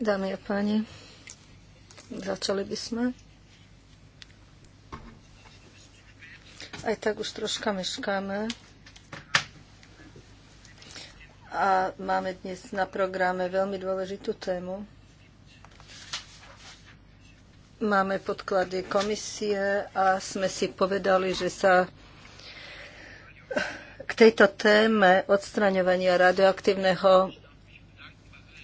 Dámy a páni, začali by sme. Aj tak už troška meškáme. A máme dnes na programe veľmi dôležitú tému. Máme podklady komisie a sme si povedali, že sa tejto téme odstraňovania radioaktívneho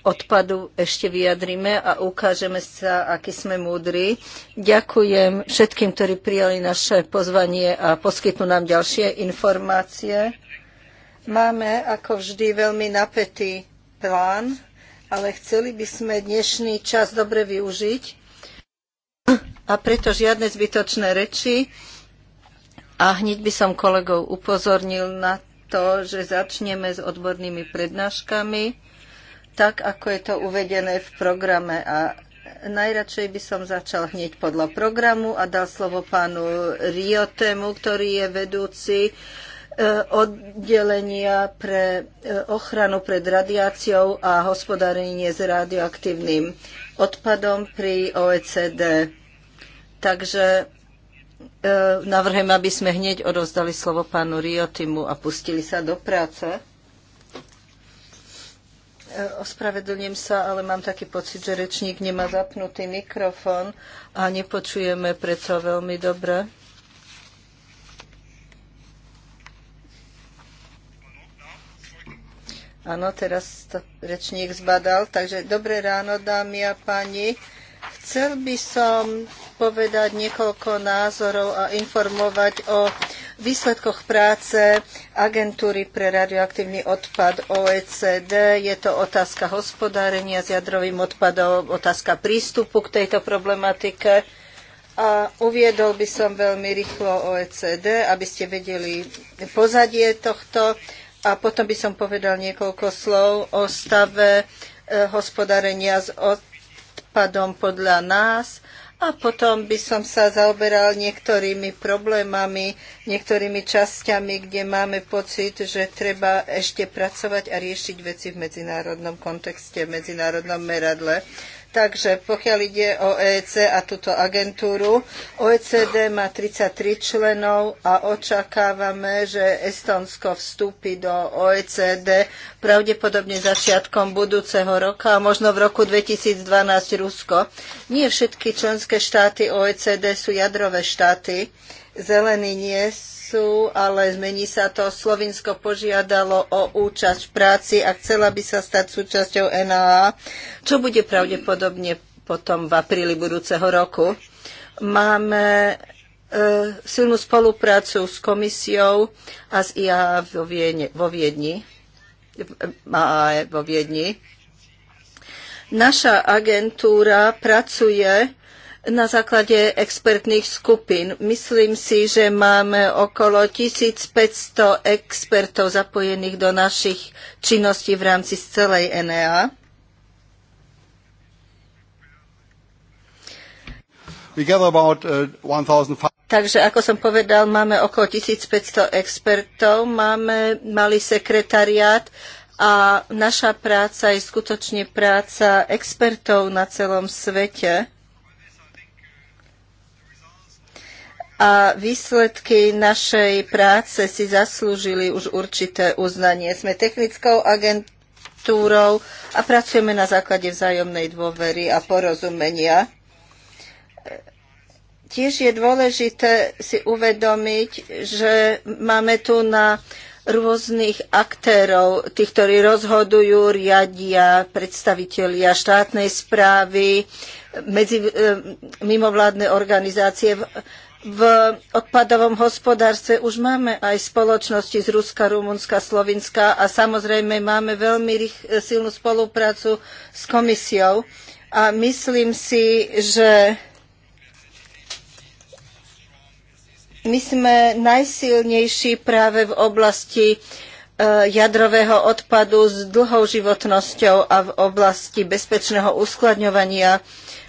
odpadu ešte vyjadrime a ukážeme sa, aký sme múdri. Ďakujem všetkým, ktorí prijali naše pozvanie a poskytnú nám ďalšie informácie. Máme, ako vždy, veľmi napätý plán, ale chceli by sme dnešný čas dobre využiť a preto žiadne zbytočné reči. A hneď by som kolegov upozornil na to, že začneme s odbornými prednáškami, tak ako je to uvedené v programe. A najradšej by som začal hneď podľa programu a dal slovo pánu Riotemu, ktorý je vedúci e, oddelenia pre e, ochranu pred radiáciou a hospodárenie s radioaktívnym odpadom pri OECD. Takže E, navrhujem, aby sme hneď odovzdali slovo pánu Riotimu a pustili sa do práce. E, ospravedlňujem sa, ale mám taký pocit, že rečník nemá zapnutý mikrofón a nepočujeme preto veľmi dobre. Áno, teraz to rečník zbadal. Takže dobré ráno, dámy a páni. Chcel by som povedať niekoľko názorov a informovať o výsledkoch práce agentúry pre radioaktívny odpad OECD. Je to otázka hospodárenia s jadrovým odpadom, otázka prístupu k tejto problematike. A uviedol by som veľmi rýchlo OECD, aby ste vedeli pozadie tohto. A potom by som povedal niekoľko slov o stave eh, hospodárenia s odpadom podľa nás a potom by som sa zaoberal niektorými problémami, niektorými časťami, kde máme pocit, že treba ešte pracovať a riešiť veci v medzinárodnom kontexte, v medzinárodnom meradle. Takže pokiaľ ide o EEC a túto agentúru, OECD má 33 členov a očakávame, že Estonsko vstúpi do OECD pravdepodobne začiatkom budúceho roka a možno v roku 2012 Rusko. Nie všetky členské štáty OECD sú jadrové štáty. Zelení nie času, ale zmení sa to. Slovinsko požiadalo o účasť v práci a chcela by sa stať súčasťou NAA, čo bude pravdepodobne potom v apríli budúceho roku. Máme e, silnú spoluprácu s komisiou a s IA vo, Viedne, vo Viedni. AAE vo Viedni. Naša agentúra pracuje na základe expertných skupín. Myslím si, že máme okolo 1500 expertov zapojených do našich činností v rámci celej e uh, NEA. Takže, ako som povedal, máme okolo 1500 expertov, máme malý sekretariát a naša práca je skutočne práca expertov na celom svete. a výsledky našej práce si zaslúžili už určité uznanie. Sme technickou agentúrou a pracujeme na základe vzájomnej dôvery a porozumenia. Tiež je dôležité si uvedomiť, že máme tu na rôznych aktérov, tých, ktorí rozhodujú, riadia, predstavitelia štátnej správy, medzi, eh, mimovládne organizácie v odpadovom hospodárstve už máme aj spoločnosti z Ruska, Rumunska, Slovinska a samozrejme máme veľmi silnú spoluprácu s komisiou. A myslím si, že my sme najsilnejší práve v oblasti e, jadrového odpadu s dlhou životnosťou a v oblasti bezpečného uskladňovania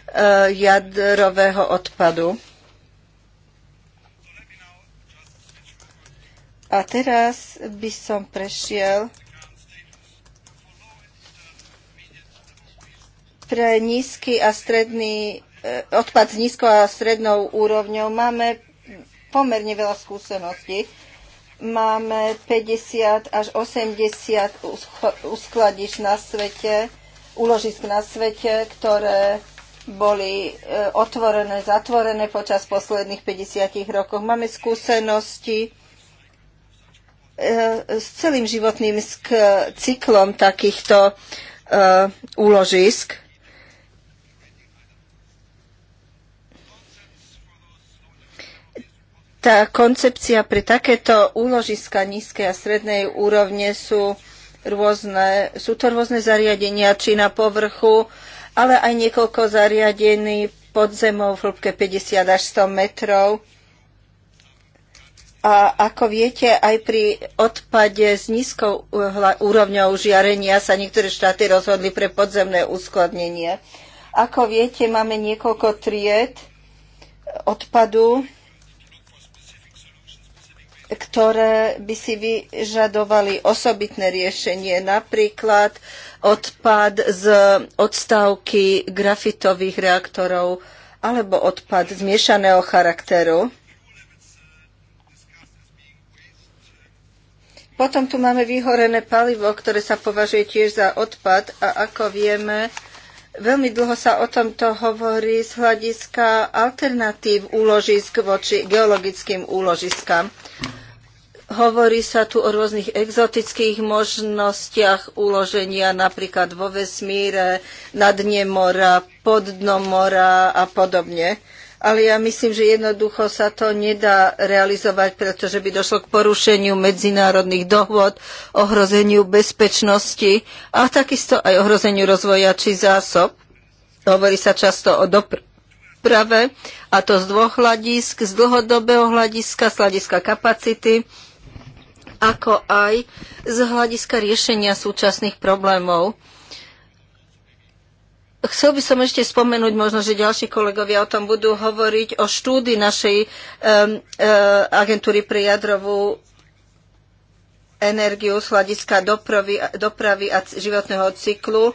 e, jadrového odpadu. A teraz by som prešiel pre nízky a stredný e, odpad s nízkou a strednou úrovňou máme pomerne veľa skúseností. Máme 50 až 80 uskladiš na svete, úložisk na svete, ktoré boli e, otvorené, zatvorené počas posledných 50 rokov. Máme skúsenosti E, s celým životným cyklom takýchto e, úložisk. Tá koncepcia pre takéto úložiska nízkej a strednej úrovne sú rôzne, sú to rôzne zariadenia, či na povrchu, ale aj niekoľko zariadení pod zemou v hĺbke 50 až 100 metrov a ako viete, aj pri odpade s nízkou úrovňou žiarenia sa niektoré štáty rozhodli pre podzemné uskladnenie. Ako viete, máme niekoľko tried odpadu, ktoré by si vyžadovali osobitné riešenie, napríklad odpad z odstávky grafitových reaktorov alebo odpad zmiešaného charakteru. Potom tu máme vyhorené palivo, ktoré sa považuje tiež za odpad a ako vieme, veľmi dlho sa o tomto hovorí z hľadiska alternatív úložisk voči geologickým úložiskám. Hovorí sa tu o rôznych exotických možnostiach uloženia napríklad vo vesmíre, na dne mora, pod dnom mora a podobne ale ja myslím, že jednoducho sa to nedá realizovať, pretože by došlo k porušeniu medzinárodných dohôd, ohrozeniu bezpečnosti a takisto aj ohrozeniu rozvoja či zásob. Hovorí sa často o doprave a to z dvoch hľadisk, z dlhodobého hľadiska, z hľadiska kapacity, ako aj z hľadiska riešenia súčasných problémov. Chcel by som ešte spomenúť, možno, že ďalší kolegovia o tom budú hovoriť, o štúdii našej um, uh, agentúry pre jadrovú energiu z hľadiska dopravy, dopravy a životného cyklu.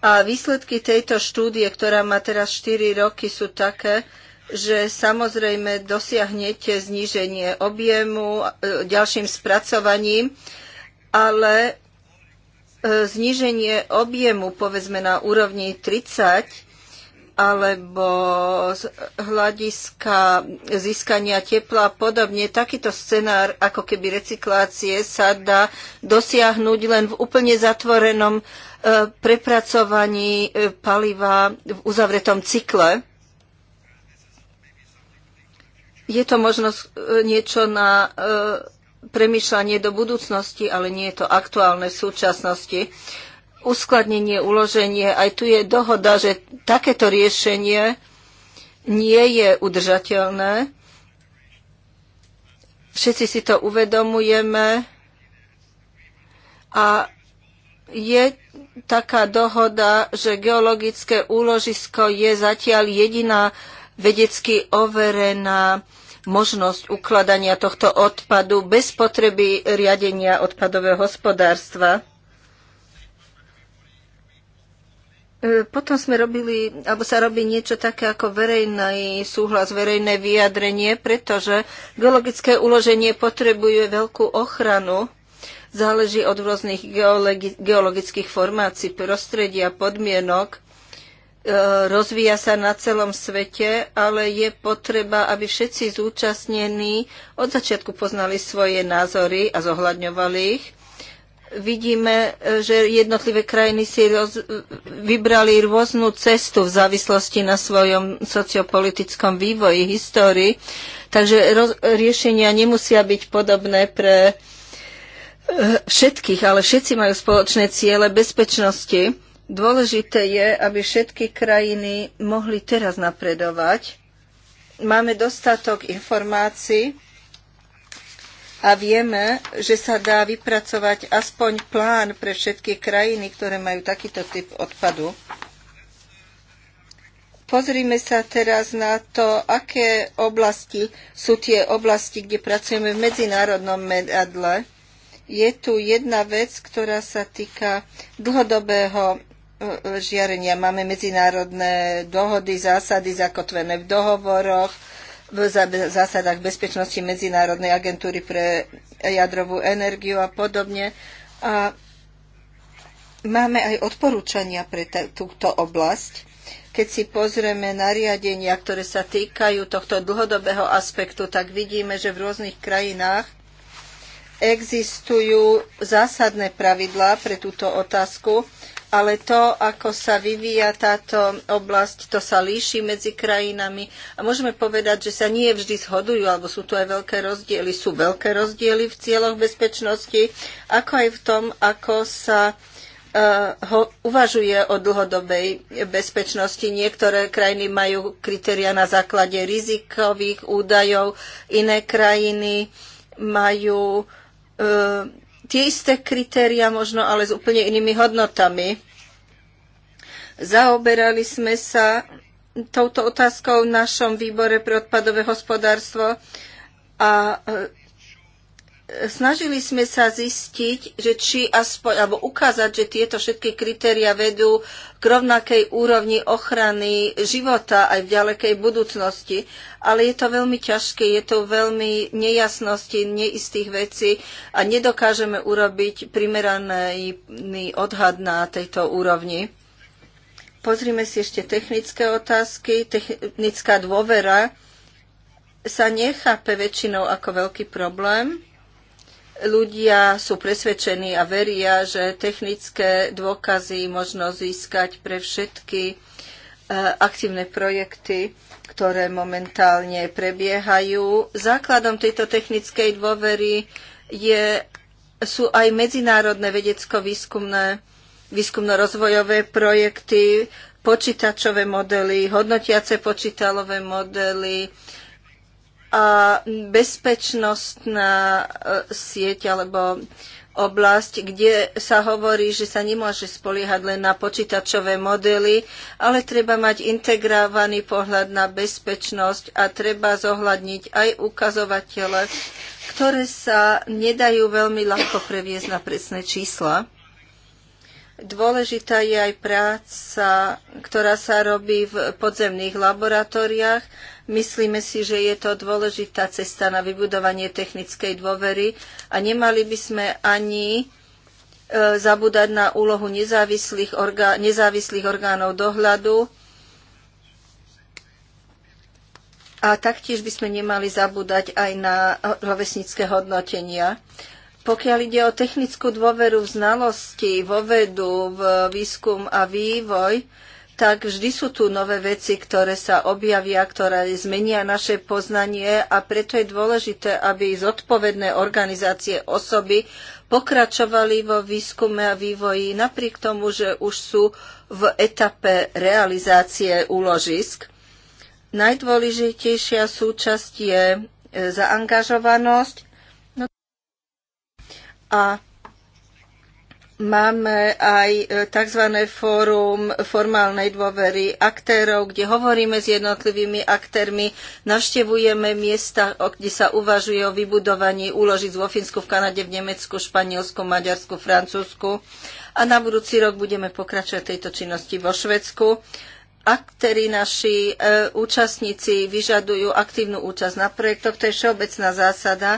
A výsledky tejto štúdie, ktorá má teraz 4 roky, sú také, že samozrejme dosiahnete zníženie objemu eh, ďalším spracovaním, ale E, zníženie objemu, povedzme na úrovni 30, alebo z hľadiska získania tepla a podobne, takýto scenár ako keby recyklácie sa dá dosiahnuť len v úplne zatvorenom e, prepracovaní e, paliva v uzavretom cykle. Je to možnosť niečo na premýšľanie do budúcnosti, ale nie je to aktuálne v súčasnosti. Uskladnenie, uloženie, aj tu je dohoda, že takéto riešenie nie je udržateľné. Všetci si to uvedomujeme a je taká dohoda, že geologické úložisko je zatiaľ jediná vedecky overená možnosť ukladania tohto odpadu bez potreby riadenia odpadového hospodárstva. E, potom sme robili, alebo sa robí niečo také ako verejný súhlas, verejné vyjadrenie, pretože geologické uloženie potrebuje veľkú ochranu. Záleží od rôznych geologických formácií, prostredia, podmienok. E, rozvíja sa na celom svete, ale je potreba, aby všetci zúčastnení od začiatku poznali svoje názory a zohľadňovali ich. Vidíme, že jednotlivé krajiny si roz, vybrali rôznu cestu v závislosti na svojom sociopolitickom vývoji, histórii, takže roz, riešenia nemusia byť podobné pre e, všetkých, ale všetci majú spoločné ciele bezpečnosti Dôležité je, aby všetky krajiny mohli teraz napredovať. Máme dostatok informácií a vieme, že sa dá vypracovať aspoň plán pre všetky krajiny, ktoré majú takýto typ odpadu. Pozrime sa teraz na to, aké oblasti sú tie oblasti, kde pracujeme v medzinárodnom medadle. je tu jedna vec, ktorá sa týka dlhodobého E, žiarenia. Máme medzinárodné dohody, zásady zakotvené v dohovoroch, v zásadách bezpečnosti Medzinárodnej agentúry pre jadrovú energiu a podobne. A máme aj odporúčania pre túto oblasť. Keď si pozrieme nariadenia, ktoré sa týkajú tohto dlhodobého aspektu, tak vidíme, že v rôznych krajinách existujú zásadné pravidlá pre túto otázku ale to, ako sa vyvíja táto oblasť, to sa líši medzi krajinami a môžeme povedať, že sa nie vždy zhodujú, alebo sú tu aj veľké rozdiely. Sú veľké rozdiely v cieľoch bezpečnosti, ako aj v tom, ako sa e, ho, uvažuje o dlhodobej bezpečnosti. Niektoré krajiny majú kritéria na základe rizikových údajov, iné krajiny majú e, tie isté kritéria možno, ale s úplne inými hodnotami. Zaoberali sme sa touto otázkou v našom výbore pre odpadové hospodárstvo a e, snažili sme sa zistiť, že či aspoň, alebo ukázať, že tieto všetky kritéria vedú k rovnakej úrovni ochrany života aj v ďalekej budúcnosti. Ale je to veľmi ťažké, je to veľmi nejasnosti, neistých vecí a nedokážeme urobiť primeraný odhad na tejto úrovni. Pozrime si ešte technické otázky. Technická dôvera sa nechápe väčšinou ako veľký problém ľudia sú presvedčení a veria, že technické dôkazy možno získať pre všetky e, aktívne projekty, ktoré momentálne prebiehajú. Základom tejto technickej dôvery je, sú aj medzinárodné vedecko-výskumné výskumno-rozvojové projekty, počítačové modely, hodnotiace počítalové modely, a bezpečnostná e, sieť alebo oblasť, kde sa hovorí, že sa nemôže spoliehať len na počítačové modely, ale treba mať integrovaný pohľad na bezpečnosť a treba zohľadniť aj ukazovatele, ktoré sa nedajú veľmi ľahko previesť na presné čísla. Dôležitá je aj práca, ktorá sa robí v podzemných laboratóriách. Myslíme si, že je to dôležitá cesta na vybudovanie technickej dôvery a nemali by sme ani e, zabúdať na úlohu nezávislých, orgá- nezávislých orgánov dohľadu a taktiež by sme nemali zabúdať aj na hlavesnické hodnotenia. Pokiaľ ide o technickú dôveru v znalosti, vo vedu, v výskum a vývoj, tak vždy sú tu nové veci, ktoré sa objavia, ktoré zmenia naše poznanie a preto je dôležité, aby zodpovedné organizácie osoby pokračovali vo výskume a vývoji napriek tomu, že už sú v etape realizácie úložisk. Najdôležitejšia súčasť je e, zaangažovanosť a máme aj e, tzv. fórum formálnej dôvery aktérov, kde hovoríme s jednotlivými aktérmi, navštevujeme miesta, kde sa uvažuje o vybudovaní úložiť vo Fínsku, v Kanade, v Nemecku, Španielsku, Maďarsku, Francúzsku. A na budúci rok budeme pokračovať tejto činnosti vo Švedsku aktéri naši e, účastníci vyžadujú aktívnu účasť na projektoch, to je všeobecná zásada,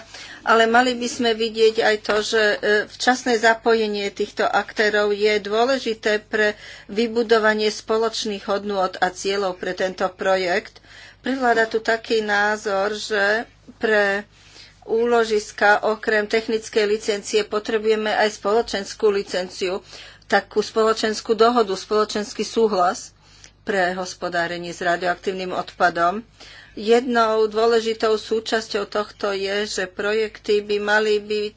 ale mali by sme vidieť aj to, že e, včasné zapojenie týchto aktérov je dôležité pre vybudovanie spoločných hodnôt a cieľov pre tento projekt. Privláda tu taký názor, že pre úložiska okrem technickej licencie potrebujeme aj spoločenskú licenciu, takú spoločenskú dohodu, spoločenský súhlas pre hospodárenie s radioaktívnym odpadom. Jednou dôležitou súčasťou tohto je, že projekty by mali byť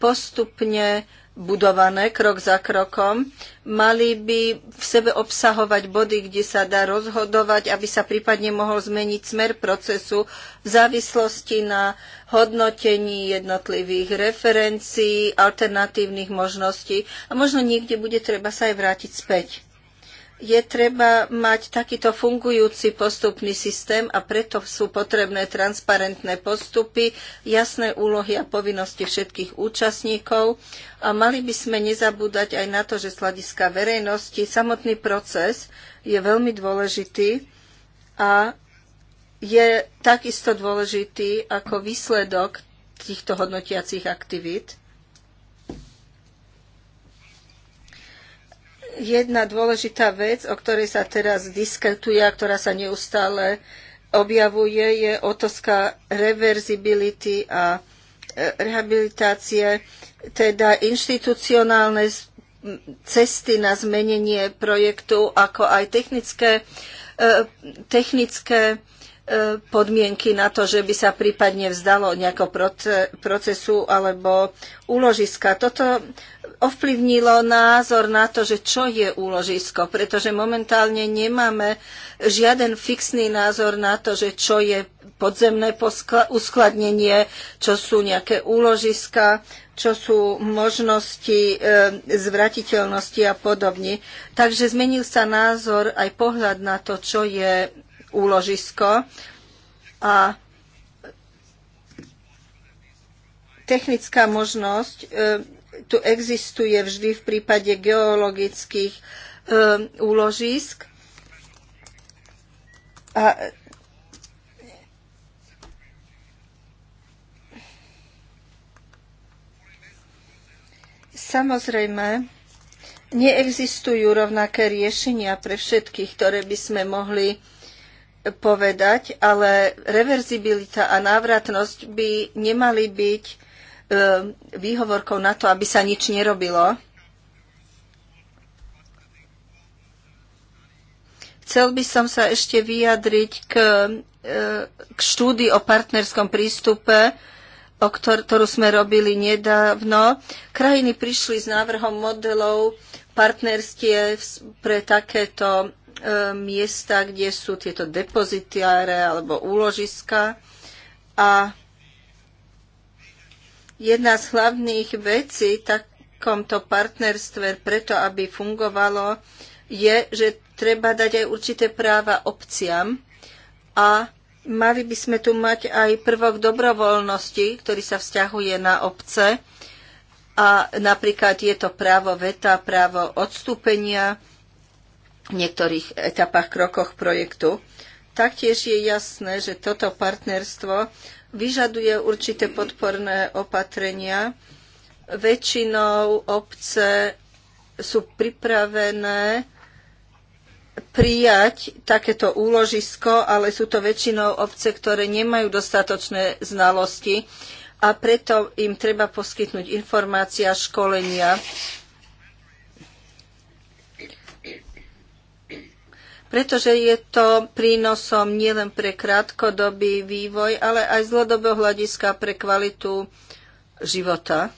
postupne budované krok za krokom, mali by v sebe obsahovať body, kde sa dá rozhodovať, aby sa prípadne mohol zmeniť smer procesu v závislosti na hodnotení jednotlivých referencií, alternatívnych možností a možno niekde bude treba sa aj vrátiť späť je treba mať takýto fungujúci postupný systém a preto sú potrebné transparentné postupy, jasné úlohy a povinnosti všetkých účastníkov a mali by sme nezabúdať aj na to, že z hľadiska verejnosti samotný proces je veľmi dôležitý a je takisto dôležitý ako výsledok týchto hodnotiacich aktivít. jedna dôležitá vec, o ktorej sa teraz diskutuje a ktorá sa neustále objavuje, je otázka reverzibility a e, rehabilitácie, teda inštitucionálne cesty na zmenenie projektu, ako aj technické, e, technické e, podmienky na to, že by sa prípadne vzdalo nejakého procesu alebo úložiska. Toto ovplyvnilo názor na to, že čo je úložisko, pretože momentálne nemáme žiaden fixný názor na to, že čo je podzemné uskladnenie, čo sú nejaké úložiska, čo sú možnosti e, zvratiteľnosti a podobne. Takže zmenil sa názor aj pohľad na to, čo je úložisko. A technická možnosť e, tu existuje vždy v prípade geologických e, úložisk. A Samozrejme, neexistujú rovnaké riešenia pre všetkých, ktoré by sme mohli povedať, ale reverzibilita a návratnosť by nemali byť E, výhovorkou na to, aby sa nič nerobilo. Chcel by som sa ešte vyjadriť k, e, k štúdii o partnerskom prístupe, o ktor- ktorú sme robili nedávno. Krajiny prišli s návrhom modelov partnerstie pre takéto e, miesta, kde sú tieto depozitiáre alebo úložiska. A Jedna z hlavných vecí v takomto partnerstve preto, aby fungovalo, je, že treba dať aj určité práva obciam a mali by sme tu mať aj prvok dobrovoľnosti, ktorý sa vzťahuje na obce. A napríklad je to právo veta, právo odstúpenia v niektorých etapách, krokoch projektu. Taktiež je jasné, že toto partnerstvo vyžaduje určité podporné opatrenia. Väčšinou obce sú pripravené prijať takéto úložisko, ale sú to väčšinou obce, ktoré nemajú dostatočné znalosti a preto im treba poskytnúť informácia, školenia. pretože je to prínosom nielen pre krátkodobý vývoj, ale aj z dlhodobého hľadiska pre kvalitu života.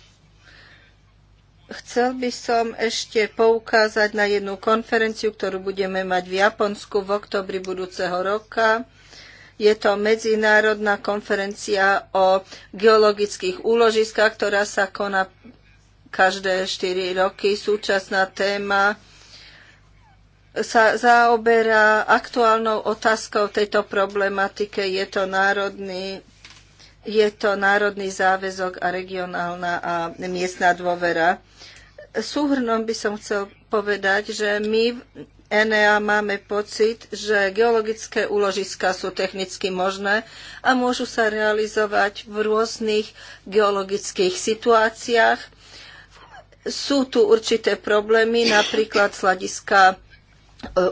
Chcel by som ešte poukázať na jednu konferenciu, ktorú budeme mať v Japonsku v oktobri budúceho roka. Je to medzinárodná konferencia o geologických úložiskách, ktorá sa koná každé 4 roky. Súčasná téma sa zaoberá aktuálnou otázkou tejto problematike. Je to národný, je to národný záväzok a regionálna a miestna dôvera. Súhrnom by som chcel povedať, že my v ENEA máme pocit, že geologické úložiska sú technicky možné a môžu sa realizovať v rôznych geologických situáciách. Sú tu určité problémy, napríklad z hľadiska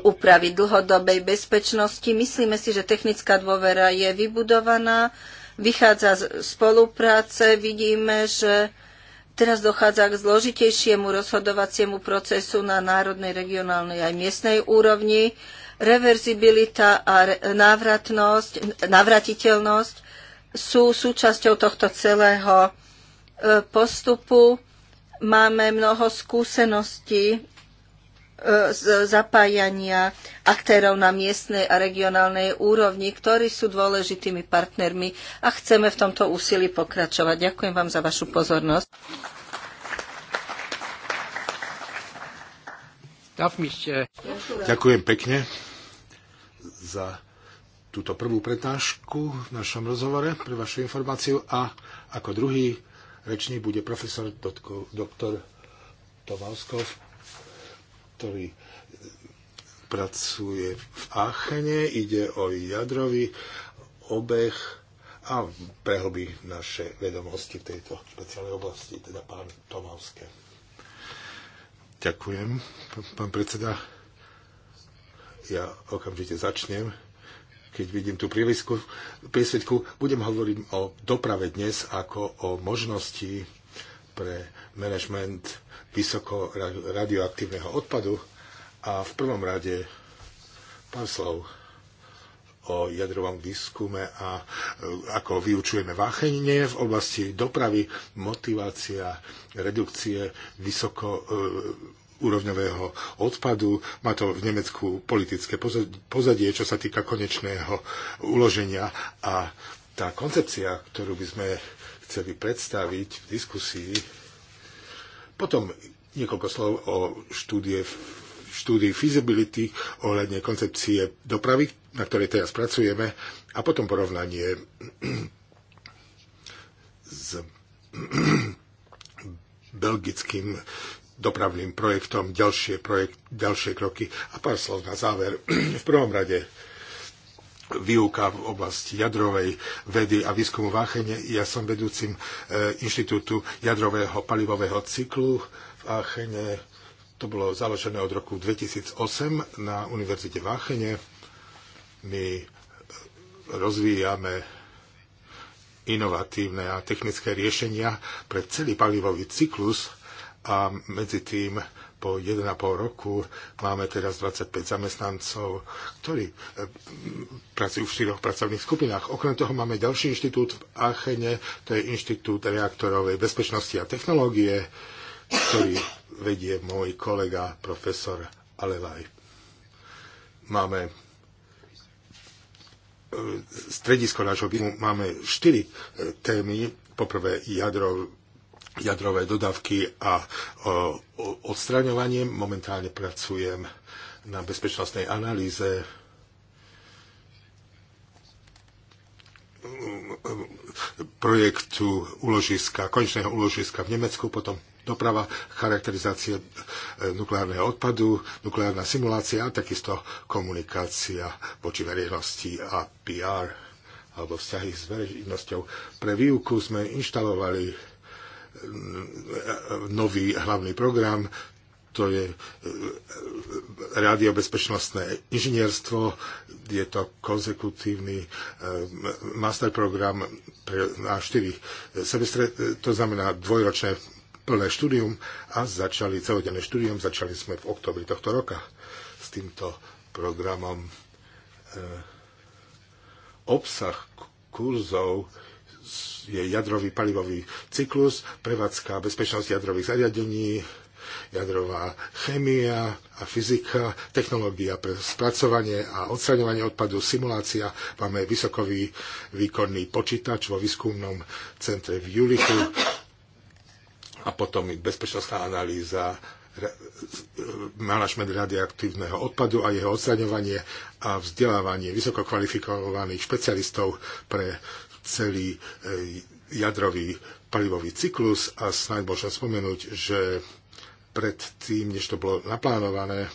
úpravy e, dlhodobej bezpečnosti. Myslíme si, že technická dôvera je vybudovaná, vychádza z spolupráce, vidíme, že teraz dochádza k zložitejšiemu rozhodovaciemu procesu na národnej, regionálnej aj miestnej úrovni. Reverzibilita a návratnosť, navratiteľnosť sú súčasťou tohto celého e, postupu. Máme mnoho skúseností E, zapájania aktérov na miestnej a regionálnej úrovni, ktorí sú dôležitými partnermi a chceme v tomto úsilí pokračovať. Ďakujem vám za vašu pozornosť. Äh, Ďakujem pekne za túto prvú prednášku v našom rozhovore pre vašu informáciu a ako druhý rečník bude profesor doktor Tomalskov ktorý pracuje v Aachene. Ide o jadrový obeh a prehlbí naše vedomosti v tejto špeciálnej oblasti, teda pán Tomavské. Ďakujem, pán predseda. Ja okamžite začnem keď vidím tú prílisku, budem hovoriť o doprave dnes ako o možnosti pre management vysoko radioaktívneho odpadu. A v prvom rade pár slov o jadrovom výskume a e, ako vyučujeme váchenie v oblasti dopravy, motivácia, redukcie vysoko e, úrovňového odpadu. Má to v Nemecku politické pozadie, čo sa týka konečného uloženia a tá koncepcia, ktorú by sme chceli predstaviť v diskusii, potom niekoľko slov o štúdie, štúdii feasibility ohľadne koncepcie dopravy, na ktorej teraz pracujeme, a potom porovnanie s belgickým dopravným projektom, ďalšie, projekt, ďalšie kroky a pár slov na záver. V prvom rade výuka v oblasti jadrovej vedy a výskumu v Achene. Ja som vedúcim eh, Inštitútu jadrového palivového cyklu v Achene. To bolo založené od roku 2008 na Univerzite v Achene. My eh, rozvíjame inovatívne a technické riešenia pre celý palivový cyklus a medzi tým po 1,5 roku máme teraz 25 zamestnancov, ktorí e, pracujú v štyroch pracovných skupinách. Okrem toho máme ďalší inštitút v Achene, to je Inštitút reaktorovej bezpečnosti a technológie, ktorý vedie môj kolega profesor Alevaj. Máme e, stredisko nášho výskumu máme štyri e, témy. Poprvé jadro jadrové dodavky a odstraňovanie. Momentálne pracujem na bezpečnostnej analýze projektu uložiska, konečného uložiska v Nemecku, potom doprava, charakterizácie nukleárneho odpadu, nukleárna simulácia a takisto komunikácia voči verejnosti a PR alebo vzťahy s verejnosťou. Pre výuku sme inštalovali nový hlavný program, to je eh, radiobezpečnostné inžinierstvo, je to konzekutívny eh, master program na 4 eh, semestre, to znamená dvojročné plné štúdium a začali celodenné štúdium, začali sme v oktobri tohto roka s týmto programom. Obsah kurzov je jadrový palivový cyklus, prevádzka bezpečnosť jadrových zariadení, jadrová chémia a fyzika, technológia pre spracovanie a odstraňovanie odpadu, simulácia. Máme vysokový výkonný počítač vo výskumnom centre v Julichu a potom bezpečnostná analýza manažment radioaktívneho odpadu a jeho odstraňovanie a vzdelávanie vysoko kvalifikovaných špecialistov pre celý e, jadrový palivový cyklus a snáď môžem spomenúť, že pred tým, než to bolo naplánované,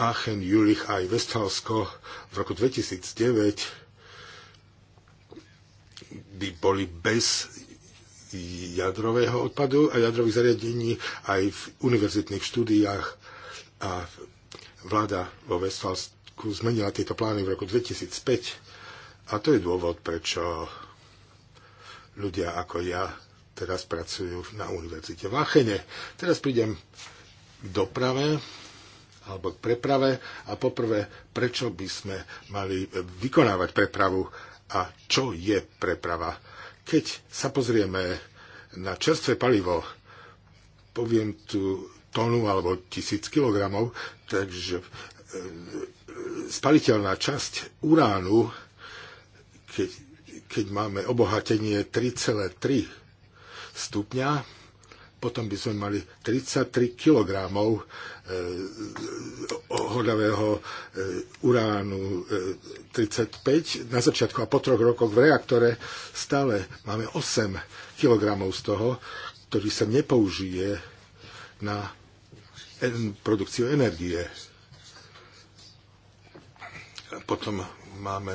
Aachen, Jülich aj Westhalsko v roku 2009 by boli bez jadrového odpadu a jadrových zariadení aj v univerzitných štúdiách a vláda vo Westfalsku zmenila tieto plány v roku 2005 a to je dôvod, prečo ľudia ako ja teraz pracujú na univerzite v Achene. Teraz prídem k doprave alebo k preprave a poprvé, prečo by sme mali vykonávať prepravu a čo je preprava. Keď sa pozrieme na čerstvé palivo, poviem tu tonu alebo tisíc kilogramov, takže e, e, spaliteľná časť uránu keď, keď máme obohatenie 3,3 stupňa, potom by sme mali 33 kg hodavého uránu 35 eh, na začiatku a po troch rokoch v reaktore stále máme 8 kg z toho, ktorý sa nepoužije na produkciu energie. Potom máme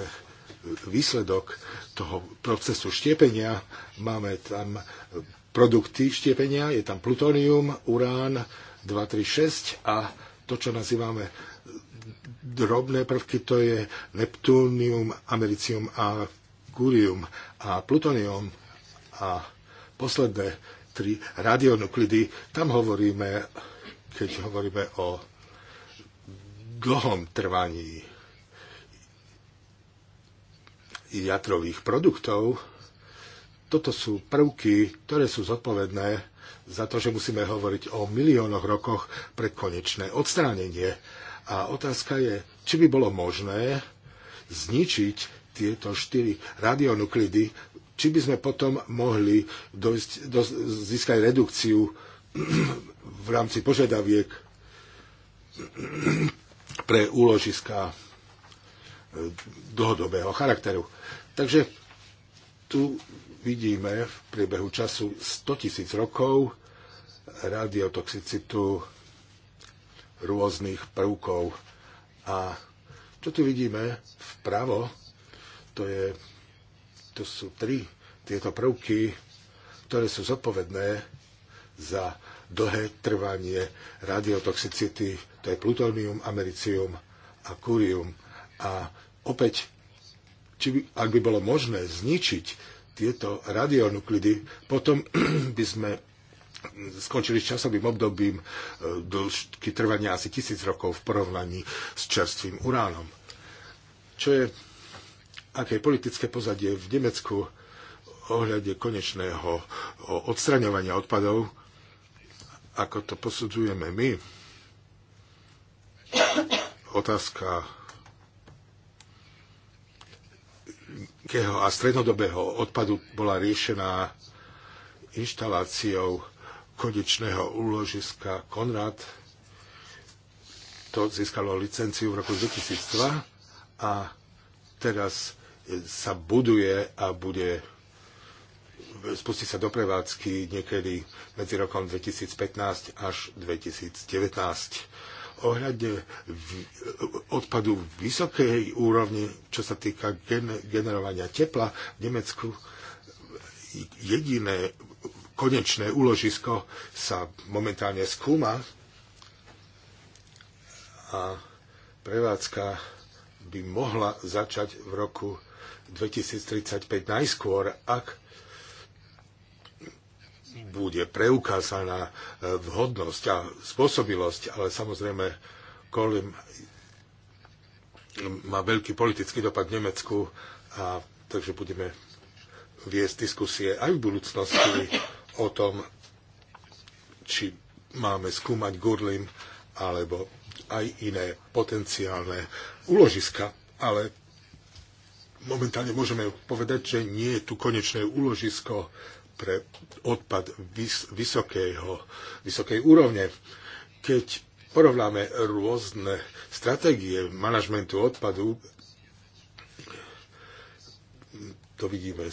výsledok toho procesu štiepenia. Máme tam produkty štiepenia, je tam plutonium, urán 236 a to, čo nazývame drobné prvky, to je neptúnium, americium a kúrium a plutonium a posledné tri radionuklidy. Tam hovoríme, keď hovoríme o dlhom trvaní jatrových produktov, toto sú prvky, ktoré sú zodpovedné za to, že musíme hovoriť o miliónoch rokoch pre konečné odstránenie. A otázka je, či by bolo možné zničiť tieto štyri radionuklidy, či by sme potom mohli dojsť, do, získať redukciu v rámci požiadaviek pre úložiska dlhodobého charakteru. Takže tu vidíme v priebehu času 100 tisíc rokov radiotoxicitu rôznych prvkov. A čo tu vidíme vpravo, to, je, to sú tri tieto prvky, ktoré sú zodpovedné za dlhé trvanie radiotoxicity, to je plutonium, americium a kurium. A Opäť, či by, ak by bolo možné zničiť tieto radionuklidy, potom by sme skončili s časovým obdobím e, dĺžky trvania asi tisíc rokov v porovnaní s čerstvým uránom. Čo je aké je politické pozadie v Nemecku ohľade konečného odstraňovania odpadov, ako to posudzujeme my. Otázka veľkého a strednodobého odpadu bola riešená inštaláciou konečného úložiska Konrad. To získalo licenciu v roku 2002 a teraz sa buduje a bude spustí sa do prevádzky niekedy medzi rokom 2015 až 2019 ohľade odpadu vysokej úrovni, čo sa týka generovania tepla v Nemecku, jediné konečné úložisko sa momentálne skúma a prevádzka by mohla začať v roku 2035 najskôr, ak bude preukázaná e, vhodnosť a spôsobilosť, ale samozrejme Kolim má veľký politický dopad v Nemecku a takže budeme viesť diskusie aj v budúcnosti o tom, či máme skúmať Gurlim alebo aj iné potenciálne úložiska, ale momentálne môžeme povedať, že nie je tu konečné úložisko pre odpad vys- vysokého, vysokej úrovne. Keď porovnáme rôzne stratégie manažmentu odpadu, to vidíme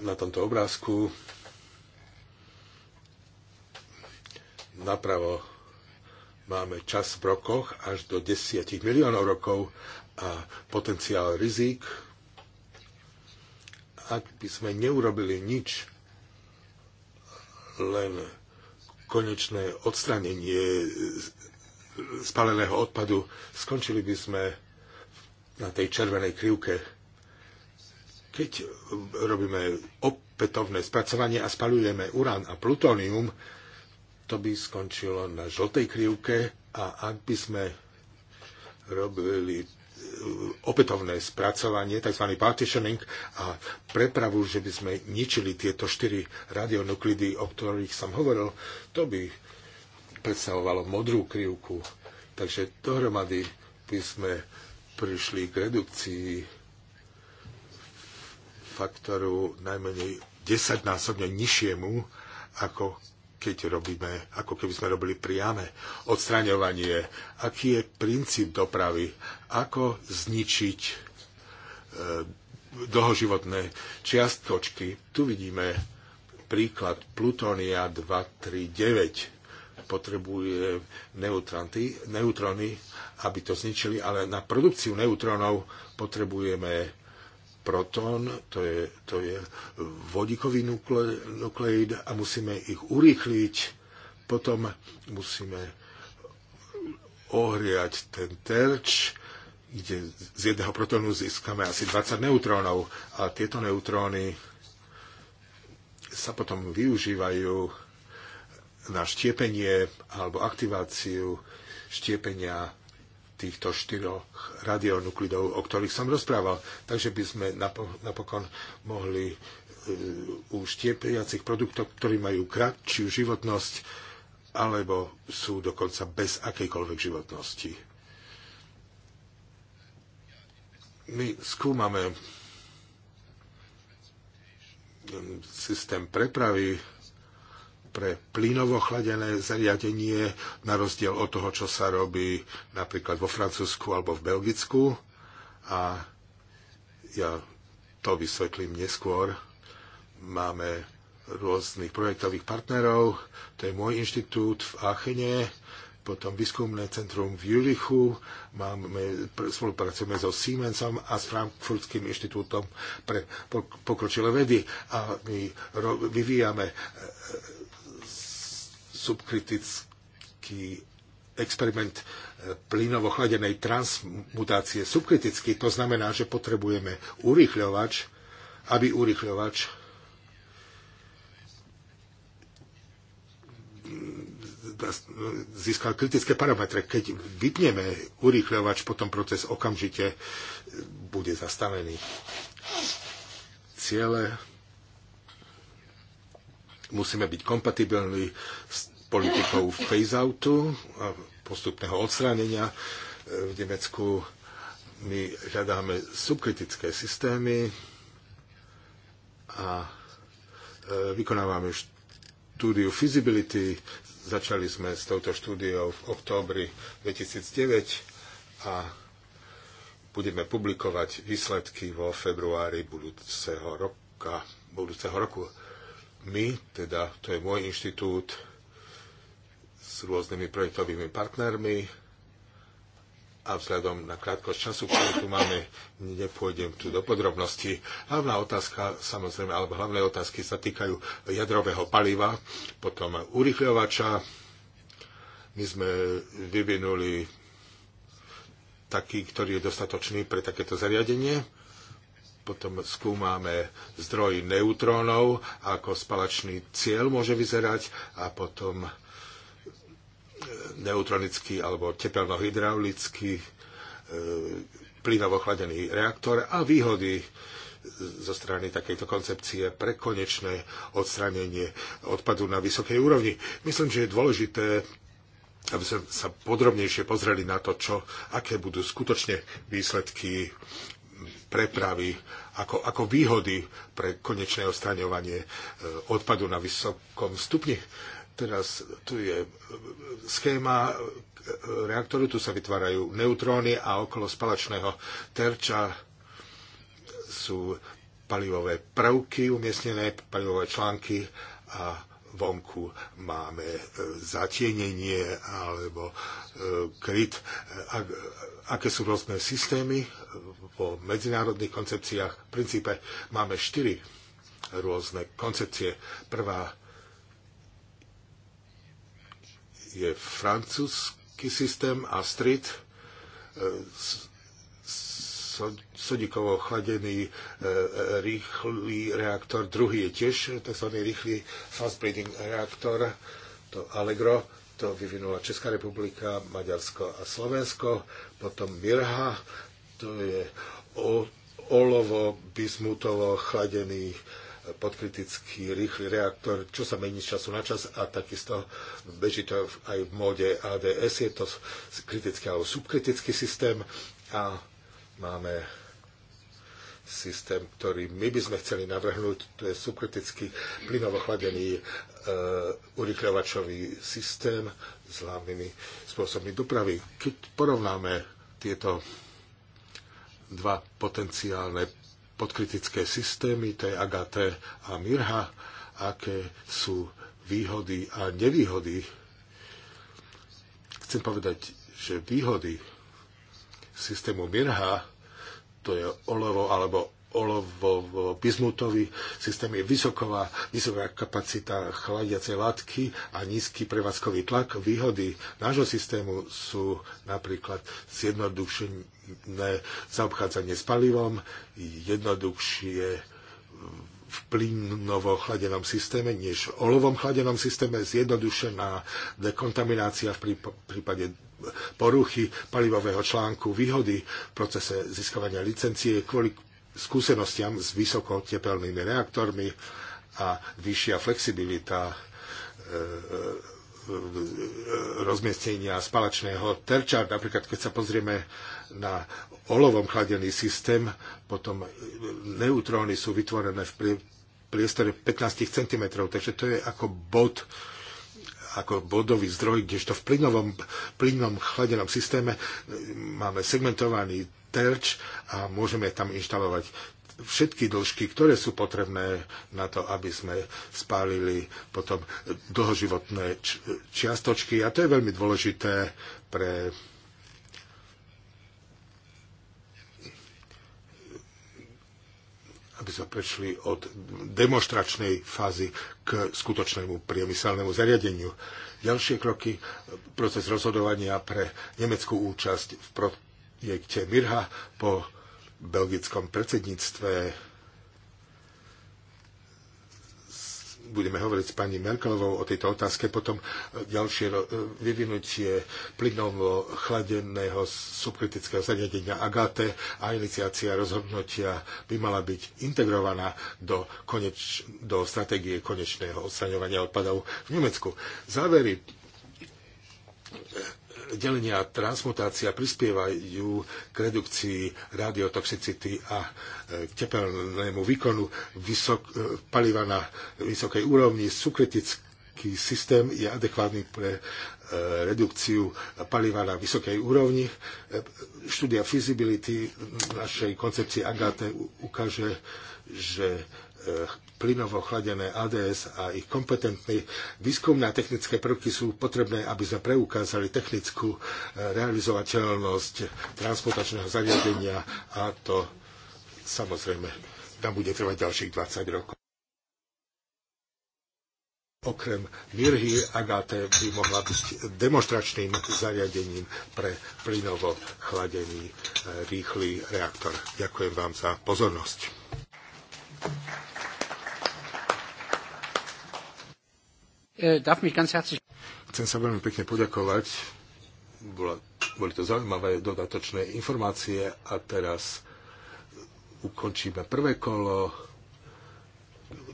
na tomto obrázku. Napravo máme čas v rokoch až do 10 miliónov rokov a potenciál rizík. Ak by sme neurobili nič len konečné odstranenie spaleného odpadu, skončili by sme na tej červenej krivke. Keď robíme opätovné spracovanie a spalujeme urán a plutónium, to by skončilo na žltej krivke a ak by sme robili opätovné spracovanie, tzv. partitioning a prepravu, že by sme ničili tieto štyri radionuklidy, o ktorých som hovoril, to by predstavovalo modrú krivku. Takže dohromady by sme prišli k redukcii faktoru najmenej desaťnásobne nižšiemu, ako keď robíme, ako keby sme robili priame odstraňovanie, aký je princíp dopravy, ako zničiť e, dlhoživotné čiastočky. Tu vidíme príklad Plutónia 239. Potrebuje neutróny, neutrony, aby to zničili, ale na produkciu neutrónov potrebujeme protón, to je, to je vodíkový nukle, nukleid a musíme ich urýchliť. Potom musíme ohriať ten terč, kde z jedného protónu získame asi 20 neutrónov a tieto neutróny sa potom využívajú na štiepenie alebo aktiváciu štiepenia týchto štyroch radionuklidov, o ktorých som rozprával. Takže by sme napokon mohli e, u štiepiacich produktov, ktorí majú kratšiu životnosť, alebo sú dokonca bez akejkoľvek životnosti. My skúmame systém prepravy pre plynovo chladené zariadenie, na rozdiel od toho, čo sa robí napríklad vo Francúzsku alebo v Belgicku. A ja to vysvetlím neskôr. Máme rôznych projektových partnerov, to je môj inštitút v Achene, potom výskumné centrum v Jülichu, máme, spolupracujeme so Siemensom a s Frankfurtským inštitútom pre pokročilé vedy a my vyvíjame subkritický experiment e, plynovo chladenej transmutácie subkriticky. To znamená, že potrebujeme urýchľovač, aby urýchľovač mm, získal kritické parametre. Keď vypneme urýchľovač, potom proces okamžite e, bude zastavený. Ciele musíme byť kompatibilní s politikou phase-outu a postupného odstránenia e, v Nemecku. My hľadáme subkritické systémy a e, vykonávame štúdiu feasibility. Začali sme s touto štúdiou v októbri 2009 a budeme publikovať výsledky vo februári budúceho roka. Budúceho roku. My, teda to je môj inštitút, s rôznymi projektovými partnermi a vzhľadom na krátkosť času, ktorý tu máme, nepôjdem tu do podrobností. Hlavná otázka, samozrejme, alebo hlavné otázky sa týkajú jadrového paliva, potom urychľovača. My sme vyvinuli taký, ktorý je dostatočný pre takéto zariadenie. Potom skúmame zdroj neutrónov, ako spalačný cieľ môže vyzerať a potom neutronický alebo tepelno-hydraulický e, plynovo chladený reaktor a výhody zo strany takejto koncepcie pre konečné odstránenie odpadu na vysokej úrovni. Myslím, že je dôležité, aby sme sa podrobnejšie pozreli na to, čo, aké budú skutočne výsledky prepravy, ako, ako výhody pre konečné odstraňovanie e, odpadu na vysokom stupni. Teraz tu je e, schéma e, reaktoru, tu sa vytvárajú neutróny a okolo spalačného terča sú palivové prvky umiestnené, palivové články a vonku máme e, zatienenie alebo kryt, aké sú rôzne systémy vo medzinárodných koncepciách. V princípe máme štyri rôzne koncepcie. Prvá je francúzsky systém Astrid, e, sodíkovo chladený e, rýchly reaktor, druhý je tiež tzv. rýchly fast breeding reaktor, to Allegro, to vyvinula Česká republika, Maďarsko a Slovensko, potom Mirha, to je olovo, bismutovo chladený podkritický rýchly reaktor, čo sa mení z času na čas a takisto beží to aj v móde ADS, je to kritický alebo subkritický systém a máme systém, ktorý my by sme chceli navrhnúť, to je subkritický plynovo chladený e, urychľovačový systém s hlavnými spôsobmi dopravy. Keď porovnáme tieto dva potenciálne podkritické systémy, to je AGT a Mirha, aké sú výhody a nevýhody. Chcem povedať, že výhody systému Mirha, to je olovo alebo olovo-bizmutový systém je vysoková, vysoká kapacita chladiacej látky a nízky prevádzkový tlak. Výhody nášho systému sú napríklad zjednodušenie zaobchádzanie s palivom, jednoduchšie v plynovo chladenom systéme než v olovom chladenom systéme, zjednodušená dekontaminácia v prípade poruchy palivového článku, výhody v procese získavania licencie kvôli skúsenostiam s vysokotepelnými reaktormi a vyššia flexibilita e, e, e, rozmiestnenia spalačného terča. Napríklad, keď sa pozrieme na olovom chladený systém, potom neutróny sú vytvorené v priestore 15 cm, takže to je ako bod, ako bodový zdroj, kdežto v plynovom, plynom chladenom systéme e, máme segmentovaný terč a môžeme tam inštalovať všetky dĺžky, ktoré sú potrebné na to, aby sme spálili potom dlhoživotné čiastočky. A to je veľmi dôležité pre aby sme prešli od demonstračnej fázy k skutočnému priemyselnému zariadeniu. Ďalšie kroky, proces rozhodovania pre nemeckú účasť v projekte Mirha po belgickom predsedníctve budeme hovoriť s pani Merkelovou o tejto otázke, potom e, ďalšie e, vyvinutie plynovo chladeného subkritického zariadenia Agate a iniciácia rozhodnutia by mala byť integrovaná do, koneč, do stratégie konečného odstraňovania odpadov v Nemecku. Závery delenie a transmutácia prispievajú k redukcii radiotoxicity a e, k tepelnému výkonu vysok, e, paliva na vysokej úrovni. Sukritický systém je adekvátny pre e, redukciu paliva na vysokej úrovni. Štúdia feasibility našej koncepcie Agate ukáže, že plynovo chladené ADS a ich kompetentné výskumné a technické prvky sú potrebné, aby sme preukázali technickú e, realizovateľnosť transportačného zariadenia a to samozrejme nám bude trvať ďalších 20 rokov. Okrem Mirhy Agate by mohla byť demonstračným zariadením pre plynovo chladený e, rýchly reaktor. Ďakujem vám za pozornosť. Eh, darf mich ganz herzlich... Chcem sa veľmi pekne poďakovať. Bola, boli to zaujímavé dodatočné informácie a teraz ukončíme prvé kolo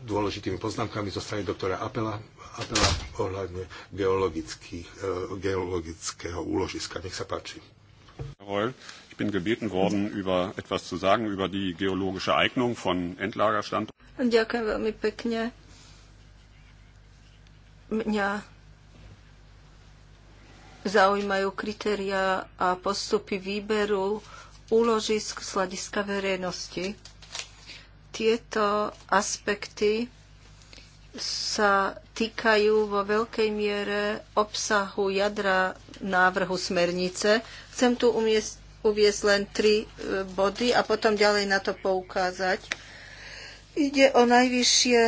dôležitými poznámkami zo strany doktora Apela, Apela ohľadne eh, geologického úložiska. Nech sa páči. Roll. Ich bin gebeten worden, über etwas zu sagen über die geologische Eignung von Endlagerstandorten. Ďakujem veľmi pekne. Mňa zaujímajú kritéria a postupy výberu úložisk z hľadiska verejnosti. Tieto aspekty sa týkajú vo veľkej miere obsahu jadra návrhu smernice. Chcem tu uviesť len tri e, body a potom ďalej na to poukázať. Ide o najvyššie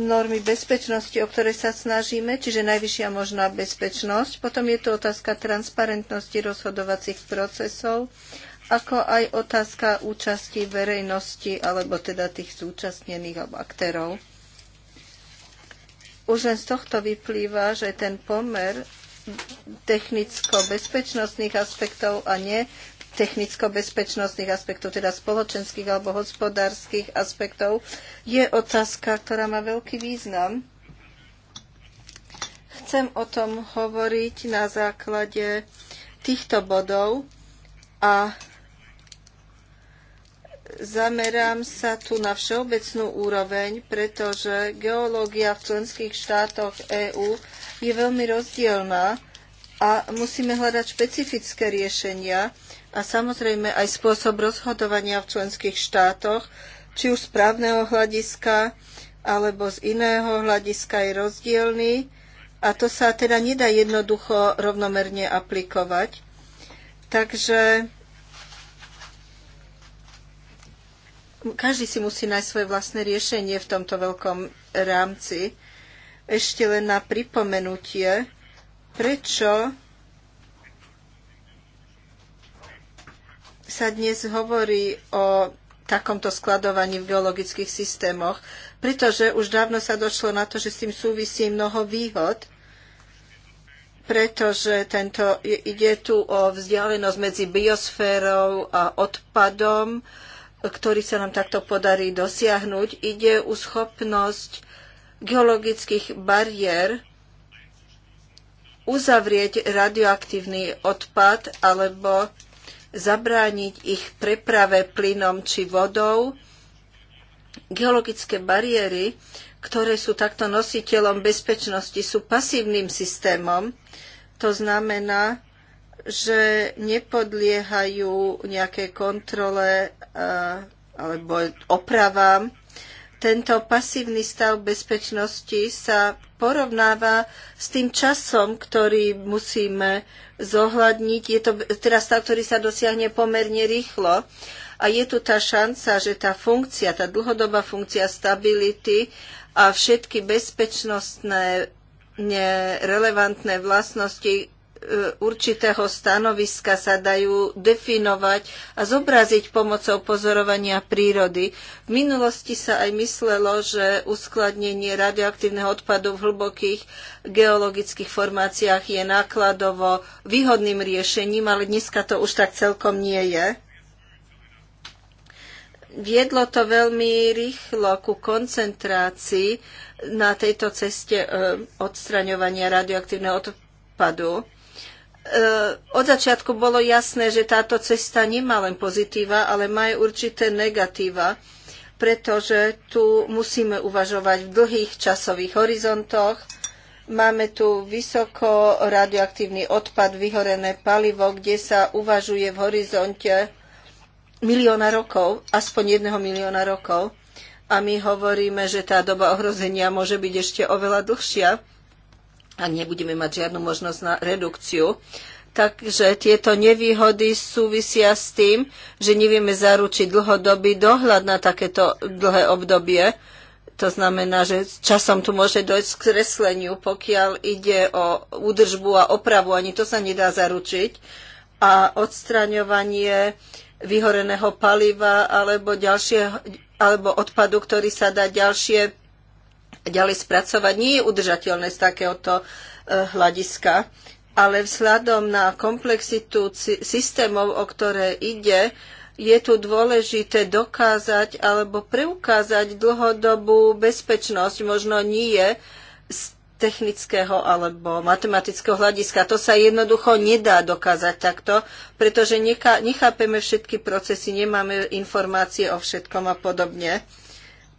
normy bezpečnosti, o ktoré sa snažíme, čiže najvyššia možná bezpečnosť. Potom je tu otázka transparentnosti rozhodovacích procesov, ako aj otázka účasti verejnosti, alebo teda tých zúčastnených alebo aktérov. Už len z tohto vyplýva, že ten pomer technicko-bezpečnostných aspektov a ne technicko-bezpečnostných aspektov, teda spoločenských alebo hospodárskych aspektov, je otázka, ktorá má veľký význam. Chcem o tom hovoriť na základe týchto bodov a zamerám sa tu na všeobecnú úroveň, pretože geológia v členských štátoch EÚ je veľmi rozdielná a musíme hľadať špecifické riešenia a samozrejme aj spôsob rozhodovania v členských štátoch, či už z právneho hľadiska alebo z iného hľadiska je rozdielný a to sa teda nedá jednoducho rovnomerne aplikovať. Takže každý si musí nájsť svoje vlastné riešenie v tomto veľkom rámci. Ešte len na pripomenutie, prečo sa dnes hovorí o takomto skladovaní v geologických systémoch, pretože už dávno sa došlo na to, že s tým súvisí mnoho výhod, pretože tento, ide tu o vzdialenosť medzi biosférou a odpadom, ktorý sa nám takto podarí dosiahnuť. Ide o schopnosť geologických bariér uzavrieť radioaktívny odpad alebo zabrániť ich preprave plynom či vodou. Geologické bariéry, ktoré sú takto nositeľom bezpečnosti, sú pasívnym systémom. To znamená, že nepodliehajú nejaké kontrole eh, alebo opravám tento pasívny stav bezpečnosti sa porovnáva s tým časom, ktorý musíme zohľadniť. Je to teda stav, ktorý sa dosiahne pomerne rýchlo. A je tu tá šanca, že tá funkcia, tá dlhodobá funkcia stability a všetky bezpečnostné relevantné vlastnosti E, určitého stanoviska sa dajú definovať a zobraziť pomocou pozorovania prírody. V minulosti sa aj myslelo, že uskladnenie radioaktívneho odpadu v hlbokých geologických formáciách je nákladovo výhodným riešením, ale dneska to už tak celkom nie je. Viedlo to veľmi rýchlo ku koncentrácii na tejto ceste e, odstraňovania radioaktívneho odpadu odpadu. E, od začiatku bolo jasné, že táto cesta nemá len pozitíva, ale má aj určité negatíva, pretože tu musíme uvažovať v dlhých časových horizontoch. Máme tu vysoko radioaktívny odpad, vyhorené palivo, kde sa uvažuje v horizonte milióna rokov, aspoň jedného milióna rokov. A my hovoríme, že tá doba ohrozenia môže byť ešte oveľa dlhšia ak nebudeme mať žiadnu možnosť na redukciu. Takže tieto nevýhody súvisia s tým, že nevieme zaručiť dlhodobý dohľad na takéto dlhé obdobie. To znamená, že časom tu môže dojsť k kresleniu, pokiaľ ide o údržbu a opravu. Ani to sa nedá zaručiť. A odstraňovanie vyhoreného paliva alebo, ďalšie, alebo odpadu, ktorý sa dá ďalšie ďalej spracovať, nie je udržateľné z takéhoto e, hľadiska. Ale vzhľadom na komplexitu systémov, o ktoré ide, je tu dôležité dokázať alebo preukázať dlhodobú bezpečnosť. Možno nie je z technického alebo matematického hľadiska. To sa jednoducho nedá dokázať takto, pretože nechápeme všetky procesy, nemáme informácie o všetkom a podobne.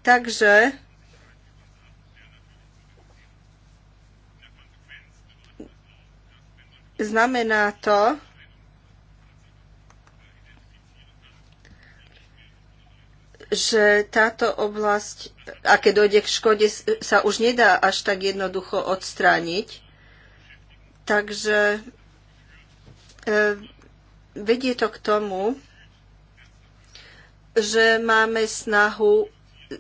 Takže Znamená to, že táto oblasť, a keď dojde k škode, sa už nedá až tak jednoducho odstrániť. Takže e, vedie to k tomu, že máme snahu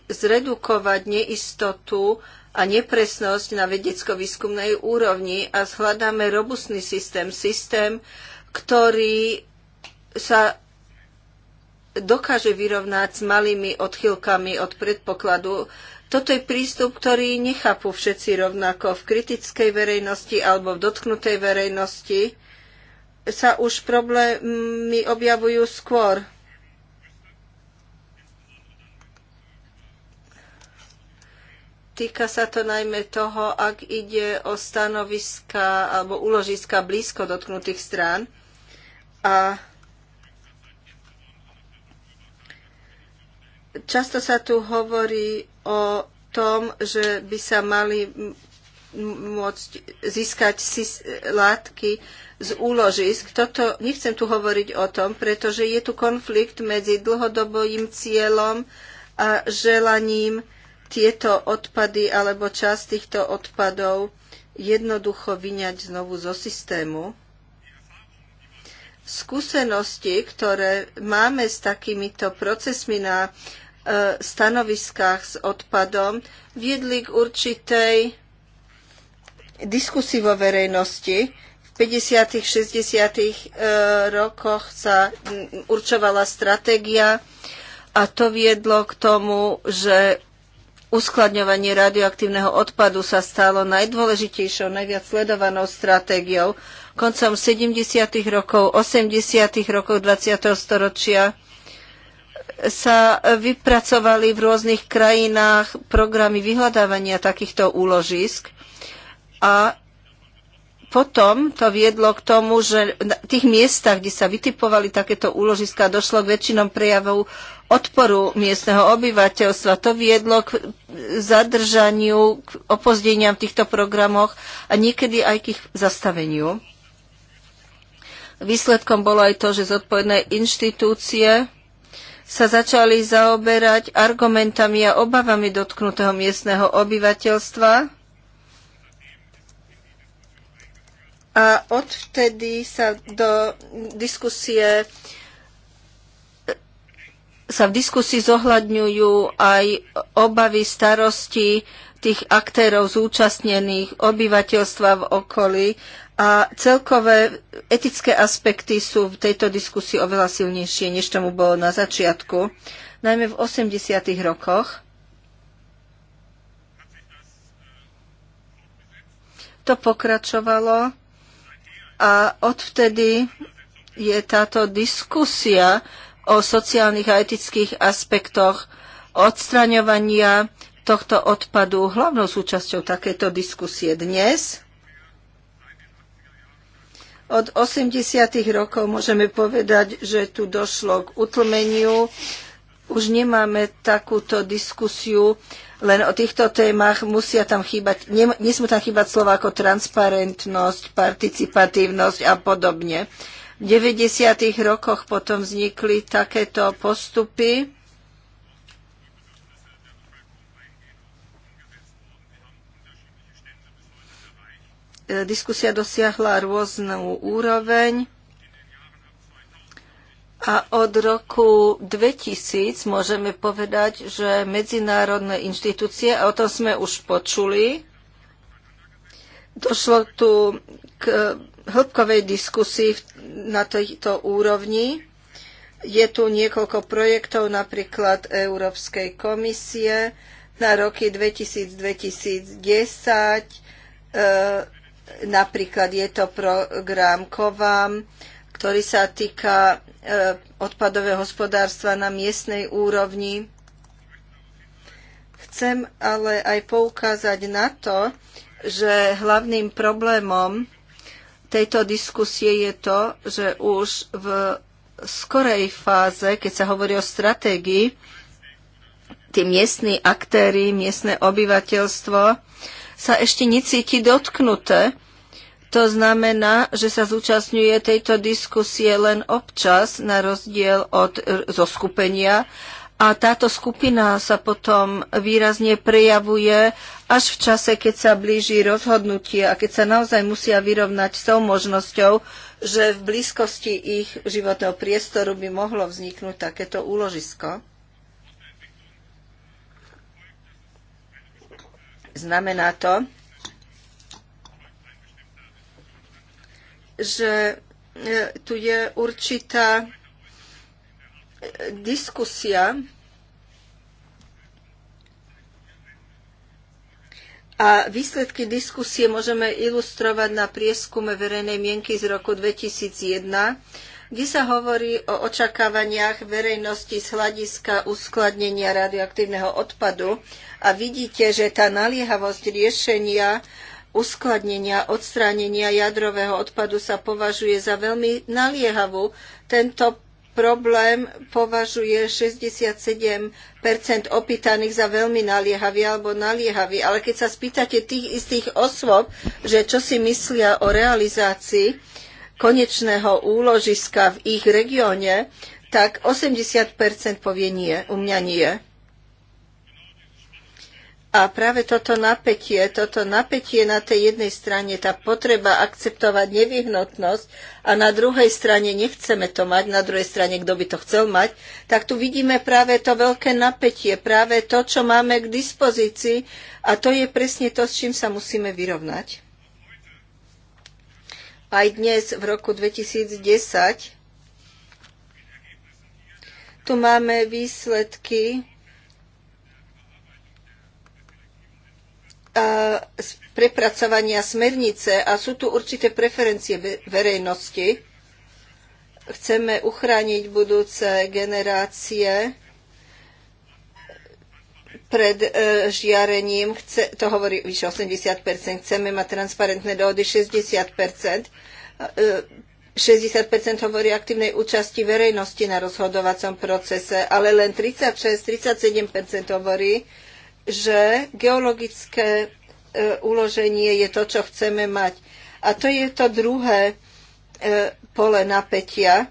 zredukovať neistotu a nepresnosť na vedecko-výskumnej úrovni a zhľadáme robustný systém, systém, ktorý sa dokáže vyrovnať s malými odchylkami od predpokladu. Toto je prístup, ktorý nechápu všetci rovnako. V kritickej verejnosti alebo v dotknutej verejnosti sa už problémy objavujú skôr. Týka sa to najmä toho, ak ide o stanoviska alebo uložiska blízko dotknutých strán. A často sa tu hovorí o tom, že by sa mali môcť získať látky z úložisk. Toto, nechcem tu hovoriť o tom, pretože je tu konflikt medzi dlhodobým cieľom a želaním tieto odpady alebo časť týchto odpadov jednoducho vyňať znovu zo systému. Skúsenosti, ktoré máme s takýmito procesmi na e, stanoviskách s odpadom, viedli k určitej diskusii vo verejnosti. V 50. 60. E, rokoch sa určovala stratégia a to viedlo k tomu, že uskladňovanie radioaktívneho odpadu sa stalo najdôležitejšou, najviac sledovanou stratégiou. Koncom 70. rokov, 80. rokov 20. storočia sa vypracovali v rôznych krajinách programy vyhľadávania takýchto úložisk a potom to viedlo k tomu, že na tých miestach, kde sa vytipovali takéto úložiska, došlo k väčšinom prejavov odporu miestneho obyvateľstva. To viedlo k zadržaniu, k opozdeniam v týchto programoch a niekedy aj k ich zastaveniu. Výsledkom bolo aj to, že zodpovedné inštitúcie sa začali zaoberať argumentami a obavami dotknutého miestneho obyvateľstva A odvtedy sa do diskusie sa v diskusii zohľadňujú aj obavy, starosti tých aktérov zúčastnených, obyvateľstva v okolí a celkové etické aspekty sú v tejto diskusii oveľa silnejšie, než tomu bolo na začiatku, najmä v 80. rokoch. To pokračovalo a odvtedy je táto diskusia o sociálnych a etických aspektoch odstraňovania tohto odpadu hlavnou súčasťou takéto diskusie dnes. Od 80. rokov môžeme povedať, že tu došlo k utlmeniu už nemáme takúto diskusiu len o týchto témach. Musia tam chýbať, nesmú tam chýbať slova ako transparentnosť, participatívnosť a podobne. V 90. rokoch potom vznikli takéto postupy. E, diskusia dosiahla rôznu úroveň a od roku 2000 môžeme povedať, že medzinárodné inštitúcie, a o tom sme už počuli, došlo tu k hĺbkovej diskusii na tejto úrovni. Je tu niekoľko projektov, napríklad Európskej komisie na roky 2000-2010. E, napríklad je to program COVAM, ktorý sa týka e, odpadového hospodárstva na miestnej úrovni. Chcem ale aj poukázať na to, že hlavným problémom tejto diskusie je to, že už v skorej fáze, keď sa hovorí o stratégii, tí miestni aktéry, miestne obyvateľstvo sa ešte necíti dotknuté to znamená, že sa zúčastňuje tejto diskusie len občas, na rozdiel od e, zo skupenia. A táto skupina sa potom výrazne prejavuje až v čase, keď sa blíži rozhodnutie a keď sa naozaj musia vyrovnať s tou možnosťou, že v blízkosti ich životného priestoru by mohlo vzniknúť takéto úložisko. Znamená to, že e, tu je určitá e, diskusia a výsledky diskusie môžeme ilustrovať na prieskume verejnej mienky z roku 2001, kde sa hovorí o očakávaniach verejnosti z hľadiska uskladnenia radioaktívneho odpadu a vidíte, že tá naliehavosť riešenia uskladnenia, odstránenia jadrového odpadu sa považuje za veľmi naliehavú. Tento problém považuje 67% opýtaných za veľmi naliehavý alebo naliehavý. Ale keď sa spýtate tých istých osôb, že čo si myslia o realizácii konečného úložiska v ich regióne, tak 80% povie nie, u mňa nie. A práve toto napätie, toto napätie na tej jednej strane, tá potreba akceptovať nevyhnutnosť a na druhej strane nechceme to mať, na druhej strane kto by to chcel mať, tak tu vidíme práve to veľké napätie, práve to, čo máme k dispozícii a to je presne to, s čím sa musíme vyrovnať. Aj dnes v roku 2010 tu máme výsledky prepracovania smernice a sú tu určité preferencie verejnosti. Chceme uchrániť budúce generácie pred e, žiarením. Chce, to hovorí vyše 80%. Chceme mať transparentné dohody 60%. 60 e, hovorí o aktívnej účasti verejnosti na rozhodovacom procese, ale len 36-37 hovorí, že geologické e, uloženie je to, čo chceme mať. A to je to druhé e, pole napätia.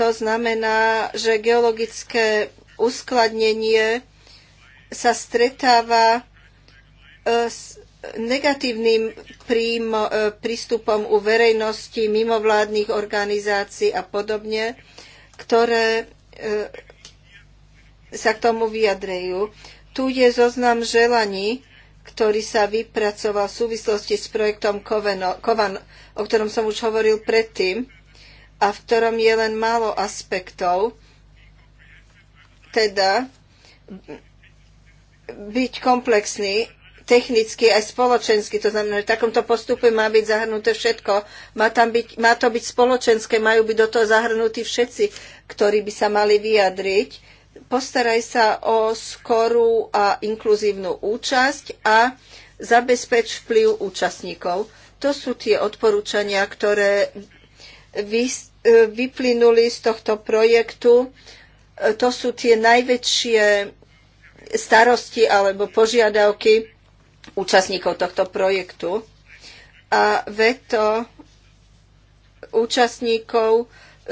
To znamená, že geologické uskladnenie sa stretáva e, s negatívnym prístupom u verejnosti, mimovládnych organizácií a podobne, ktoré sa k tomu vyjadrejú. Tu je zoznam želaní, ktorý sa vypracoval v súvislosti s projektom Koveno, Kovan, o ktorom som už hovoril predtým, a v ktorom je len málo aspektov, teda byť komplexný technicky aj spoločensky, to znamená, že v takomto postupe má byť zahrnuté všetko, má, tam byť, má to byť spoločenské, majú byť do toho zahrnutí všetci, ktorí by sa mali vyjadriť postaraj sa o skorú a inkluzívnu účasť a zabezpeč vplyv účastníkov. To sú tie odporúčania, ktoré e, vyplynuli z tohto projektu. E, to sú tie najväčšie starosti alebo požiadavky účastníkov tohto projektu. A veto účastníkov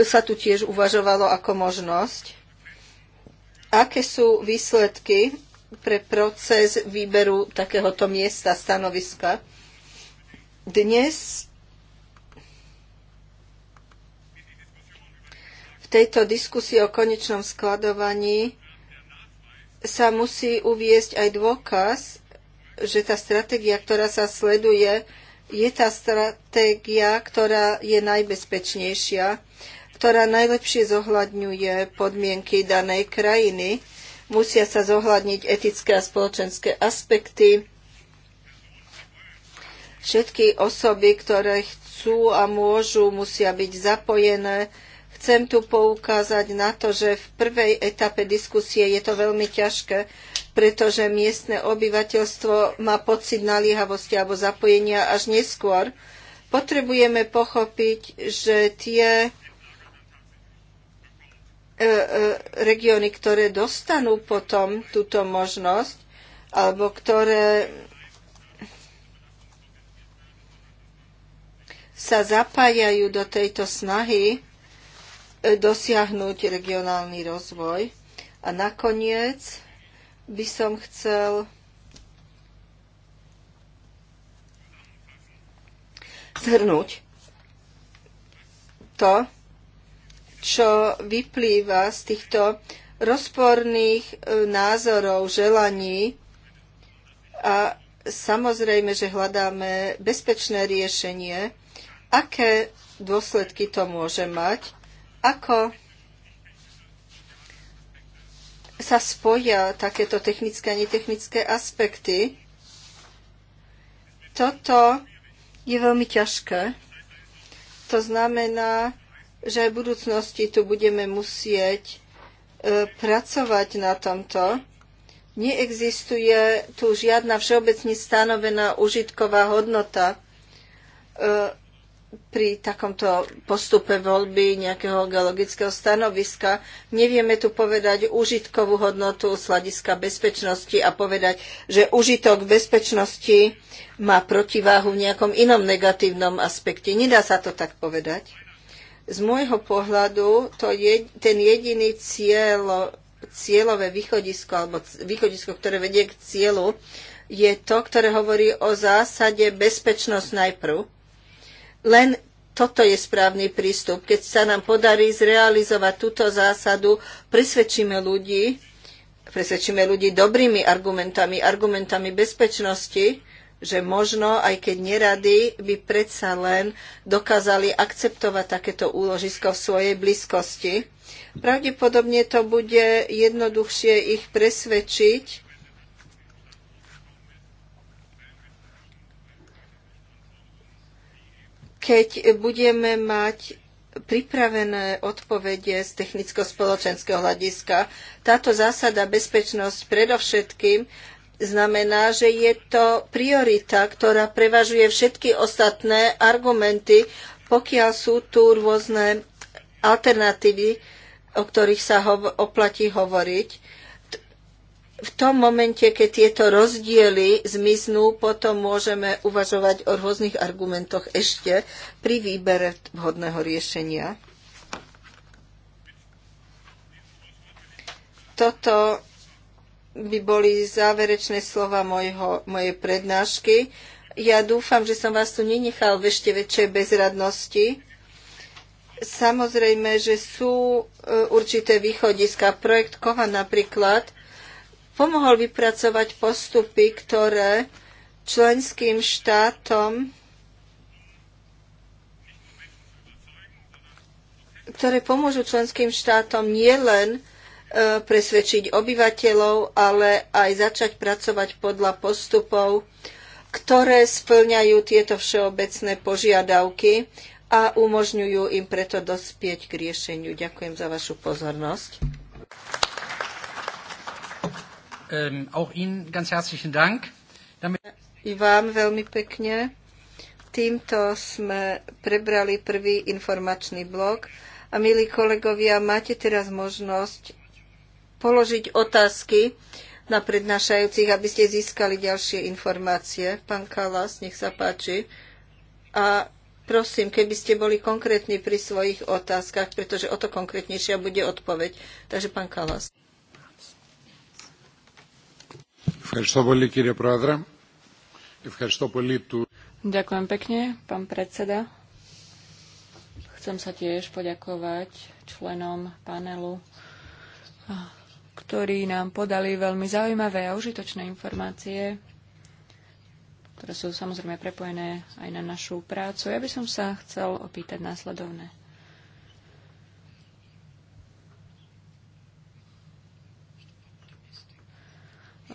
sa tu tiež uvažovalo ako možnosť. Aké sú výsledky pre proces výberu takéhoto miesta, stanoviska? Dnes v tejto diskusii o konečnom skladovaní sa musí uviesť aj dôkaz, že tá stratégia, ktorá sa sleduje, je tá stratégia, ktorá je najbezpečnejšia ktorá najlepšie zohľadňuje podmienky danej krajiny. Musia sa zohľadniť etické a spoločenské aspekty. Všetky osoby, ktoré chcú a môžu, musia byť zapojené. Chcem tu poukázať na to, že v prvej etape diskusie je to veľmi ťažké, pretože miestne obyvateľstvo má pocit naliehavosti alebo zapojenia až neskôr. Potrebujeme pochopiť, že tie E, e, regióny, ktoré dostanú potom túto možnosť, alebo ktoré sa zapájajú do tejto snahy e, dosiahnuť regionálny rozvoj. A nakoniec by som chcel zhrnúť to, čo vyplýva z týchto rozporných e, názorov, želaní a samozrejme, že hľadáme bezpečné riešenie, aké dôsledky to môže mať, ako sa spoja takéto technické a netechnické aspekty. Toto je veľmi ťažké. To znamená, že v budúcnosti tu budeme musieť e, pracovať na tomto. Neexistuje tu žiadna všeobecne stanovená užitková hodnota e, pri takomto postupe voľby nejakého geologického stanoviska. Nevieme tu povedať užitkovú hodnotu z hľadiska bezpečnosti a povedať, že užitok bezpečnosti má protiváhu v nejakom inom negatívnom aspekte. Nedá sa to tak povedať. Z môjho pohľadu to je, ten jediný cieľ, cieľové východisko, alebo východisko, ktoré vedie k cieľu, je to, ktoré hovorí o zásade bezpečnosť najprv. Len toto je správny prístup. Keď sa nám podarí zrealizovať túto zásadu, presvedčíme ľudí, presvedčíme ľudí dobrými argumentami, argumentami bezpečnosti, že možno, aj keď nerady, by predsa len dokázali akceptovať takéto úložisko v svojej blízkosti. Pravdepodobne to bude jednoduchšie ich presvedčiť, keď budeme mať pripravené odpovede z technicko-spoločenského hľadiska. Táto zásada bezpečnosť predovšetkým Znamená, že je to priorita, ktorá prevažuje všetky ostatné argumenty, pokiaľ sú tu rôzne alternatívy, o ktorých sa hov- oplatí hovoriť. V tom momente, keď tieto rozdiely zmiznú, potom môžeme uvažovať o rôznych argumentoch ešte pri výbere vhodného riešenia. Toto by boli záverečné slova mojho, mojej prednášky. Ja dúfam, že som vás tu nenechal v ešte väčšej bezradnosti. Samozrejme, že sú e, určité východiska. Projekt Koha napríklad pomohol vypracovať postupy, ktoré členským štátom ktoré pomôžu členským štátom nielen presvedčiť obyvateľov, ale aj začať pracovať podľa postupov, ktoré splňajú tieto všeobecné požiadavky a umožňujú im preto dospieť k riešeniu. Ďakujem za vašu pozornosť. Ähm, I vám veľmi pekne. Týmto sme prebrali prvý informačný blok. A milí kolegovia, máte teraz možnosť položiť otázky na prednášajúcich, aby ste získali ďalšie informácie. Pán Kalas, nech sa páči. A prosím, keby ste boli konkrétni pri svojich otázkach, pretože o to konkrétnejšia bude odpoveď. Takže pán Kalas. Ďakujem pekne, pán predseda. Chcem sa tiež poďakovať členom panelu ktorí nám podali veľmi zaujímavé a užitočné informácie, ktoré sú samozrejme prepojené aj na našu prácu. Ja by som sa chcel opýtať následovné.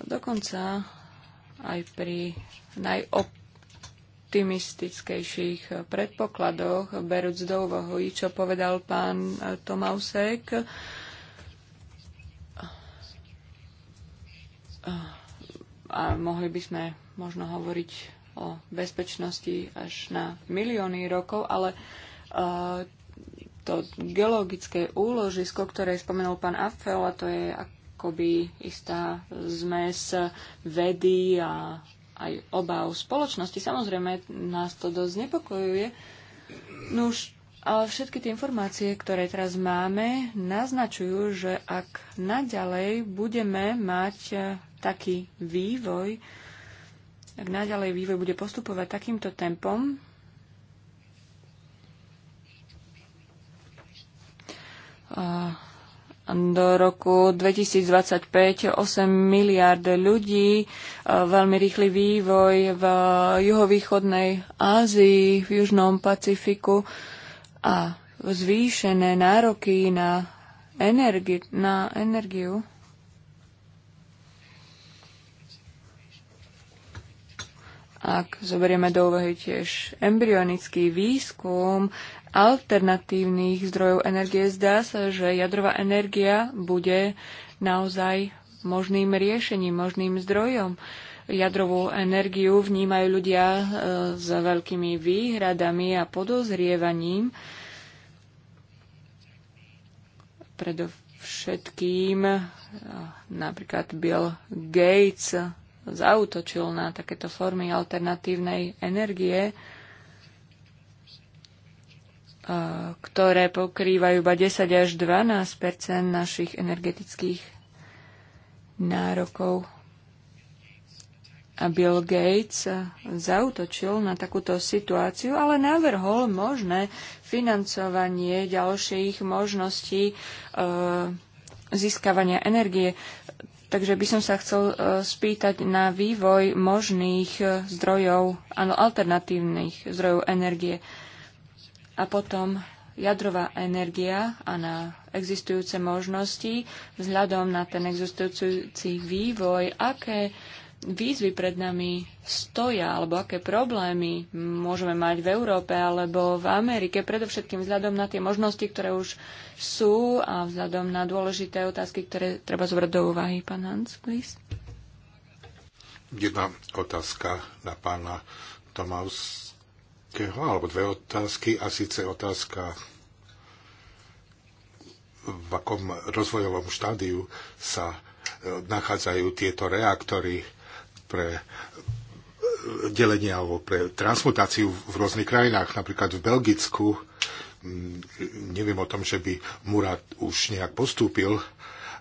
Dokonca aj pri najoptimistickejších predpokladoch, berúc do úvahy, čo povedal pán Tomausek, a mohli by sme možno hovoriť o bezpečnosti až na milióny rokov, ale e, to geologické úložisko, ktoré spomenul pán Affel, a to je akoby istá zmes vedy a aj obav spoločnosti. Samozrejme, nás to dosť nepokojuje. No už ale všetky tie informácie, ktoré teraz máme, naznačujú, že ak naďalej budeme mať taký vývoj, ak naďalej vývoj bude postupovať takýmto tempom, do roku 2025 8 miliard ľudí, veľmi rýchly vývoj v juhovýchodnej Ázii, v južnom Pacifiku a zvýšené nároky na, energi- na energiu Ak zoberieme do úvahy tiež embryonický výskum alternatívnych zdrojov energie, zdá sa, že jadrová energia bude naozaj možným riešením, možným zdrojom. Jadrovú energiu vnímajú ľudia e, s veľkými výhradami a podozrievaním. Predovšetkým e, napríklad Bill Gates zautočil na takéto formy alternatívnej energie, e, ktoré pokrývajú iba 10 až 12 našich energetických nárokov. A Bill Gates zautočil na takúto situáciu, ale navrhol možné financovanie ďalších možností e, získavania energie. Takže by som sa chcel e, spýtať na vývoj možných e, zdrojov, áno, alternatívnych zdrojov energie. A potom jadrová energia a na existujúce možnosti vzhľadom na ten existujúci vývoj, aké výzvy pred nami stoja, alebo aké problémy môžeme mať v Európe alebo v Amerike, predovšetkým vzhľadom na tie možnosti, ktoré už sú a vzhľadom na dôležité otázky, ktoré treba zobrať do úvahy. Pán Hans, please. Jedna otázka na pána Tomavského, alebo dve otázky, a síce otázka v akom rozvojovom štádiu sa eh, nachádzajú tieto reaktory pre eh, delenie alebo pre transmutáciu v rôznych krajinách. Napríklad v Belgicku mm, neviem o tom, že by Murat už nejak postúpil,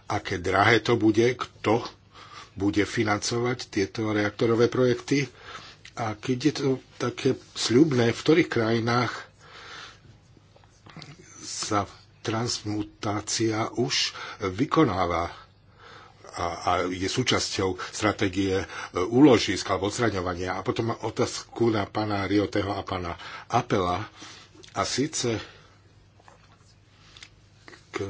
aké drahé to bude, kto bude financovať tieto reaktorové projekty. A keď je to také sľubné, v ktorých krajinách sa transmutácia už vykonáva a, a je súčasťou stratégie e, úložisk alebo odstraňovania. A potom mám otázku na pána Rioteho a pána Apela. A síce k,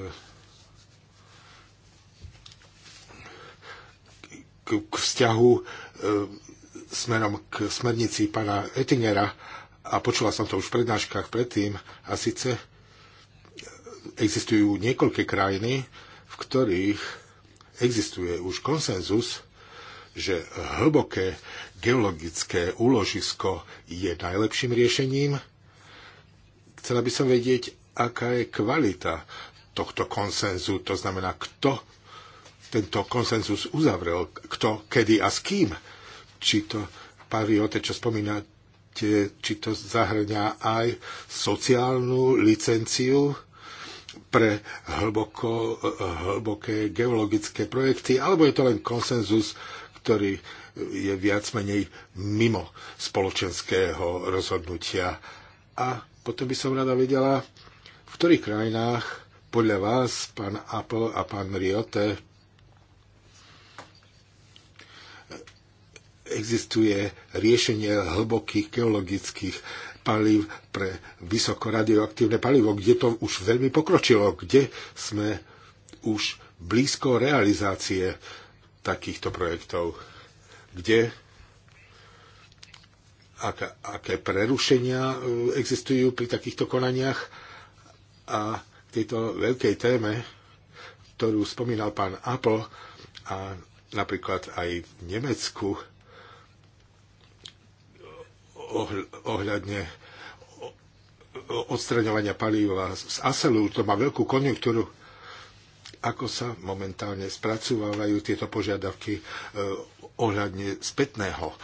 k, k vzťahu e, smerom k smernici pána Ettingera a počula som to už v prednáškach predtým a síce e, existujú niekoľké krajiny, v ktorých existuje už konsenzus, že hlboké geologické úložisko je najlepším riešením. Chcela by som vedieť, aká je kvalita tohto konsenzu, to znamená, kto tento konsenzus uzavrel, kto, kedy a s kým. Či to, pán Riote, čo spomínate, či to zahrňa aj sociálnu licenciu, pre hlboko, hlboké geologické projekty, alebo je to len konsenzus, ktorý je viac menej mimo spoločenského rozhodnutia. A potom by som rada vedela, v ktorých krajinách podľa vás, pán Apple a pán Riote, existuje riešenie hlbokých geologických palív pre vysoko radioaktívne palivo, kde to už veľmi pokročilo, kde sme už blízko realizácie takýchto projektov, kde aké, aké prerušenia e, existujú pri takýchto konaniach a k tejto veľkej téme, ktorú spomínal pán Apple a napríklad aj v Nemecku ohľadne odstraňovania palíva z Aselu. To má veľkú konjunktúru. Ako sa momentálne spracovávajú tieto požiadavky e, ohľadne spätného e,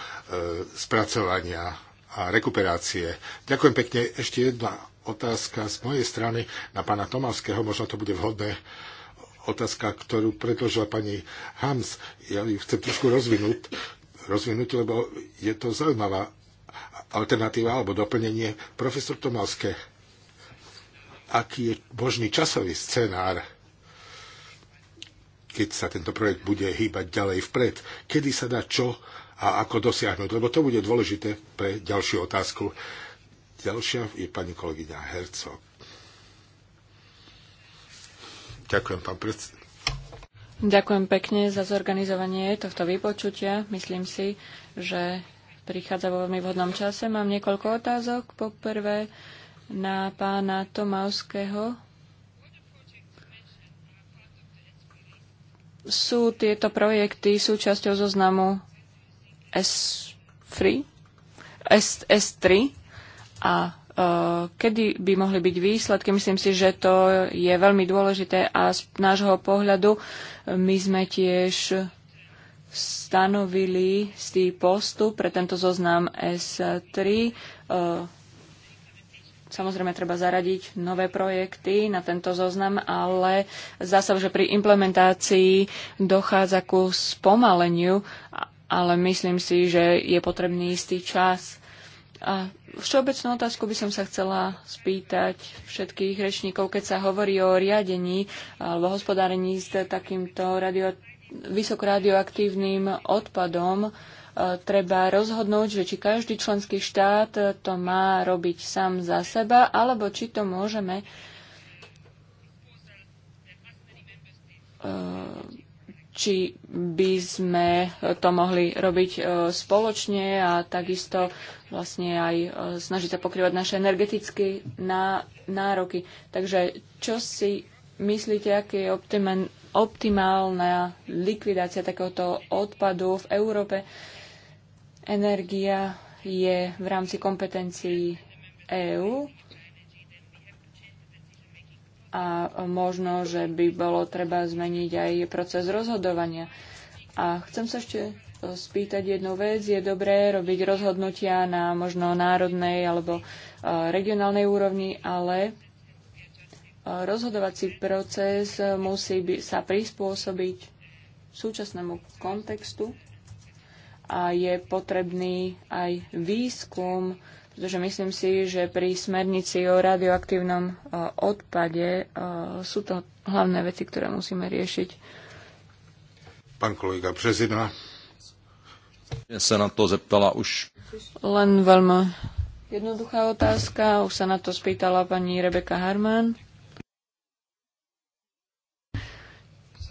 spracovania a rekuperácie. Ďakujem pekne. Ešte jedna otázka z mojej strany na pána Tomáskeho. Možno to bude vhodné. Otázka, ktorú predložila pani Hams. Ja ju chcem trošku rozvinúť, rozvinúť lebo je to zaujímavá alternatíva alebo doplnenie. Profesor Tomalské, aký je možný časový scenár, keď sa tento projekt bude hýbať ďalej vpred? Kedy sa dá čo a ako dosiahnuť? Lebo to bude dôležité pre ďalšiu otázku. Ďalšia je pani kolegyňa Hercog. Ďakujem, pán predseda. Ďakujem pekne za zorganizovanie tohto vypočutia. Myslím si, že prichádza vo veľmi vhodnom čase. Mám niekoľko otázok. Poprvé na pána Tomáuského. Sú tieto projekty súčasťou zoznamu S3, S, S3 a e, kedy by mohli byť výsledky. Myslím si, že to je veľmi dôležité a z nášho pohľadu my sme tiež stanovili stý postup pre tento zoznam S3. E, samozrejme, treba zaradiť nové projekty na tento zoznam, ale zdá sa, že pri implementácii dochádza ku spomaleniu, ale myslím si, že je potrebný istý čas. A všeobecnú otázku by som sa chcela spýtať všetkých rečníkov, keď sa hovorí o riadení alebo hospodárení s takýmto radioaktívnym vysokoradioaktívnym odpadom, e, treba rozhodnúť, že či každý členský štát to má robiť sám za seba, alebo či to môžeme e, či by sme to mohli robiť e, spoločne a takisto vlastne aj snažiť sa pokrývať naše energetické nároky. Takže čo si myslíte, aký je optimálny optimálna likvidácia takéhoto odpadu v Európe. Energia je v rámci kompetencií EÚ a možno, že by bolo treba zmeniť aj proces rozhodovania. A chcem sa ešte spýtať jednu vec. Je dobré robiť rozhodnutia na možno národnej alebo eh, regionálnej úrovni, ale rozhodovací proces musí by, sa prispôsobiť súčasnému kontextu a je potrebný aj výskum, pretože myslím si, že pri smernici o radioaktívnom e, odpade e, sú to hlavné veci, ktoré musíme riešiť. Pán kolega Březina. Ja sa na to zeptala už. Len veľmi jednoduchá otázka. Už sa na to spýtala pani Rebeka Harman.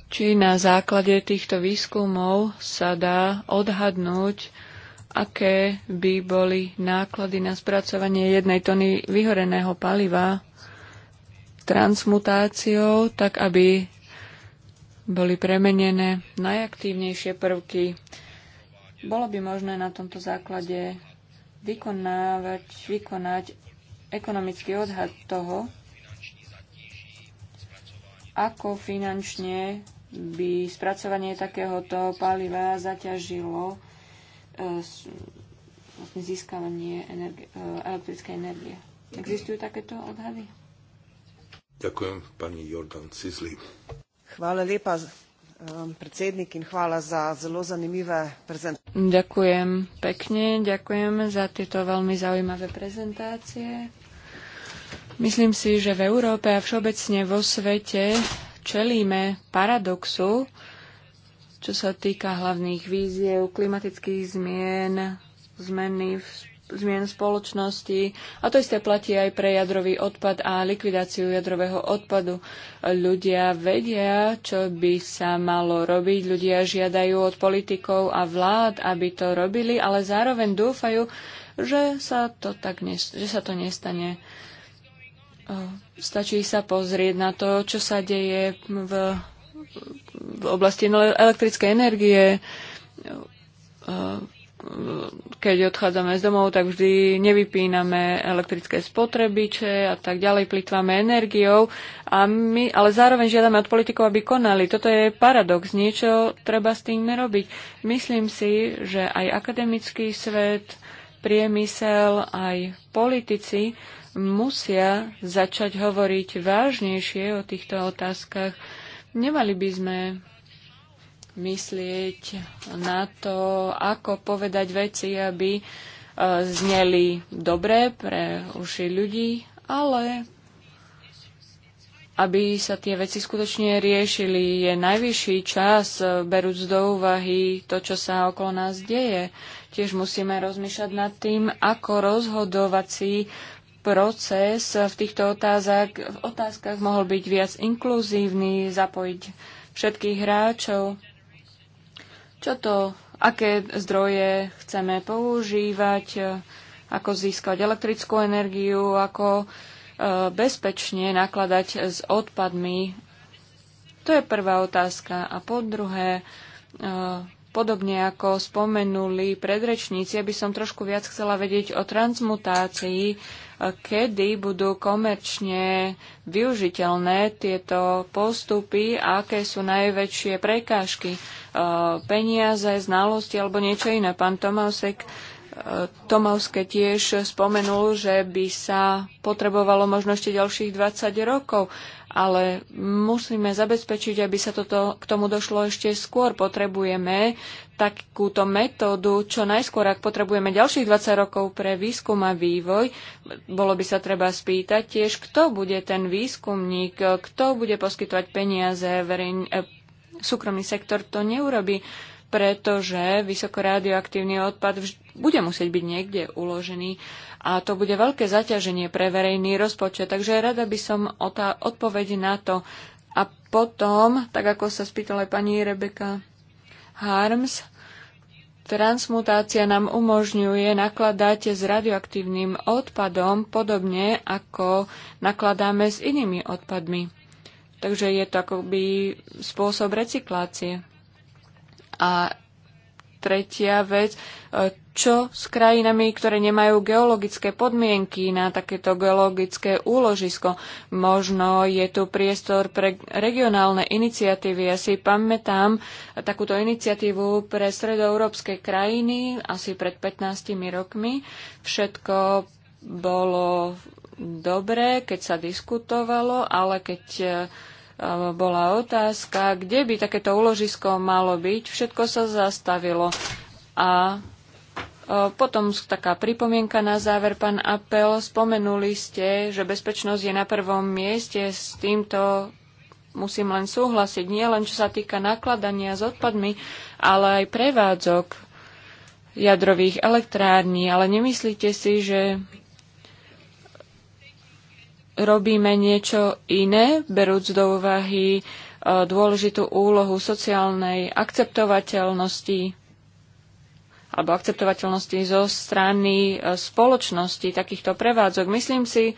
či na základe týchto výskumov sa dá odhadnúť, aké by boli náklady na spracovanie jednej tony vyhoreného paliva transmutáciou, tak aby boli premenené najaktívnejšie prvky. Bolo by možné na tomto základe vykonávať, vykonať ekonomický odhad toho, ako finančne by spracovanie takéhoto paliva zaťažilo e, vlastne získavanie e, elektrickej energie. Existujú takéto odhady? Ďakujem pani Jordan Cizli. Hvala lepa e, predsednik in hvala za zelo zanimivé prezentácie. Ďakujem pekne, ďakujem za tieto veľmi zaujímavé prezentácie. Myslím si, že v Európe a všeobecne vo svete čelíme paradoxu, čo sa týka hlavných víziev, klimatických zmien, zmeny v zmien spoločnosti a to isté platí aj pre jadrový odpad a likvidáciu jadrového odpadu. Ľudia vedia, čo by sa malo robiť, ľudia žiadajú od politikov a vlád, aby to robili, ale zároveň dúfajú, že sa to, tak nes- že sa to nestane. Stačí sa pozrieť na to, čo sa deje v, v oblasti no, elektrickej energie. Keď odchádzame z domov, tak vždy nevypíname elektrické spotrebiče a tak ďalej, plitváme energiou, a my, ale zároveň žiadame od politikov, aby konali. Toto je paradox, niečo treba s tým nerobiť. Myslím si, že aj akademický svet, priemysel, aj politici musia začať hovoriť vážnejšie o týchto otázkach. Nemali by sme myslieť na to, ako povedať veci, aby e, zneli dobre pre uši ľudí, ale aby sa tie veci skutočne riešili. Je najvyšší čas, e, berúc do úvahy to, čo sa okolo nás deje. Tiež musíme rozmýšľať nad tým, ako rozhodovací proces v týchto otázach, v otázkach mohol byť viac inkluzívny, zapojiť všetkých hráčov. Čo to, aké zdroje chceme používať, ako získať elektrickú energiu, ako e, bezpečne nakladať s odpadmi. To je prvá otázka. A po druhé, e, podobne ako spomenuli predrečníci, ja by som trošku viac chcela vedieť o transmutácii kedy budú komerčne využiteľné tieto postupy, aké sú najväčšie prekážky, e, peniaze, znalosti alebo niečo iné. Pán Tomasek e, Tomovské tiež spomenul, že by sa potrebovalo možno ešte ďalších 20 rokov, ale musíme zabezpečiť, aby sa toto, k tomu došlo ešte skôr. Potrebujeme takúto metódu čo najskôr, ak potrebujeme ďalších 20 rokov pre výskum a vývoj, bolo by sa treba spýtať tiež, kto bude ten výskumník, kto bude poskytovať peniaze, verejn... E, súkromný sektor to neurobi, pretože vysokoradioaktívny odpad vž... bude musieť byť niekde uložený a to bude veľké zaťaženie pre verejný rozpočet. Takže rada by som o tá odpoveď na to. A potom, tak ako sa spýtala aj pani Rebeka Harms, transmutácia nám umožňuje nakladať s radioaktívnym odpadom podobne, ako nakladáme s inými odpadmi. Takže je to akoby spôsob recyklácie. A tretia vec, e, čo s krajinami, ktoré nemajú geologické podmienky na takéto geologické úložisko? Možno je tu priestor pre regionálne iniciatívy. Ja si pamätám takúto iniciatívu pre stredoeurópske krajiny asi pred 15 rokmi. Všetko bolo dobré, keď sa diskutovalo, ale keď e, bola otázka, kde by takéto úložisko malo byť, všetko sa zastavilo. A potom taká pripomienka na záver, pán Apel. Spomenuli ste, že bezpečnosť je na prvom mieste. S týmto musím len súhlasiť. Nie len čo sa týka nakladania s odpadmi, ale aj prevádzok jadrových elektrární. Ale nemyslíte si, že robíme niečo iné, berúc do úvahy e, dôležitú úlohu sociálnej akceptovateľnosti alebo akceptovateľnosti zo strany e, spoločnosti takýchto prevádzok. Myslím si,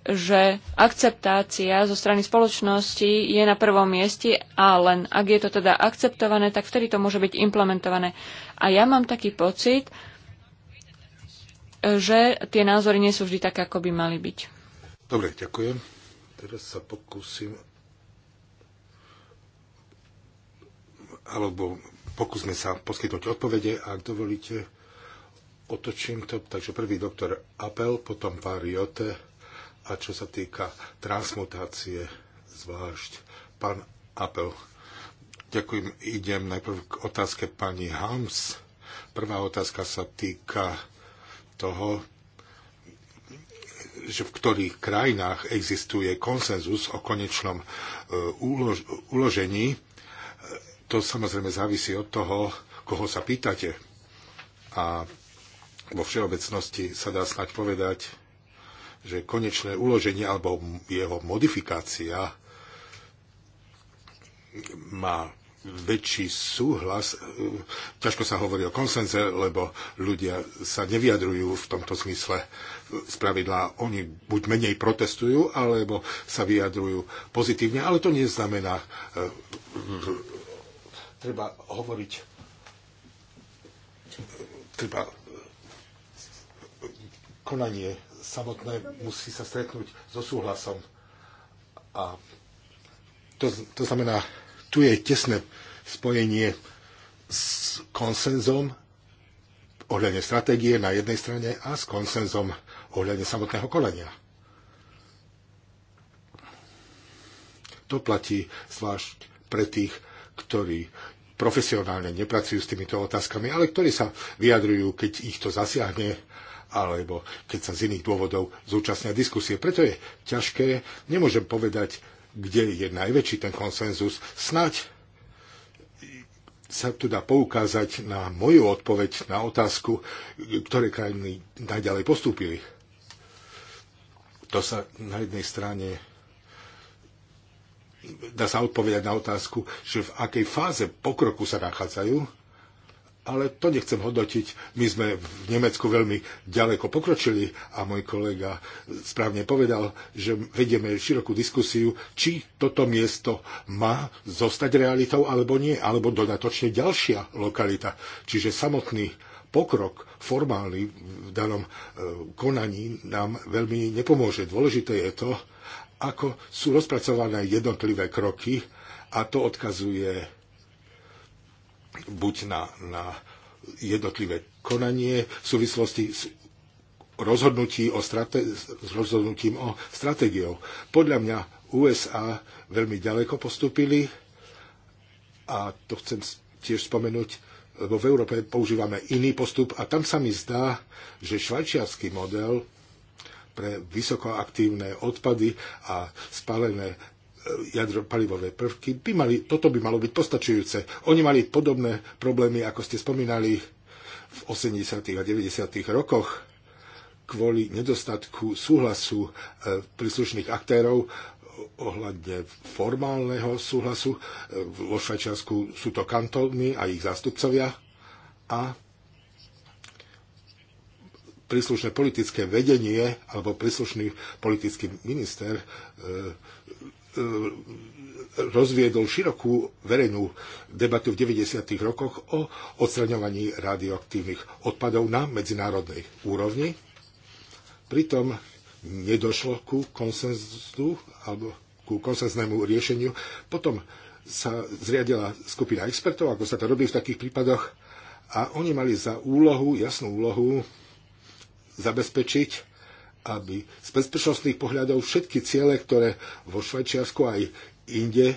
že akceptácia zo strany spoločnosti je na prvom mieste a len ak je to teda akceptované, tak vtedy to môže byť implementované. A ja mám taký pocit, že tie názory nie sú vždy také, ako by mali byť. Dobre, ďakujem. Teraz sa pokúsim alebo pokúsme sa poskytnúť odpovede a ak dovolíte, otočím to. Takže prvý doktor Apel, potom pán Riote a čo sa týka transmutácie zvlášť pán Apel. Ďakujem. Idem najprv k otázke pani Hams. Prvá otázka sa týka toho, že v ktorých krajinách existuje konsenzus o konečnom e, uložení to samozrejme závisí od toho, koho sa pýtate. A vo všeobecnosti sa dá snať povedať, že konečné uloženie alebo jeho modifikácia má väčší súhlas. Ťažko sa hovorí o konsenze, lebo ľudia sa nevyjadrujú v tomto zmysle. Z pravidla oni buď menej protestujú, alebo sa vyjadrujú pozitívne, ale to neznamená eh, treba hovoriť, treba e, konanie samotné musí sa stretnúť so súhlasom. A to, to znamená, tu je tesné spojenie s konsenzom ohľadne stratégie na jednej strane a s konsenzom ohľadne samotného kolenia. To platí zvlášť pre tých, ktorí profesionálne nepracujú s týmito otázkami, ale ktorí sa vyjadrujú, keď ich to zasiahne alebo keď sa z iných dôvodov zúčastnia diskusie. Preto je ťažké, nemôžem povedať, kde je najväčší ten konsenzus. Snaď sa tu dá poukázať na moju odpoveď na otázku, ktoré krajiny najďalej postúpili. To sa na jednej strane dá sa odpovedať na otázku, že v akej fáze pokroku sa nachádzajú, ale to nechcem hodnotiť. My sme v Nemecku veľmi ďaleko pokročili a môj kolega správne povedal, že vedieme širokú diskusiu, či toto miesto má zostať realitou alebo nie, alebo dodatočne ďalšia lokalita. Čiže samotný pokrok formálny v danom e, konaní nám veľmi nepomôže. Dôležité je to, ako sú rozpracované jednotlivé kroky a to odkazuje buď na, na jednotlivé konanie v súvislosti s rozhodnutí o strate- s rozhodnutím o stratégiou. Podľa mňa USA veľmi ďaleko postupili a to chcem tiež spomenúť, lebo v Európe používame iný postup a tam sa mi zdá, že švajčiarsky model pre vysokoaktívne odpady a spálené e, jadropalivové prvky, by mali, toto by malo byť postačujúce. Oni mali podobné problémy, ako ste spomínali v 80. a 90. rokoch kvôli nedostatku súhlasu e, príslušných aktérov e, ohľadne formálneho súhlasu. Vo Švajčiarsku sú to kantóny a ich zástupcovia a príslušné politické vedenie alebo príslušný politický minister e, e, rozviedol širokú verejnú debatu v 90. rokoch o odstraňovaní radioaktívnych odpadov na medzinárodnej úrovni. Pritom nedošlo ku konsenzu alebo ku konsenznému riešeniu. Potom sa zriadila skupina expertov, ako sa to robí v takých prípadoch, a oni mali za úlohu, jasnú úlohu, zabezpečiť, aby z bezpečnostných pohľadov všetky ciele, ktoré vo Švajčiarsku aj inde, e,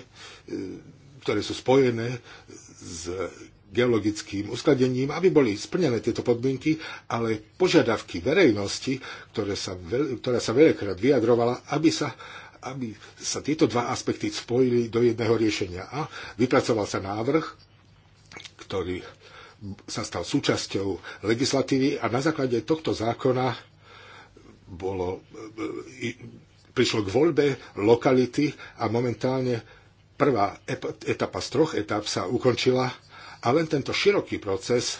ktoré sú spojené s geologickým uskladením, aby boli splnené tieto podmienky, ale požiadavky verejnosti, ktoré sa veľ, ktorá sa veľakrát vyjadrovala, aby sa, aby sa tieto dva aspekty spojili do jedného riešenia. A vypracoval sa návrh, ktorý sa stal súčasťou legislatívy a na základe tohto zákona bolo, e, e, prišlo k voľbe lokality a momentálne prvá etapa z troch etap sa ukončila a len tento široký proces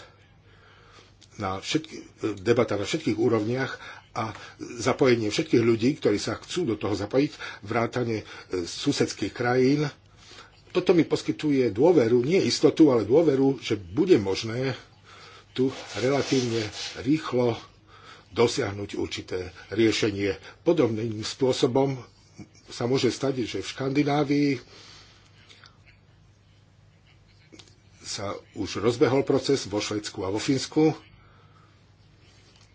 na všetky, e, debata na všetkých úrovniach a zapojenie všetkých ľudí, ktorí sa chcú do toho zapojiť, vrátanie susedských krajín, toto mi poskytuje dôveru, nie istotu, ale dôveru, že bude možné tu relatívne rýchlo dosiahnuť určité riešenie. Podobným spôsobom sa môže stať, že v Škandinávii sa už rozbehol proces vo Švedsku a vo Fínsku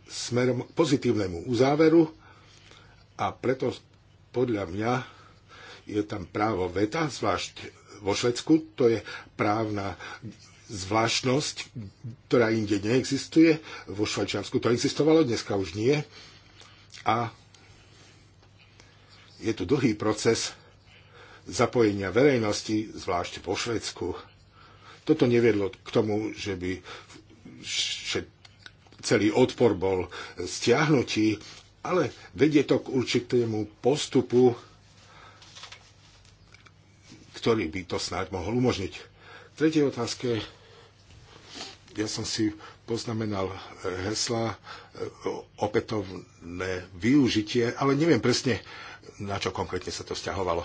smerom k pozitívnemu uzáveru a preto podľa mňa je tam právo veta, zvlášť vo Švedsku, to je právna zvláštnosť, ktorá inde neexistuje. Vo Švajčiarsku to existovalo, dneska už nie. A je tu dlhý proces zapojenia verejnosti, zvlášť vo Švedsku. Toto neviedlo k tomu, že by celý odpor bol stiahnutý, ale vedie to k určitému postupu ktorý by to snáď mohol umožniť. V tretej otázke ja som si poznamenal eh, hesla eh, opätovné využitie, ale neviem presne, na čo konkrétne sa to vzťahovalo.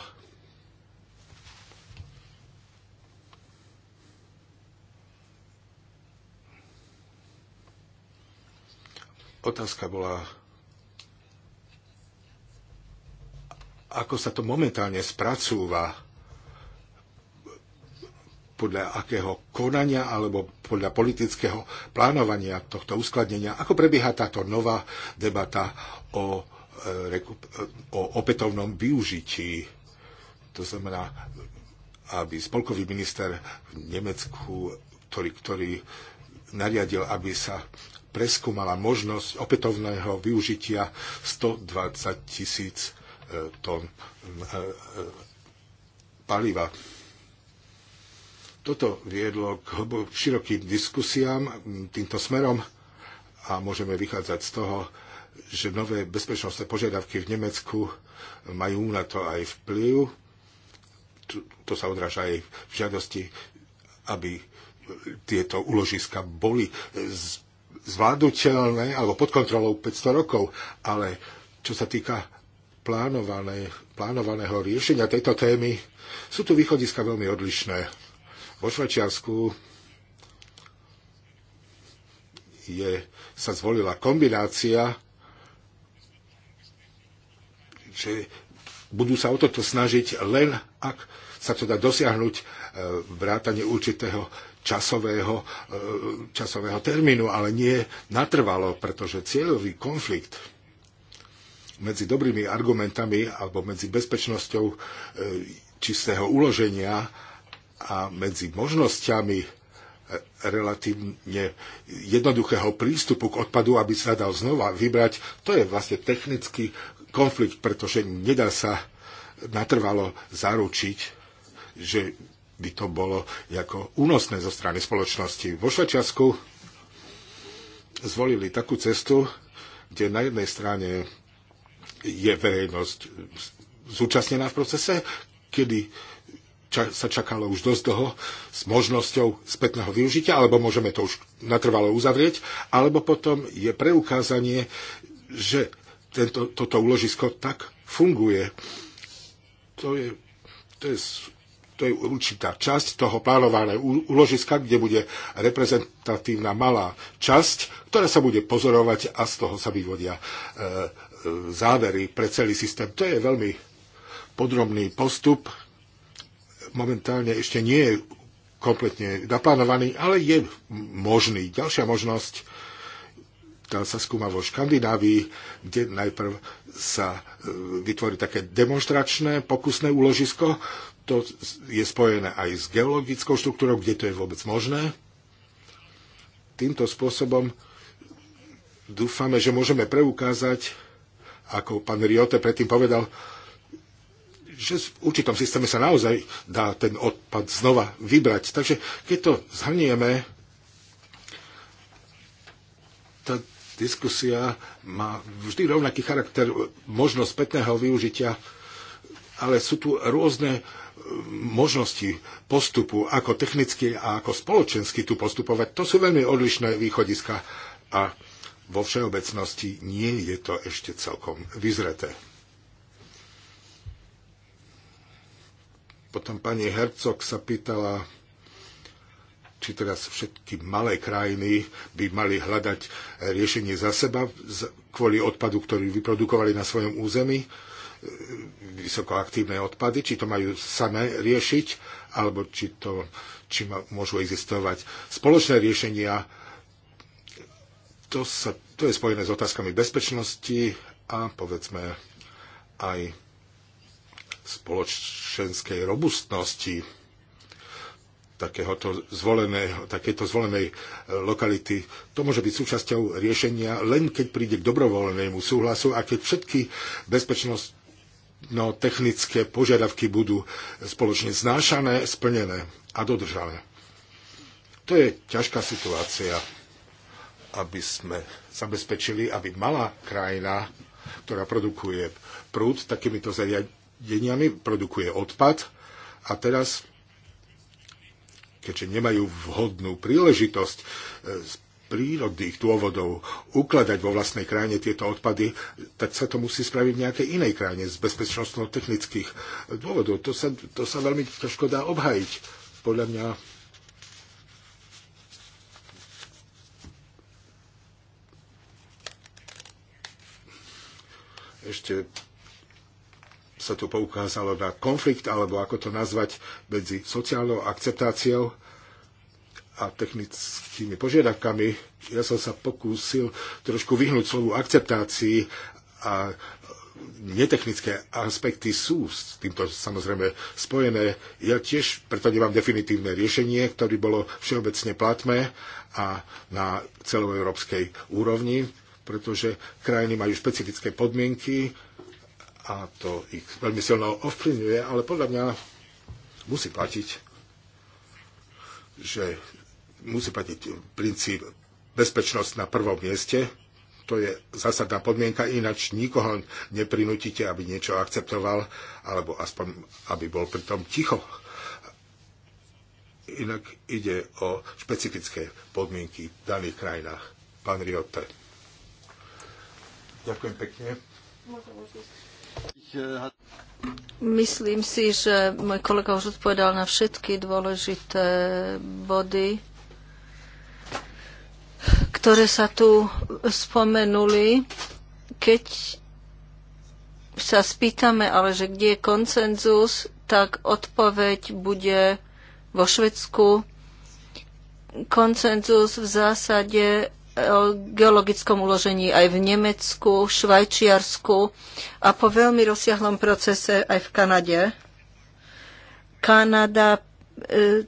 Otázka bola, ako sa to momentálne spracúva podľa akého konania alebo podľa politického plánovania tohto uskladnenia, ako prebieha táto nová debata o, e, e, o opätovnom využití. To znamená, aby spolkový minister v Nemecku, ktorý, ktorý nariadil, aby sa preskúmala možnosť opätovného využitia 120 tisíc e, tón paliva toto viedlo k širokým diskusiám týmto smerom a môžeme vychádzať z toho, že nové bezpečnostné požiadavky v Nemecku majú na to aj vplyv. To sa odráža aj v žiadosti, aby tieto uložiska boli zvládnutelné alebo pod kontrolou 500 rokov. Ale čo sa týka plánovaného riešenia tejto témy, sú tu východiska veľmi odlišné vo Švajčiarsku je, sa zvolila kombinácia, že budú sa o toto snažiť len ak sa to dá dosiahnuť e, vrátanie určitého časového, e, časového termínu, ale nie natrvalo, pretože cieľový konflikt medzi dobrými argumentami alebo medzi bezpečnosťou e, čistého uloženia a medzi možnosťami e, relatívne jednoduchého prístupu k odpadu, aby sa dal znova vybrať, to je vlastne technický konflikt, pretože nedá sa natrvalo zaručiť, že by to bolo ako únosné zo strany spoločnosti. Vo Švačiasku zvolili takú cestu, kde na jednej strane je verejnosť zúčastnená v procese, kedy ča- sa čakalo už dosť dlho s možnosťou spätného využitia, alebo môžeme to už natrvalo uzavrieť, alebo potom je preukázanie, že tento, toto úložisko tak funguje. To je, to je to je určitá časť toho plánovaného úložiska, kde bude reprezentatívna malá časť, ktorá sa bude pozorovať a z toho sa vyvodia e, e, závery pre celý systém. To je veľmi podrobný postup, momentálne ešte nie je kompletne naplánovaný, ale je možný. Ďalšia možnosť, tá sa skúma vo Škandinávii, kde najprv sa e, vytvorí také demonstračné pokusné úložisko. To je spojené aj s geologickou štruktúrou, kde to je vôbec možné. Týmto spôsobom dúfame, že môžeme preukázať, ako pán Riote predtým povedal, že v určitom systéme sa naozaj dá ten odpad znova vybrať. Takže keď to zhrnieme, tá diskusia má vždy rovnaký charakter, možnosť spätného využitia, ale sú tu rôzne e, možnosti postupu, ako technicky a ako spoločensky tu postupovať. To sú veľmi odlišné východiska a vo všeobecnosti nie je to ešte celkom vyzreté. Potom pani Hercog sa pýtala, či teraz všetky malé krajiny by mali hľadať riešenie za seba kvôli odpadu, ktorý vyprodukovali na svojom území, e, vysokoaktívne odpady, či to majú samé riešiť, alebo či, to, či môžu existovať spoločné riešenia. To, sa, to je spojené s otázkami bezpečnosti a povedzme aj spoločenskej robustnosti takéhoto zvoleného, takéto zvolenej e, lokality. To môže byť súčasťou riešenia len keď príde k dobrovoľnému súhlasu a keď všetky bezpečnostno technické požiadavky budú spoločne znášané, splnené a dodržané. To je ťažká situácia, aby sme zabezpečili, aby malá krajina, ktorá produkuje prúd takýmito zariadeniami, deniami, produkuje odpad a teraz, keďže nemajú vhodnú príležitosť e, z prírodných dôvodov ukladať vo vlastnej krajine tieto odpady, tak sa to musí spraviť v nejakej inej krajine z bezpečnostno-technických dôvodov. To sa, to sa veľmi ťažko dá obhajiť. Podľa mňa ešte sa tu poukázalo na konflikt, alebo ako to nazvať, medzi sociálnou akceptáciou a technickými požiadavkami. Ja som sa pokúsil trošku vyhnúť slovu akceptácii a netechnické aspekty sú s týmto samozrejme spojené. Ja tiež preto nemám definitívne riešenie, ktoré bolo všeobecne platné a na celoeurópskej úrovni, pretože krajiny majú špecifické podmienky, a to ich veľmi silno ovplyvňuje, ale podľa mňa musí platiť, že musí platiť princíp bezpečnosť na prvom mieste. To je zásadná podmienka, ináč nikoho neprinútite, aby niečo akceptoval, alebo aspoň, aby bol pritom ticho. Inak ide o špecifické podmienky v daných krajinách. Pán Riotte. Ďakujem pekne. Môžem, môžem. Myslím si, že môj kolega už odpovedal na všetky dôležité body, ktoré sa tu spomenuli. Keď sa spýtame, ale že kde je koncenzus, tak odpoveď bude vo Švedsku. Koncenzus v zásade o geologickom uložení aj v Nemecku, v Švajčiarsku a po veľmi rozsiahlom procese aj v Kanade. Kanada e,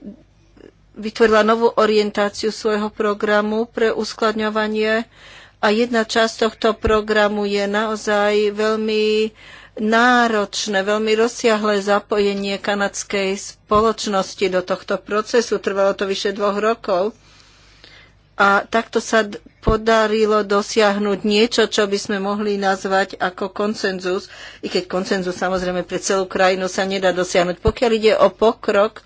vytvorila novú orientáciu svojho programu pre uskladňovanie a jedna časť tohto programu je naozaj veľmi náročné, veľmi rozsiahlé zapojenie kanadskej spoločnosti do tohto procesu. Trvalo to vyše dvoch rokov a takto sa podarilo dosiahnuť niečo, čo by sme mohli nazvať ako konsenzus, i keď konsenzus samozrejme pre celú krajinu sa nedá dosiahnuť. Pokiaľ ide o pokrok,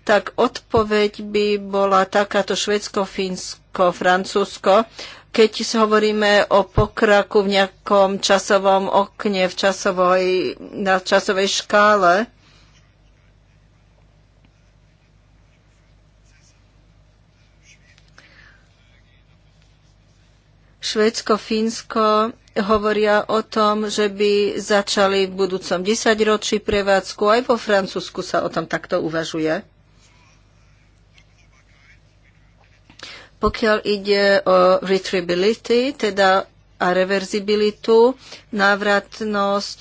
tak odpoveď by bola takáto Švedsko, Fínsko, Francúzsko. Keď hovoríme o pokraku v nejakom časovom okne, v časovej, na časovej škále, Švédsko, Fínsko hovoria o tom, že by začali v budúcom desaťročí prevádzku. Aj vo Francúzsku sa o tom takto uvažuje. Pokiaľ ide o retribility, teda a reverzibilitu, návratnosť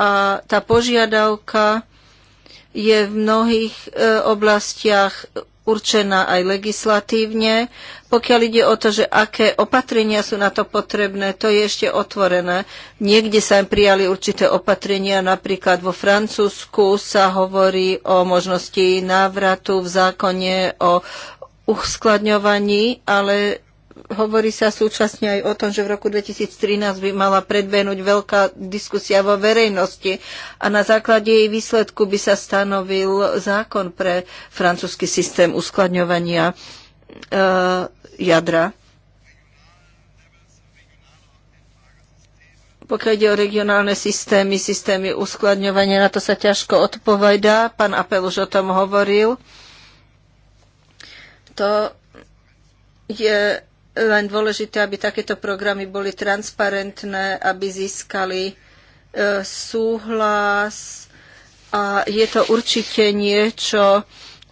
a tá požiadavka je v mnohých e, oblastiach určená aj legislatívne. Pokiaľ ide o to, že aké opatrenia sú na to potrebné, to je ešte otvorené. Niekde sa im prijali určité opatrenia, napríklad vo Francúzsku sa hovorí o možnosti návratu v zákone o uskladňovaní, ale hovorí sa súčasne aj o tom, že v roku 2013 by mala predbehnúť veľká diskusia vo verejnosti a na základe jej výsledku by sa stanovil zákon pre francúzsky systém uskladňovania e, jadra. Pokiaľ ide o regionálne systémy, systémy uskladňovania, na to sa ťažko odpovedá. Pán Apel už o tom hovoril. To je len dôležité, aby takéto programy boli transparentné, aby získali e, súhlas a je to určite niečo,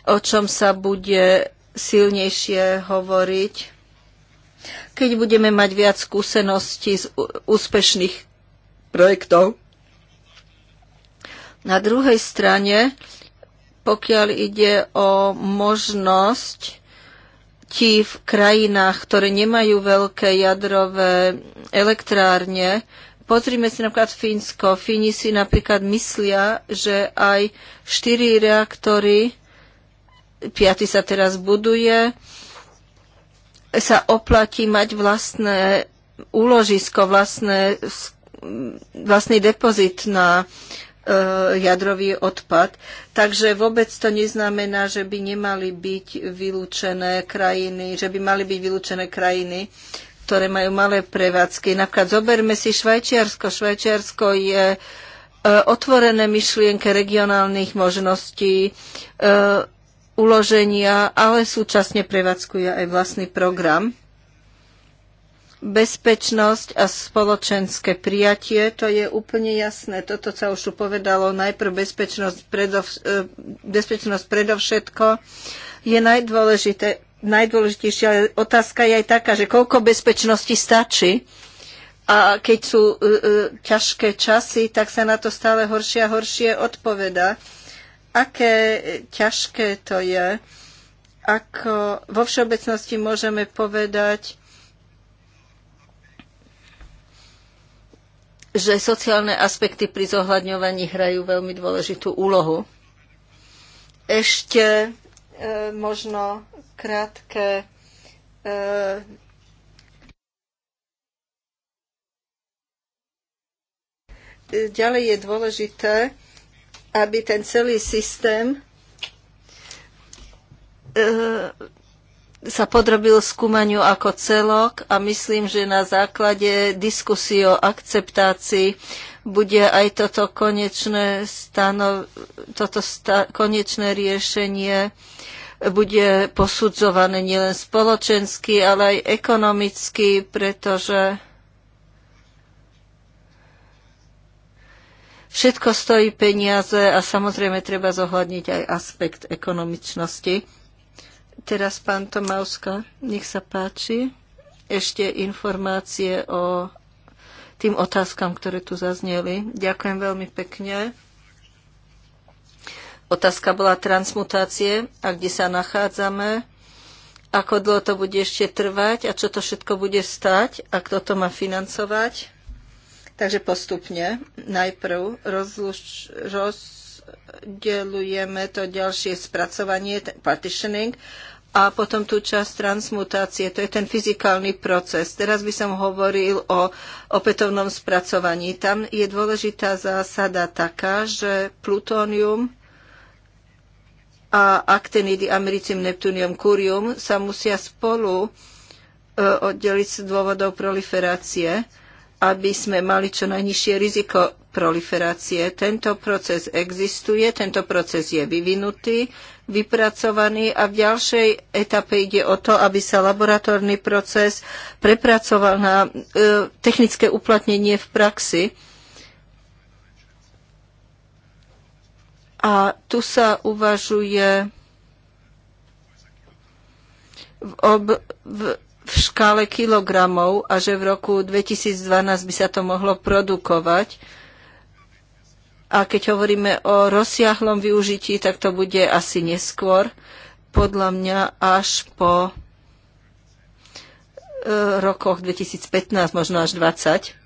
o čom sa bude silnejšie hovoriť, keď budeme mať viac skúseností z úspešných projektov. Na druhej strane, pokiaľ ide o možnosť ti v krajinách, ktoré nemajú veľké jadrové elektrárne, Pozrime si napríklad Fínsko. Fíni si napríklad myslia, že aj štyri reaktory, piaty sa teraz buduje, sa oplatí mať vlastné úložisko, vlastné, vlastný depozit na E, jadrový odpad. Takže vôbec to neznamená, že by nemali byť vylúčené krajiny, že by mali byť vylúčené krajiny, ktoré majú malé prevádzky. Napríklad zoberme si Švajčiarsko. Švajčiarsko je e, otvorené myšlienke regionálnych možností, e, uloženia, ale súčasne prevádzkuje aj vlastný program bezpečnosť a spoločenské prijatie, to je úplne jasné. Toto sa už tu povedalo, najprv bezpečnosť, predov, e, bezpečnosť predovšetko je najdôležité, najdôležitejšia otázka je aj taká, že koľko bezpečnosti stačí. A keď sú uh, uh, ťažké časy, tak sa na to stále horšie a horšie odpoveda. Aké ťažké to je? Ako vo všeobecnosti môžeme povedať, že sociálne aspekty pri zohľadňovaní hrajú veľmi dôležitú úlohu. Ešte e, možno krátke e, ďalej je dôležité, aby ten celý systém e, sa podrobil skúmaniu ako celok a myslím, že na základe diskusie o akceptácii bude aj toto konečné, stano, toto sta, konečné riešenie bude posudzované nielen spoločensky, ale aj ekonomicky, pretože všetko stojí peniaze a samozrejme treba zohľadniť aj aspekt ekonomičnosti. Teraz pán Tomáuska, nech sa páči. Ešte informácie o tým otázkam, ktoré tu zazneli. Ďakujem veľmi pekne. Otázka bola transmutácie a kde sa nachádzame, ako dlho to bude ešte trvať a čo to všetko bude stať a kto to má financovať. Takže postupne najprv rozluč, rozdelujeme to ďalšie spracovanie, partitioning a potom tú časť transmutácie, to je ten fyzikálny proces. Teraz by som hovoril o opätovnom spracovaní. Tam je dôležitá zásada taká, že plutónium a aktenidy americím neptunium, kurium sa musia spolu e, oddeliť z dôvodov proliferácie, aby sme mali čo najnižšie riziko proliferácie. Tento proces existuje, tento proces je vyvinutý, vypracovaný a v ďalšej etape ide o to, aby sa laboratórny proces prepracoval na e, technické uplatnenie v praxi. A tu sa uvažuje v, ob, v, v škále kilogramov a že v roku 2012 by sa to mohlo produkovať. A keď hovoríme o rozsiahlom využití, tak to bude asi neskôr, podľa mňa až po e, rokoch 2015, možno až 20.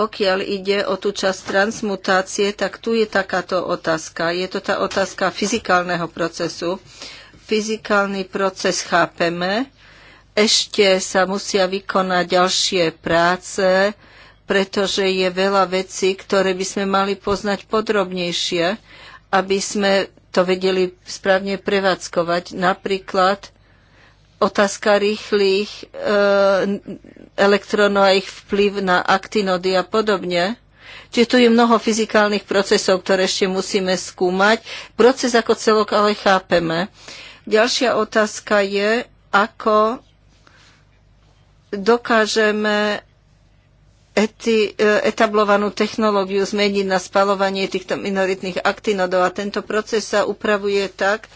Pokiaľ ide o tú časť transmutácie, tak tu je takáto otázka. Je to tá otázka fyzikálneho procesu. Fyzikálny proces chápeme. Ešte sa musia vykonať ďalšie práce, pretože je veľa vecí, ktoré by sme mali poznať podrobnejšie, aby sme to vedeli správne prevádzkovať. Napríklad otázka rýchlych e, elektrónov a ich vplyv na aktinody a podobne. Čiže tu je mnoho fyzikálnych procesov, ktoré ešte musíme skúmať. Proces ako celok ale chápeme. Ďalšia otázka je, ako dokážeme eti, e, etablovanú technológiu zmeniť na spalovanie týchto minoritných aktinodov. A tento proces sa upravuje tak,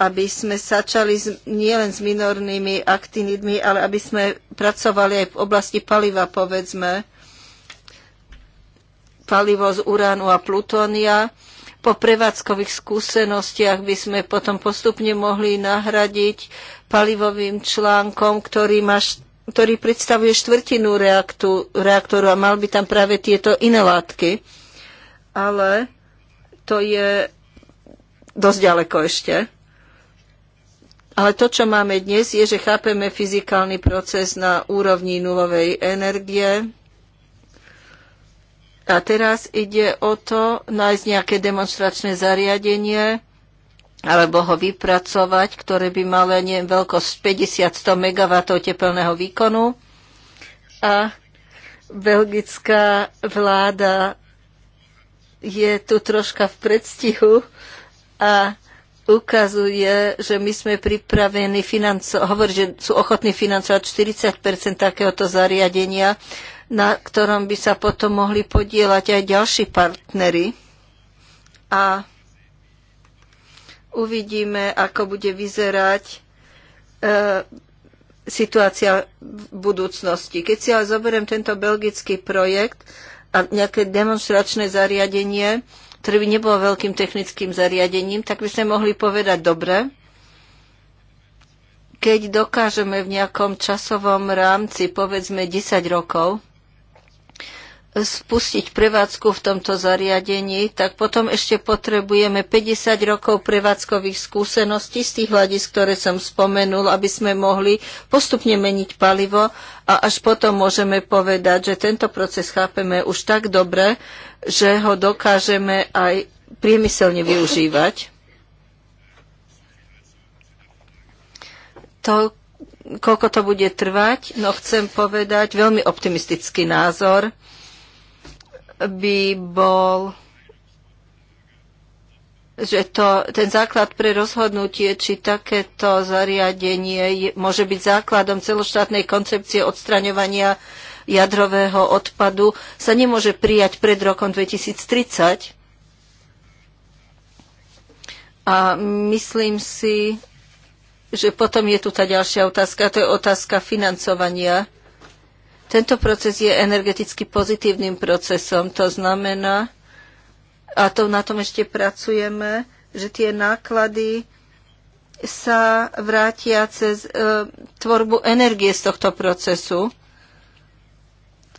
aby sme sačali nielen s minornými aktinidmi, ale aby sme pracovali aj v oblasti paliva, povedzme, palivo z uránu a plutónia. Po prevádzkových skúsenostiach by sme potom postupne mohli nahradiť palivovým článkom, ktorý má ktorý predstavuje štvrtinu reaktu, reaktoru a mal by tam práve tieto iné látky. Ale to je dosť ďaleko ešte. Ale to, čo máme dnes, je, že chápeme fyzikálny proces na úrovni nulovej energie. A teraz ide o to nájsť nejaké demonstračné zariadenie, alebo ho vypracovať, ktoré by malo veľkosť 50-100 MW tepelného výkonu. A belgická vláda je tu troška v predstihu a ukazuje, že my sme pripravení financovať, hovorí, že sú ochotní financovať 40 takéhoto zariadenia, na ktorom by sa potom mohli podielať aj ďalší partnery. A Uvidíme, ako bude vyzerať e, situácia v budúcnosti. Keď si ale zoberiem tento belgický projekt a nejaké demonstračné zariadenie, ktoré by nebolo veľkým technickým zariadením, tak by sme mohli povedať dobre, keď dokážeme v nejakom časovom rámci, povedzme 10 rokov, spustiť prevádzku v tomto zariadení, tak potom ešte potrebujeme 50 rokov prevádzkových skúseností z tých hľadisk, ktoré som spomenul, aby sme mohli postupne meniť palivo a až potom môžeme povedať, že tento proces chápeme už tak dobre, že ho dokážeme aj priemyselne využívať. To, koľko to bude trvať, no chcem povedať veľmi optimistický názor by bol že to, ten základ pre rozhodnutie, či takéto zariadenie je, môže byť základom celoštátnej koncepcie odstraňovania jadrového odpadu, sa nemôže prijať pred rokom 2030. A myslím si, že potom je tu tá ďalšia otázka, to je otázka financovania. Tento proces je energeticky pozitívnym procesom. To znamená, a to, na tom ešte pracujeme, že tie náklady sa vrátia cez e, tvorbu energie z tohto procesu.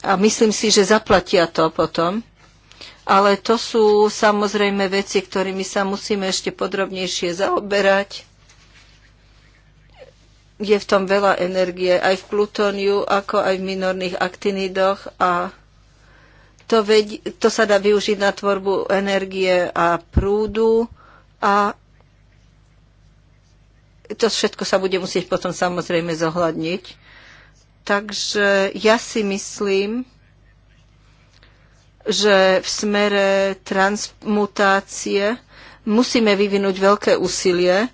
A myslím si, že zaplatia to potom. Ale to sú samozrejme veci, ktorými sa musíme ešte podrobnejšie zaoberať je v tom veľa energie, aj v plutóniu, ako aj v minorných aktinidoch a to, veď, to sa dá využiť na tvorbu energie a prúdu a to všetko sa bude musieť potom samozrejme zohľadniť. Takže ja si myslím, že v smere transmutácie musíme vyvinúť veľké úsilie,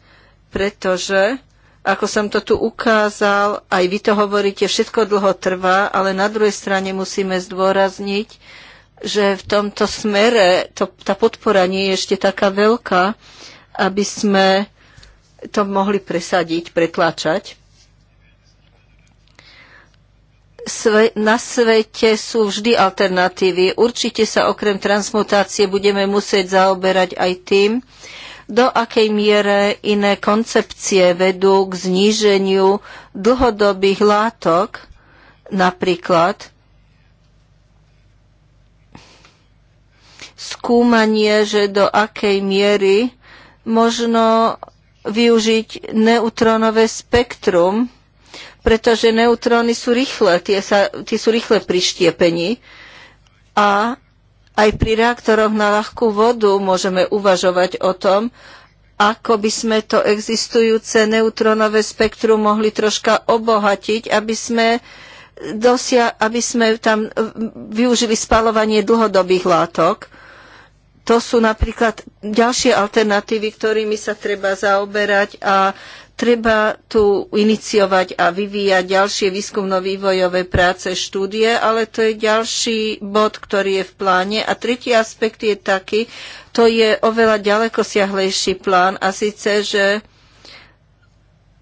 pretože ako som to tu ukázal, aj vy to hovoríte, všetko dlho trvá, ale na druhej strane musíme zdôrazniť, že v tomto smere to, tá podpora nie je ešte taká veľká, aby sme to mohli presadiť, pretláčať. Sve, na svete sú vždy alternatívy. Určite sa okrem transmutácie budeme musieť zaoberať aj tým, do akej miere iné koncepcie vedú k zníženiu dlhodobých látok, napríklad skúmanie, že do akej miery možno využiť neutrónové spektrum, pretože neutróny sú rýchle, tie, sa, tie sú rýchle pri štiepení a aj pri reaktoroch na ľahkú vodu môžeme uvažovať o tom, ako by sme to existujúce neutronové spektrum mohli troška obohatiť, aby sme, dosia, aby sme tam e, využili spalovanie dlhodobých látok. To sú napríklad ďalšie alternatívy, ktorými sa treba zaoberať a Treba tu iniciovať a vyvíjať ďalšie výskumno-vývojové práce, štúdie, ale to je ďalší bod, ktorý je v pláne. A tretí aspekt je taký, to je oveľa ďalekosiahlejší plán a síce, že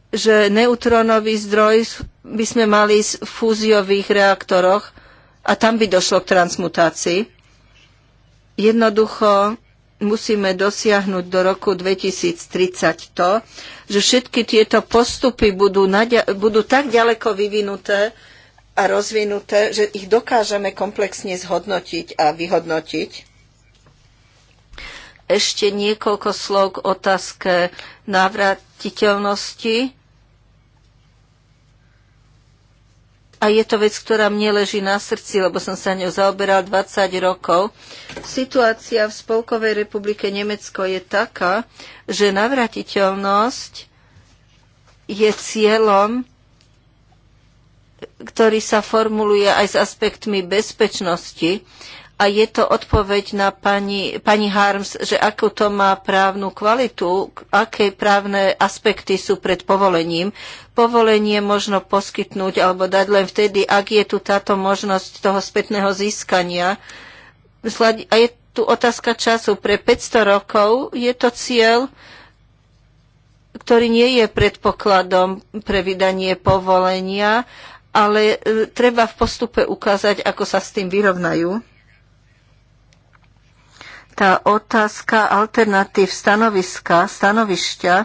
že neutrónový zdroj by sme mali v fúziových reaktoroch a tam by došlo k transmutácii. Jednoducho musíme dosiahnuť do roku 2030 to, že všetky tieto postupy budú, budú tak ďaleko vyvinuté a rozvinuté, že ich dokážeme komplexne zhodnotiť a vyhodnotiť. Ešte niekoľko slov k otázke návratiteľnosti. a je to vec, ktorá mne leží na srdci, lebo som sa ňou zaoberal 20 rokov. Situácia v Spolkovej republike Nemecko je taká, že navratiteľnosť je cieľom, ktorý sa formuluje aj s aspektmi bezpečnosti. A je to odpoveď na pani, pani Harms, že ako to má právnu kvalitu, aké právne aspekty sú pred povolením. Povolenie možno poskytnúť alebo dať len vtedy, ak je tu táto možnosť toho spätného získania. A je tu otázka času. Pre 500 rokov je to cieľ, ktorý nie je predpokladom pre vydanie povolenia, ale e, treba v postupe ukázať, ako sa s tým vyrovnajú tá otázka alternatív stanoviska, stanovišťa,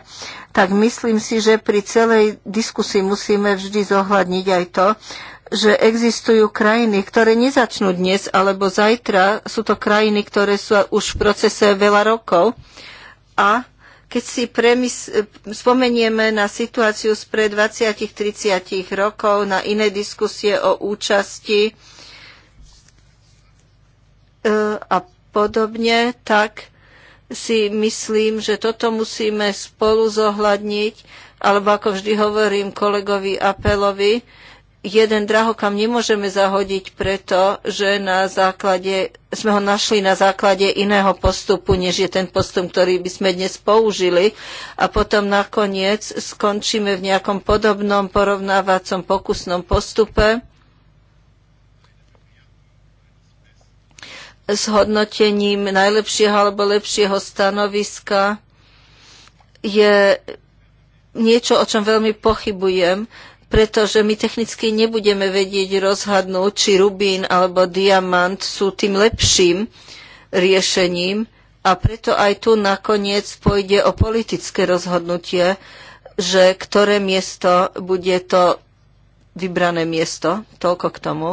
tak myslím si, že pri celej diskusii musíme vždy zohľadniť aj to, že existujú krajiny, ktoré nezačnú dnes alebo zajtra. Sú to krajiny, ktoré sú už v procese veľa rokov. A keď si premys- spomenieme na situáciu spred 20-30 rokov, na iné diskusie o účasti e, a podobne, tak si myslím, že toto musíme spolu zohľadniť, alebo ako vždy hovorím kolegovi Apelovi, jeden drahokam nemôžeme zahodiť preto, že na základe, sme ho našli na základe iného postupu, než je ten postup, ktorý by sme dnes použili a potom nakoniec skončíme v nejakom podobnom porovnávacom pokusnom postupe s hodnotením najlepšieho alebo lepšieho stanoviska je niečo, o čom veľmi pochybujem, pretože my technicky nebudeme vedieť rozhadnúť, či rubín alebo diamant sú tým lepším riešením a preto aj tu nakoniec pôjde o politické rozhodnutie, že ktoré miesto bude to vybrané miesto. Toľko k tomu.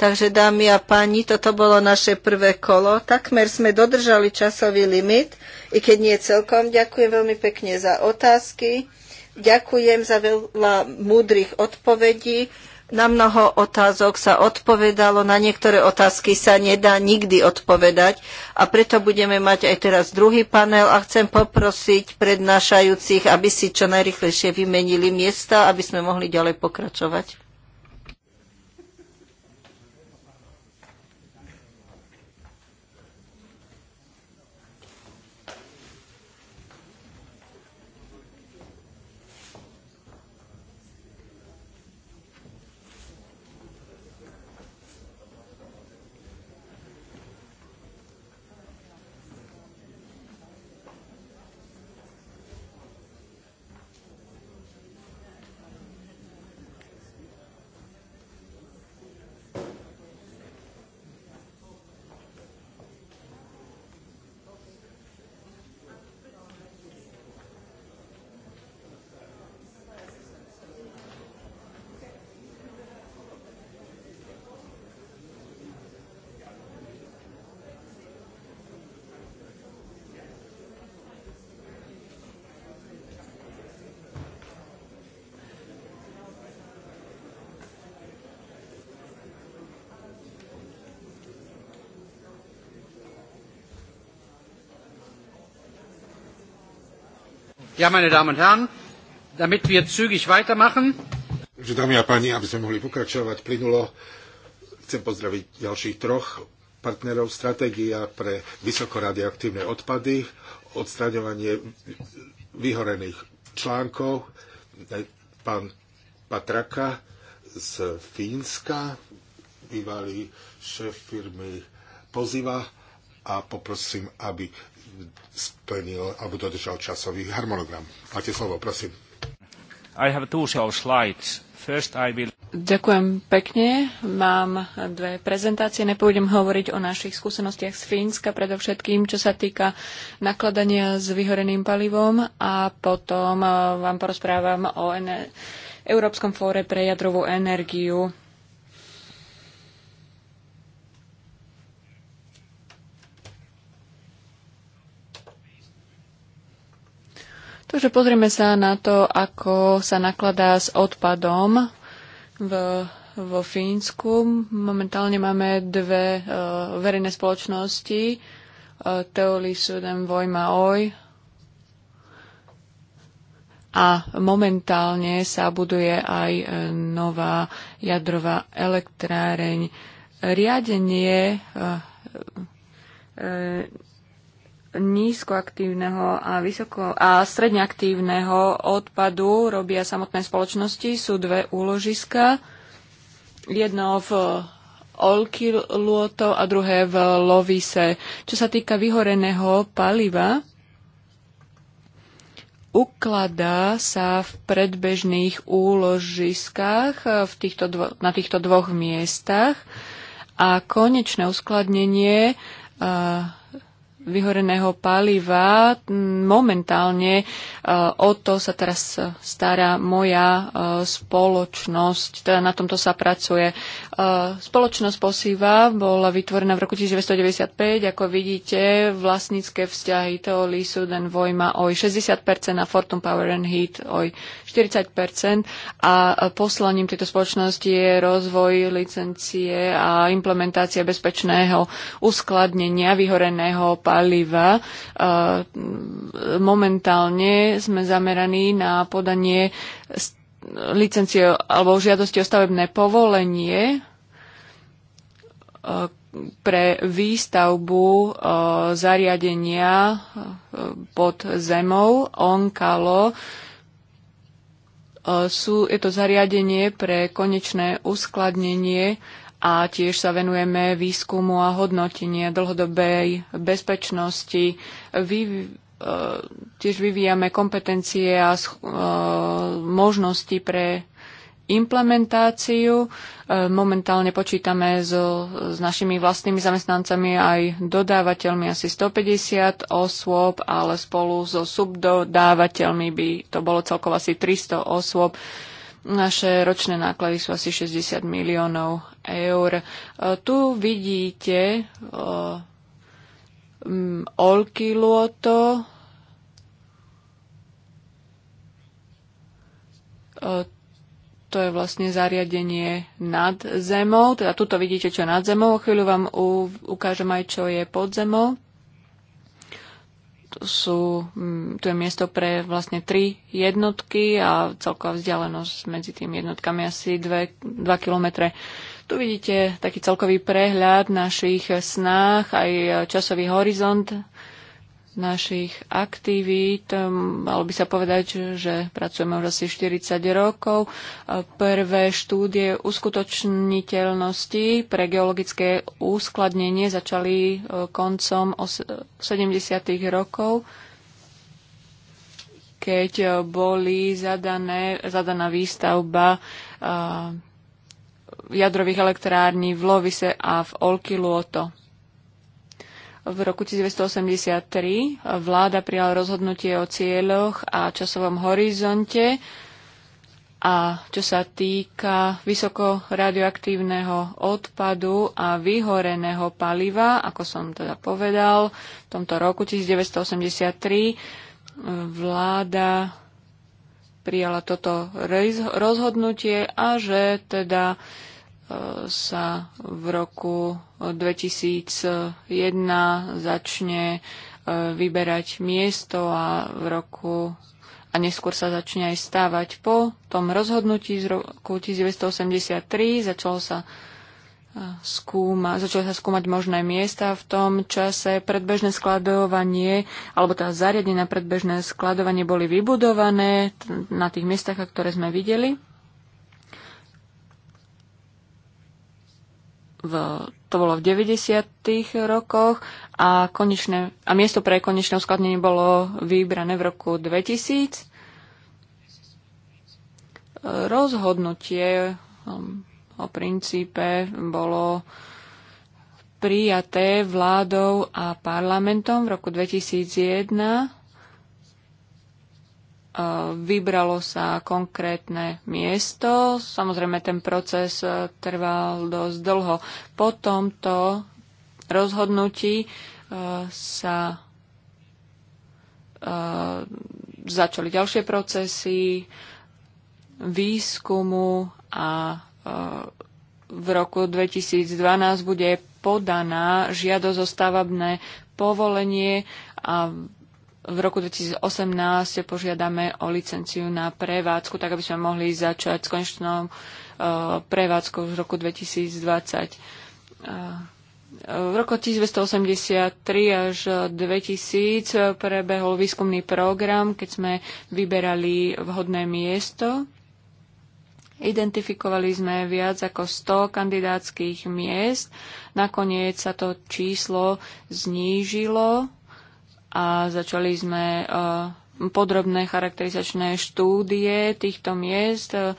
Takže, dámy a páni, toto bolo naše prvé kolo. Takmer sme dodržali časový limit, i keď nie celkom. Ďakujem veľmi pekne za otázky. Ďakujem za veľa múdrych odpovedí. Na mnoho otázok sa odpovedalo, na niektoré otázky sa nedá nikdy odpovedať a preto budeme mať aj teraz druhý panel a chcem poprosiť prednášajúcich, aby si čo najrychlejšie vymenili miesta, aby sme mohli ďalej pokračovať. Ja, meine Damen und Herren, damit wir zügig weitermachen. Že dámy a páni, aby sme mohli pokračovať plynulo, chcem pozdraviť ďalších troch partnerov stratégia pre vysokoradioaktívne odpady, odstraňovanie vyhorených článkov, pán Patraka z Fínska, bývalý šéf firmy Poziva a poprosím, aby splnil alebo dodržal časový harmonogram. Máte slovo, prosím. I have two slides. First I will... Ďakujem pekne. Mám dve prezentácie. Nepôjdem hovoriť o našich skúsenostiach z Fínska, predovšetkým čo sa týka nakladania s vyhoreným palivom a potom eh, vám porozprávam o Európskom fóre pre jadrovú energiu Takže pozrieme sa na to, ako sa nakladá s odpadom v, vo Fínsku. Momentálne máme dve uh, verejné spoločnosti, Uh, e, Teoli Sudem Vojma Oj a momentálne sa buduje aj e, nová jadrová elektráreň. Riadenie uh, uh, nízkoaktívneho a, vysoko, a stredne aktívneho odpadu robia samotné spoločnosti. Sú dve úložiska. Jedno v Olkiluoto a druhé v Lovise. Čo sa týka vyhoreného paliva, ukladá sa v predbežných úložiskách v týchto dvo- na týchto dvoch miestach a konečné uskladnenie uh, vyhoreného paliva. Momentálne e, o to sa teraz stará moja e, spoločnosť, teda na tomto sa pracuje. E, spoločnosť Posiva bola vytvorená v roku 1995, ako vidíte, vlastnícke vzťahy Lisu den Vojma, oj 60% a Fortune Power and Heat, oj 40% a poslaním tejto spoločnosti je rozvoj licencie a implementácia bezpečného uskladnenia vyhoreného paliva paliva. Momentálne sme zameraní na podanie licencie alebo žiadosti o stavebné povolenie pre výstavbu zariadenia pod zemou Onkalo sú, je to zariadenie pre konečné uskladnenie a tiež sa venujeme výskumu a hodnotenia dlhodobej bezpečnosti. Vy, e, tiež vyvíjame kompetencie a e, možnosti pre implementáciu. E, momentálne počítame so, s našimi vlastnými zamestnancami aj dodávateľmi asi 150 osôb, ale spolu so subdodávateľmi by to bolo celkovo asi 300 osôb. Naše ročné náklady sú asi 60 miliónov eur. E, tu vidíte e, Olkiluoto, e, to je vlastne zariadenie nad zemou. Teda tuto vidíte, čo je nad zemou. O chvíľu vám ukážem aj, čo je pod zemou. Tu, sú, tu je miesto pre vlastne tri jednotky a celková vzdialenosť medzi tými jednotkami asi 2 kilometre. Uh, tu vidíte taký celkový prehľad našich snách, aj časový horizont našich aktivít. Ehm, malo by sa povedať, že pracujeme už asi 40 rokov. Prvé štúdie uskutočniteľnosti pre geologické úskladnenie začali e, koncom 70. rokov keď boli zadané, zadaná výstavba jadrových elektrární v Lovise a v Olkiluoto. V roku 1983 vláda prijala rozhodnutie o cieľoch a časovom horizonte a čo sa týka vysoko radioaktívneho odpadu a vyhoreného paliva, ako som teda povedal, v tomto roku 1983 vláda prijala toto rozhodnutie a že teda sa v roku 2001 začne e, vyberať miesto a v roku a neskôr sa začne aj stávať. Po tom rozhodnutí z roku 1983 začalo sa e, skúma, začalo sa skúmať možné miesta. V tom čase predbežné skladovanie, alebo tá zariadenie na predbežné skladovanie boli vybudované na tých miestach, ktoré sme videli. v, to bolo v 90. rokoch a, konečné, a miesto pre konečné uskladnenie bolo vybrané v roku 2000. Rozhodnutie um, o princípe bolo prijaté vládou a parlamentom v roku 2001 vybralo sa konkrétne miesto. Samozrejme, ten proces e, trval dosť dlho. Po tomto rozhodnutí e, sa e, začali ďalšie procesy výskumu a v roku 2012 bude podaná žiadosť o stavabné povolenie a v roku 2018 požiadame o licenciu na prevádzku, tak aby sme mohli začať s konečnou e, prevádzkou z roku 2020. V roku 1983 e, až 2000 prebehol výskumný program, keď sme vyberali vhodné miesto. Identifikovali sme viac ako 100 kandidátskych miest. Nakoniec sa to číslo znížilo a začali sme eh, podrobné charakterizačné štúdie týchto miest eh,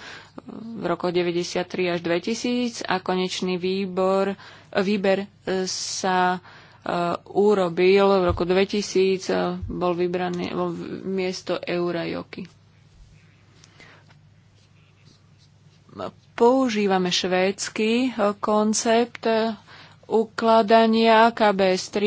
v rokoch 93 až 2000 a konečný výbor, eh, výber sa urobil v roku 2000, bol vybrané bol miesto Eurajoky. Používame švédsky koncept ukladania KBS3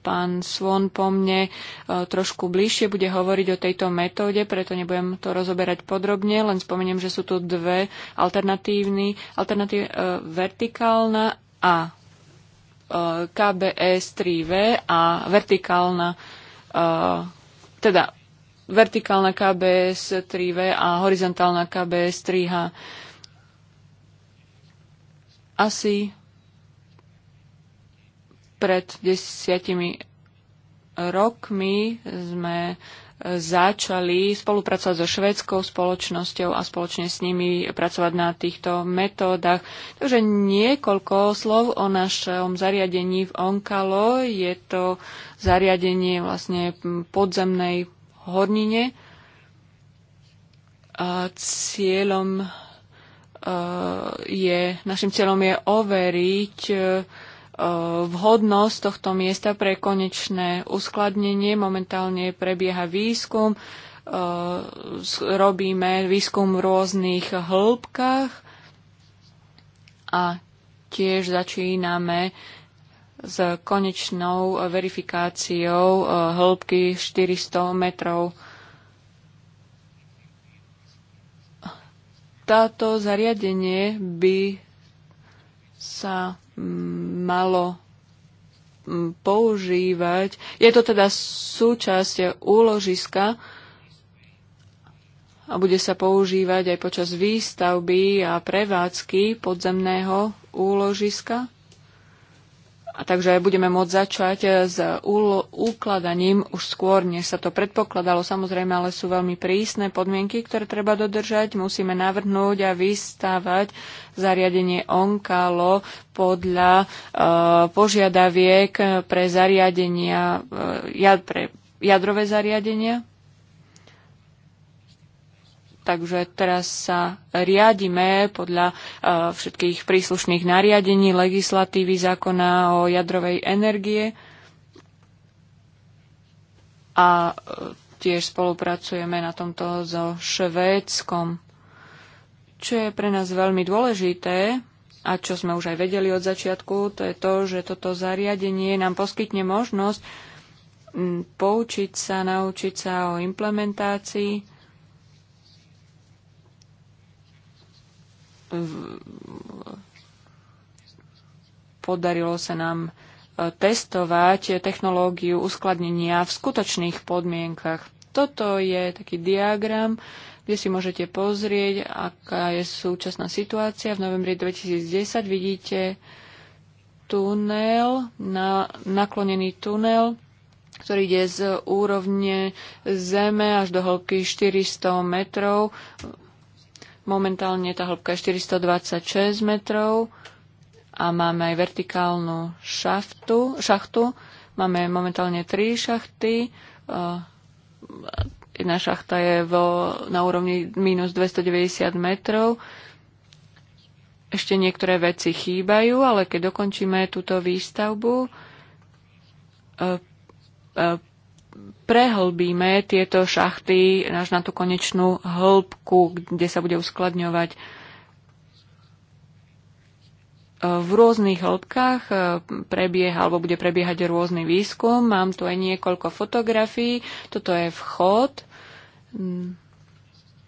pán Svon po mne e, trošku bližšie bude hovoriť o tejto metóde, preto nebudem to rozoberať podrobne, len spomeniem, že sú tu dve alternatívny, alternatív, e, vertikálna a e, KBS e 3V a vertikálna e, teda vertikálna KBS e 3V a horizontálna KBS 3H. Asi pred desiatimi rokmi sme e, začali spolupracovať so švedskou spoločnosťou a spoločne s nimi pracovať na týchto metódach. Takže niekoľko slov o našom zariadení v Onkalo. Je to zariadenie vlastne podzemnej hornine. A cieľom e, je, našim cieľom je overiť e, vhodnosť tohto miesta pre konečné uskladnenie. Momentálne prebieha výskum, e, robíme výskum v rôznych hĺbkach a tiež začíname s konečnou verifikáciou e, hĺbky 400 metrov. Táto zariadenie by sa malo používať. Je to teda súčasť úložiska a bude sa používať aj počas výstavby a prevádzky podzemného úložiska. A takže budeme môcť začať eh, s ukladaním už skôr, než sa to predpokladalo. Samozrejme, ale sú veľmi prísne podmienky, ktoré treba dodržať. Musíme navrhnúť a vystávať zariadenie Onkalo podľa uh, požiadaviek pre zariadenia, uh, jad, pre jadrové zariadenia Takže teraz sa riadime podľa e, všetkých príslušných nariadení, legislatívy, zákona o jadrovej energie a e, tiež spolupracujeme na tomto so Švédskom, čo je pre nás veľmi dôležité a čo sme už aj vedeli od začiatku, to je to, že toto zariadenie nám poskytne možnosť poučiť sa, naučiť sa o implementácii podarilo sa nám e, testovať technológiu uskladnenia v skutočných podmienkach. Toto je taký diagram, kde si môžete pozrieť, aká je súčasná situácia. V novembri 2010 vidíte tunel, na, naklonený tunel, ktorý ide z úrovne zeme až do hĺbky 400 metrov Momentálne tá hĺbka je 426 metrov a máme aj vertikálnu šaftu, šachtu. Máme momentálne tri šachty. Jedna šachta je vo, na úrovni minus 290 metrov. Ešte niektoré veci chýbajú, ale keď dokončíme túto výstavbu, e, e, prehlbíme tieto šachty až na tú konečnú hĺbku, kde sa bude uskladňovať e, v rôznych hĺbkách e, prebieha alebo bude prebiehať rôzny výskum. Mám tu aj niekoľko fotografií. Toto je vchod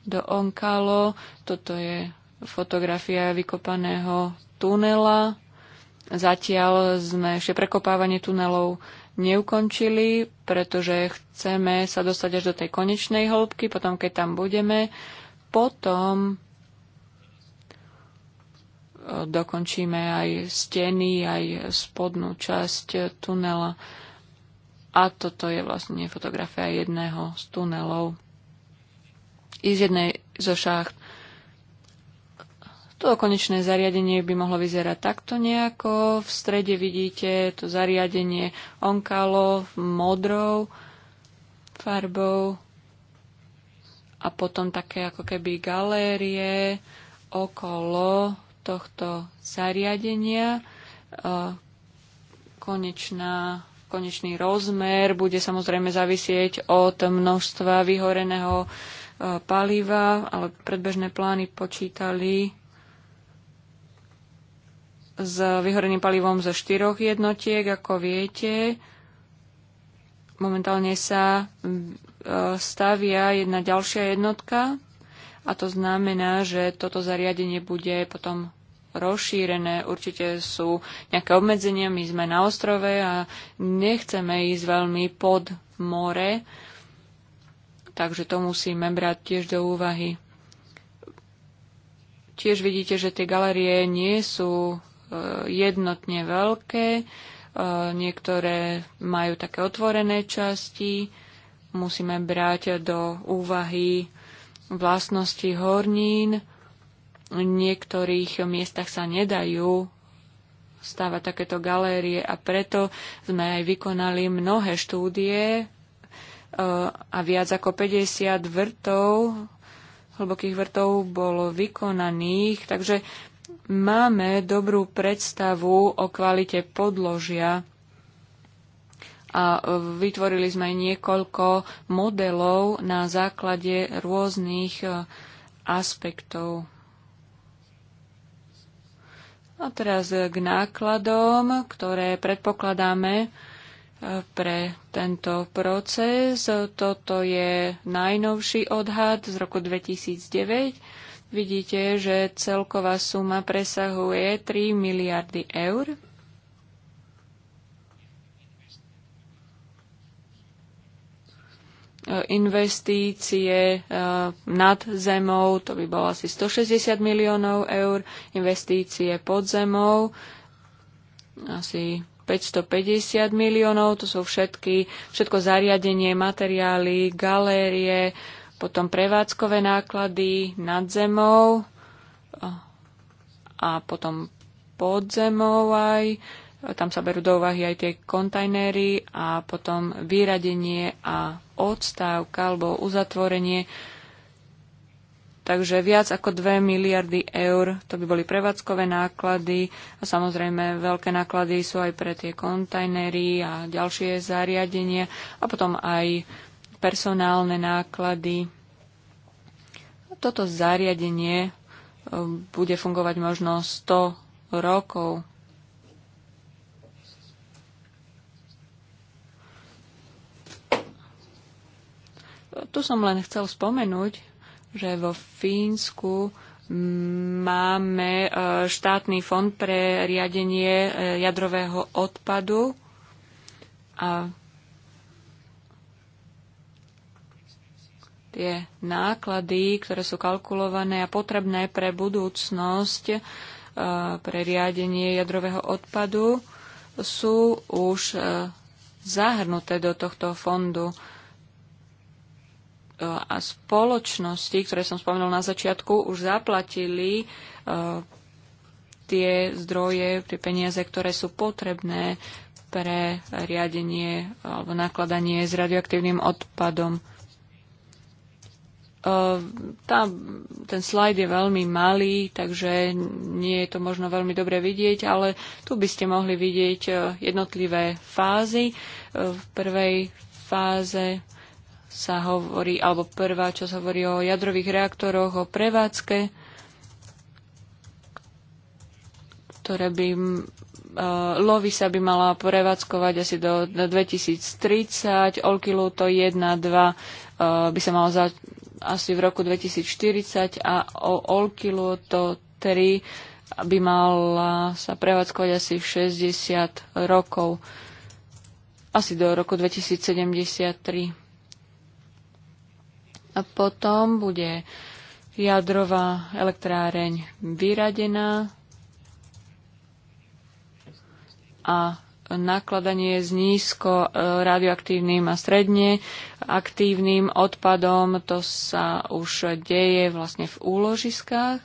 do Onkalo. Toto je fotografia vykopaného tunela. Zatiaľ sme ešte prekopávanie tunelov neukončili, pretože chceme sa dostať až do tej konečnej hĺbky, potom keď tam budeme, potom e, dokončíme aj steny, aj spodnú časť tunela. A toto je vlastne fotografia jedného z tunelov i z jednej zo šacht. To konečné zariadenie by mohlo vyzerať takto nejako. V strede vidíte to zariadenie onkalo modrou farbou a potom také ako keby galérie okolo tohto zariadenia. Konečná konečný rozmer bude samozrejme zavisieť od množstva vyhoreného e, paliva, ale predbežné plány počítali s vyhoreným palivom zo štyroch jednotiek, ako viete. Momentálne sa e, stavia jedna ďalšia jednotka a to znamená, že toto zariadenie bude potom rozšírené. Určite sú nejaké obmedzenia, my sme na ostrove a nechceme ísť veľmi pod more, takže to musíme brať tiež do úvahy tiež vidíte, že tie galerie nie sú Eh, jednotne veľké, eh, niektoré majú také otvorené časti, musíme brať do úvahy vlastnosti hornín. V niektorých miestach sa nedajú stávať takéto galérie a preto sme aj vykonali mnohé štúdie eh, a viac ako 50 vrtov, hlbokých vrtov bolo vykonaných, takže máme dobrú predstavu o kvalite podložia a vytvorili sme niekoľko modelov na základe rôznych e, aspektov. A teraz k nákladom, ktoré predpokladáme e, pre tento proces. Toto je najnovší odhad z roku 2009 vidíte, že celková suma presahuje 3 miliardy eur. investície eh, nad zemou, to by bolo asi 160 miliónov eur, investície pod zemou, asi 550 miliónov, to sú všetky, všetko zariadenie, materiály, galérie, potom prevádzkové náklady nad zemou a potom pod zemou aj. Tam sa berú do úvahy aj tie kontajnery a potom vyradenie a odstávka alebo uzatvorenie. Takže viac ako 2 miliardy eur, to by boli prevádzkové náklady a samozrejme veľké náklady sú aj pre tie kontajnery a ďalšie zariadenia a potom aj personálne náklady. Toto zariadenie e, bude fungovať možno 100 rokov. Tu som len chcel spomenúť, že vo Fínsku máme e, štátny fond pre riadenie e, jadrového odpadu a tie náklady, ktoré sú kalkulované a potrebné pre budúcnosť, e, pre riadenie jadrového odpadu, sú už e, zahrnuté do tohto fondu. E, a spoločnosti, ktoré som spomenul na začiatku, už zaplatili tie zdroje, tie peniaze, ktoré sú potrebné pre riadenie alebo nakladanie s radioaktívnym odpadom. Ehm, tá, ten slajd je veľmi malý, takže nie je to možno veľmi dobre vidieť, ale tu by ste mohli vidieť e, jednotlivé fázy. E, v prvej fáze sa hovorí, alebo prvá, čo sa hovorí o jadrových reaktoroch, o prevádzke, ktoré by e, Lovi sa by mala prevádzkovať asi do, do 2030, Olkiluto 1, 2 by sa malo za, asi v roku 2040 a o Olkiluoto 3 by mala sa prevádzkovať asi 60 rokov, asi do roku 2073. A potom bude jadrová elektráreň vyradená a nakladanie s nízko e, radioaktívnym a stredne aktívnym odpadom. To sa už deje vlastne v úložiskách.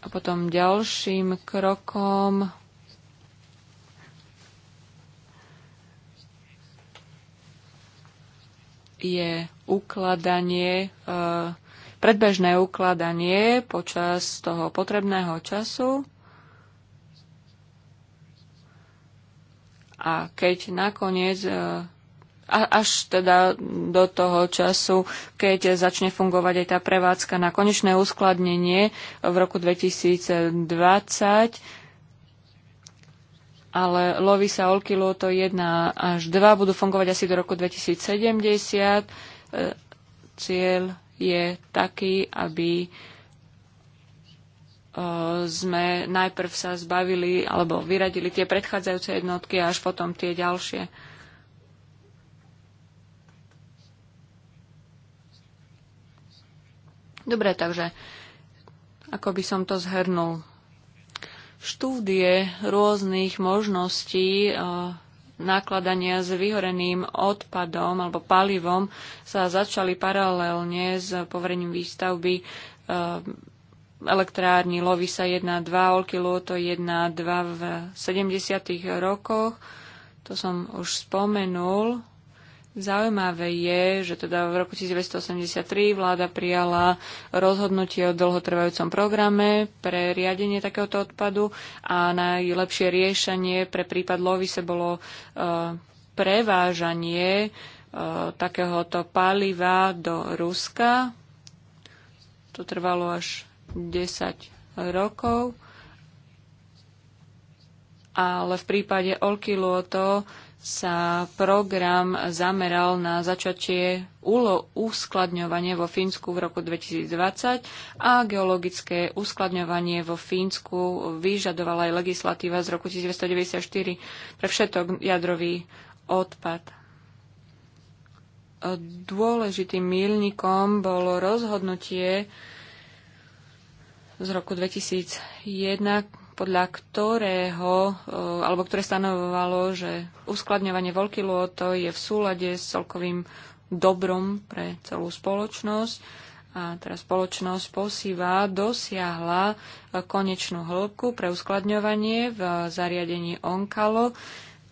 A potom ďalším krokom je ukladanie, e, predbežné ukladanie počas toho potrebného času A keď nakoniec e, až teda do toho času, keď začne fungovať aj tá prevádzka na konečné uskladnenie v roku 2020. Ale lovy sa Olkilo to 1 až 2 budú fungovať asi do roku 2070. E, cieľ je taký, aby sme najprv sa zbavili alebo vyradili tie predchádzajúce jednotky a až potom tie ďalšie. Dobre, takže ako by som to zhrnul. Štúdie rôznych možností eh, nakladania s vyhoreným odpadom alebo palivom sa začali paralelne s poverením výstavby eh, elektrárni Lovisa 1 2, Olky Lôto 1 2 v 70. rokoch. To som už spomenul. Zaujímavé je, že teda v roku 1983 vláda prijala rozhodnutie o dlhotrvajúcom programe pre riadenie takéhoto odpadu a najlepšie riešenie pre prípad Lovise bolo e, prevážanie e, takéhoto paliva do Ruska. To trvalo až 10 rokov, ale v prípade Olky Luoto sa program zameral na začatie úlo uskladňovanie vo Fínsku v roku 2020 a geologické uskladňovanie vo Fínsku vyžadovala aj legislatíva z roku 1994 pre všetok jadrový odpad. Dôležitým milníkom bolo rozhodnutie z roku 2001, podľa ktorého, e, alebo ktoré stanovovalo, že uskladňovanie voľky lôto je v súlade s celkovým dobrom pre celú spoločnosť. A teraz spoločnosť posíva dosiahla e, konečnú hĺbku pre uskladňovanie v zariadení Onkalo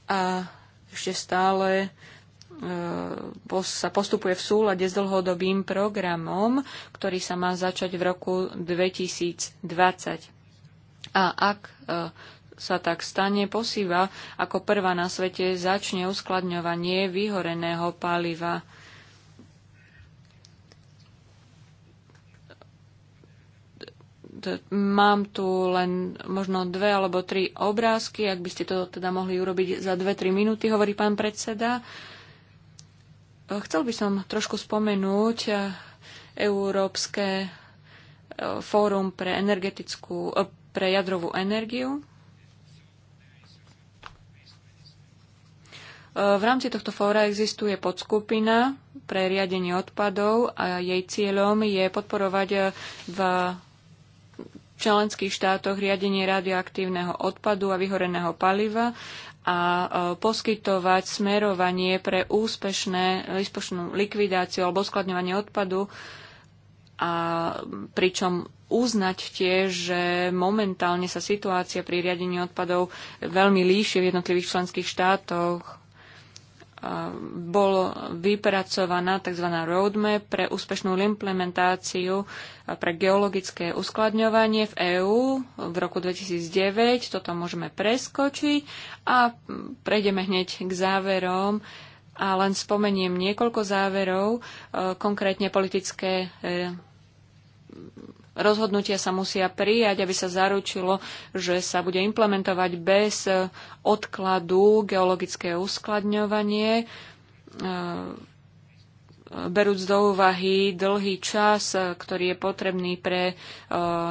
a ešte stále sa postupuje v súlade s dlhodobým programom, ktorý sa má začať v roku 2020. A ak e, sa tak stane, posíva ako prvá na svete začne uskladňovanie vyhoreného paliva. Mám tu len možno dve alebo tri obrázky, ak by ste to teda mohli urobiť za dve, tri minúty, hovorí pán predseda. Uh, Chcel by som trošku spomenúť eh, Európske eh, fórum pre, energetickú, eh, pre jadrovú energiu. V rámci tohto fóra existuje podskupina pre riadenie odpadov a jej cieľom je podporovať v členských štátoch riadenie radioaktívneho odpadu a vyhoreného paliva a e, poskytovať smerovanie pre úspešné, úspešnú likvidáciu alebo skladňovanie odpadu a pričom uznať tiež, že momentálne sa situácia pri riadení odpadov veľmi líši v jednotlivých členských štátoch bol vypracovaná tzv. roadmap pre úspešnú implementáciu pre geologické uskladňovanie v EÚ v roku 2009. Toto môžeme preskočiť a prejdeme hneď k záverom a len spomeniem niekoľko záverov, e, konkrétne politické e, rozhodnutia sa musia prijať, aby sa zaručilo, že sa bude implementovať bez eh, odkladu geologické uskladňovanie eh, berúc do úvahy dlhý čas, eh, ktorý je potrebný pre eh,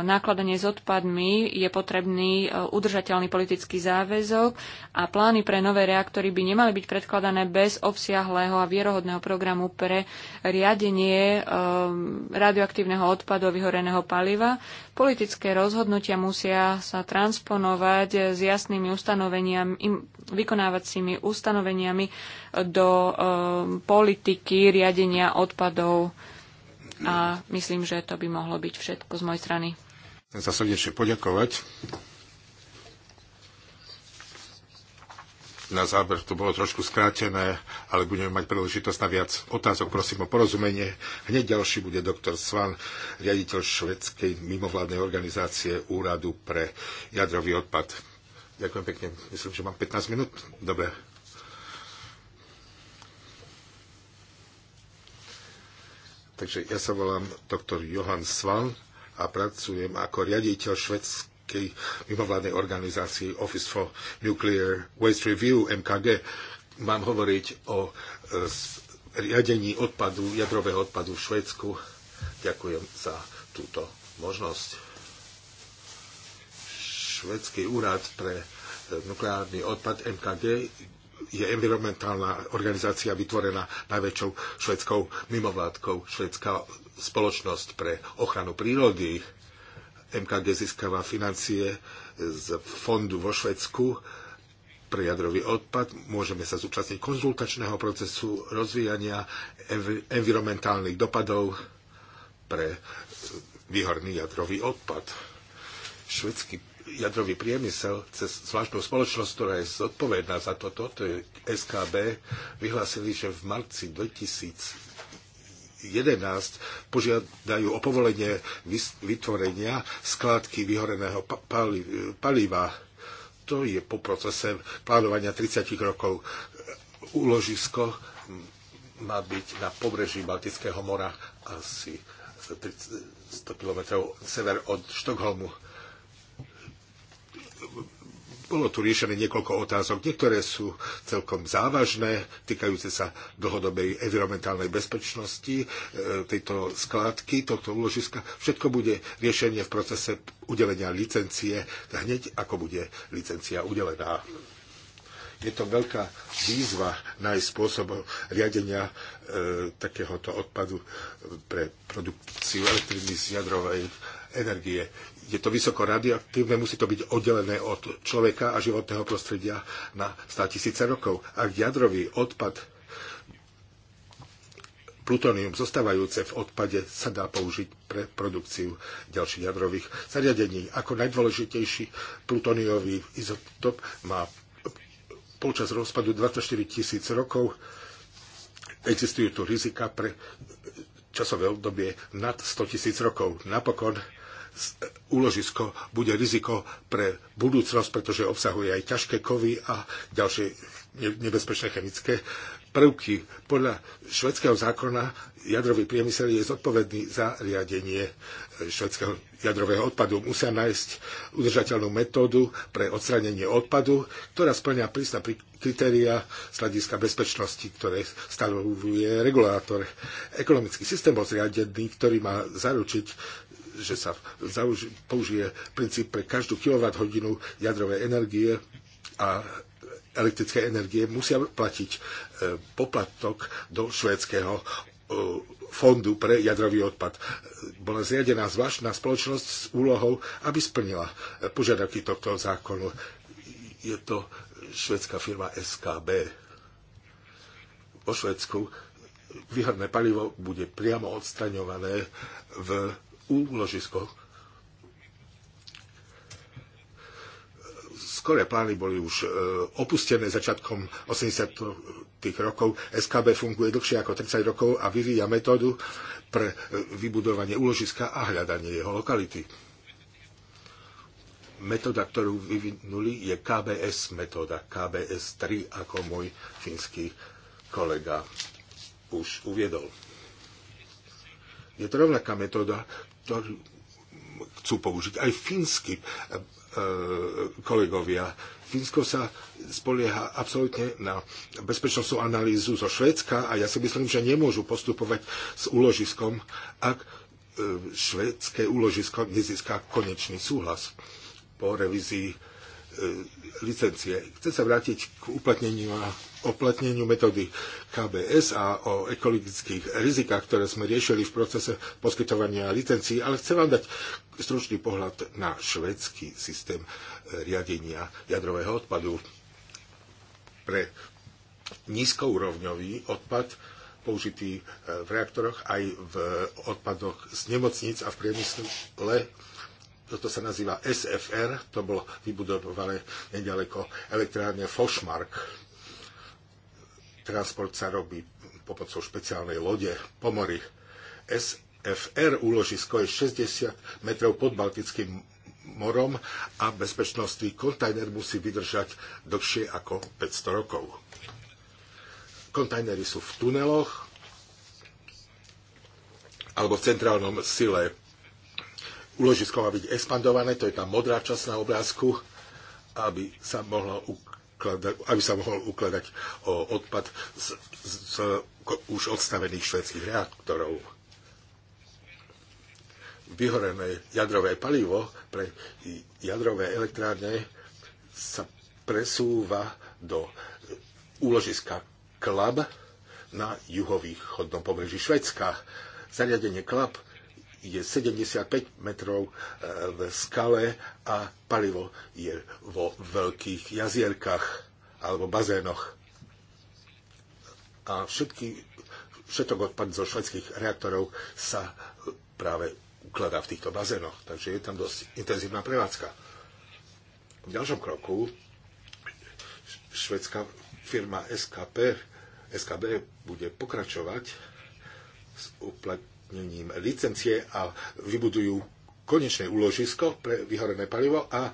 nakladanie s odpadmi, je potrebný eh, udržateľný politický záväzok a plány pre nové reaktory by nemali byť predkladané bez obsiahlého a vierohodného programu pre riadenie radioaktívneho odpadu a vyhoreného paliva. Politické rozhodnutia musia sa transponovať s jasnými ustanoveniami, vykonávacími ustanoveniami do politiky riadenia riadenia odpadov a myslím, že to by mohlo byť všetko z mojej strany. Chcem sa srdečne poďakovať. Na záber to bolo trošku skrátené, ale budeme mať príležitosť na viac otázok. Prosím o porozumenie. Hneď ďalší bude doktor Svan, riaditeľ švedskej mimovládnej organizácie Úradu pre jadrový odpad. Ďakujem pekne. Myslím, že mám 15 minút. Dobre. Takže ja sa volám doktor Johan Svan a pracujem ako riaditeľ švedskej mimovládnej organizácie Office for Nuclear Waste Review, MKG. Mám hovoriť o e, riadení odpadu, jadrového odpadu v Švedsku. Ďakujem za túto možnosť. Švedský úrad pre e, nukleárny odpad MKG je environmentálna organizácia vytvorená najväčšou švedskou mimovládkou, švedská spoločnosť pre ochranu prírody. MKG získava financie z fondu vo Švedsku pre jadrový odpad. Môžeme sa zúčastniť konzultačného procesu rozvíjania env- environmentálnych dopadov pre výhorný jadrový odpad. Švedský jadrový priemysel cez zvláštnu spoločnosť, ktorá je zodpovedná za toto, to je SKB, vyhlásili, že v marci 2011 požiadajú o povolenie vytvorenia skládky vyhoreného paliva. To je po procese plánovania 30 rokov. Úložisko má byť na pobreží Baltického mora asi 100 km sever od Štokholmu bolo tu riešené niekoľko otázok, niektoré sú celkom závažné, týkajúce sa dlhodobej environmentálnej bezpečnosti e, tejto skládky, tohto úložiska. Všetko bude riešenie v procese udelenia licencie hneď, ako bude licencia udelená. Je to veľká výzva nájsť spôsob riadenia e, takéhoto odpadu pre produkciu elektriny z jadrovej energie je to vysoko radioaktívne, musí to byť oddelené od človeka a životného prostredia na 100 tisíce rokov. Ak jadrový odpad plutónium zostávajúce v odpade sa dá použiť pre produkciu ďalších jadrových zariadení. Ako najdôležitejší plutóniový izotop má počas rozpadu 24 tisíc rokov. Existujú tu rizika pre časové obdobie nad 100 tisíc rokov. Napokon úložisko bude riziko pre budúcnosť, pretože obsahuje aj ťažké kovy a ďalšie nebezpečné chemické prvky. Podľa švedského zákona jadrový priemysel je zodpovedný za riadenie e, švedského jadrového odpadu. Musia nájsť udržateľnú metódu pre odstranenie odpadu, ktorá splňa prísna kritéria z hľadiska bezpečnosti, ktoré stanovuje regulátor. Ekonomický systém bol zriadený, ktorý má zaručiť že sa použije princíp pre každú kWh jadrovej energie a elektrické energie musia platiť e, poplatok do švédskeho e, fondu pre jadrový odpad. Bola zriadená zvláštna spoločnosť s úlohou, aby splnila e, požiadavky tohto zákonu. Je to švedská firma SKB. Vo Švedsku výhodné palivo bude priamo odstraňované v úložisko. Skoré plány boli už e, opustené začiatkom 80. rokov. SKB funguje dlhšie ako 30 rokov a vyvíja metódu pre e, vybudovanie úložiska a hľadanie jeho lokality. Metóda, ktorú vyvinuli, je KBS metóda, KBS 3, ako môj fínsky kolega už uviedol. Je to rovnaká metóda, to chcú použiť aj fínsky e, e, kolegovia. Fínsko sa spolieha absolútne na bezpečnostnú analýzu zo Švédska a ja si myslím, že nemôžu postupovať s úložiskom, ak e, švédske úložisko nezíska konečný súhlas po revízii licencie. Chcem sa vrátiť k uplatneniu a oplatneniu metódy KBS a o ekologických rizikách, ktoré sme riešili v procese poskytovania licencií, ale chcem vám dať stručný pohľad na švedský systém e, riadenia jadrového odpadu. Pre nízkourovňový odpad použitý e, v reaktoroch, aj v odpadoch z nemocníc a v priemysle. Toto sa nazýva SFR, to bolo vybudované nedaleko elektrárne Fošmark transport sa robí pomocou špeciálnej lode po mori. SFR úložisko je 60 metrov pod Baltickým morom a bezpečnostný kontajner musí vydržať dlhšie ako 500 rokov. Kontajnery sú v tuneloch alebo v centrálnom sile. Uložisko má byť expandované, to je tá modrá časť na obrázku, aby sa mohlo aby sa mohol ukladať odpad z, z, z už odstavených švedských reaktorov. Vyhorené jadrové palivo pre jadrové elektrárne sa presúva do úložiska Klab na juhovýchodnom pobreží Švedska. Zariadenie Klab je 75 metrov e, v skale a palivo je vo veľkých jazierkach alebo bazénoch. A všetky, všetok odpad zo švedských reaktorov sa práve ukladá v týchto bazénoch, takže je tam dosť intenzívna prevádzka. V ďalšom kroku švedská firma SKP, SKB bude pokračovať s uplatňovaním uplatnením licencie a vybudujú konečné úložisko pre vyhorené palivo a e,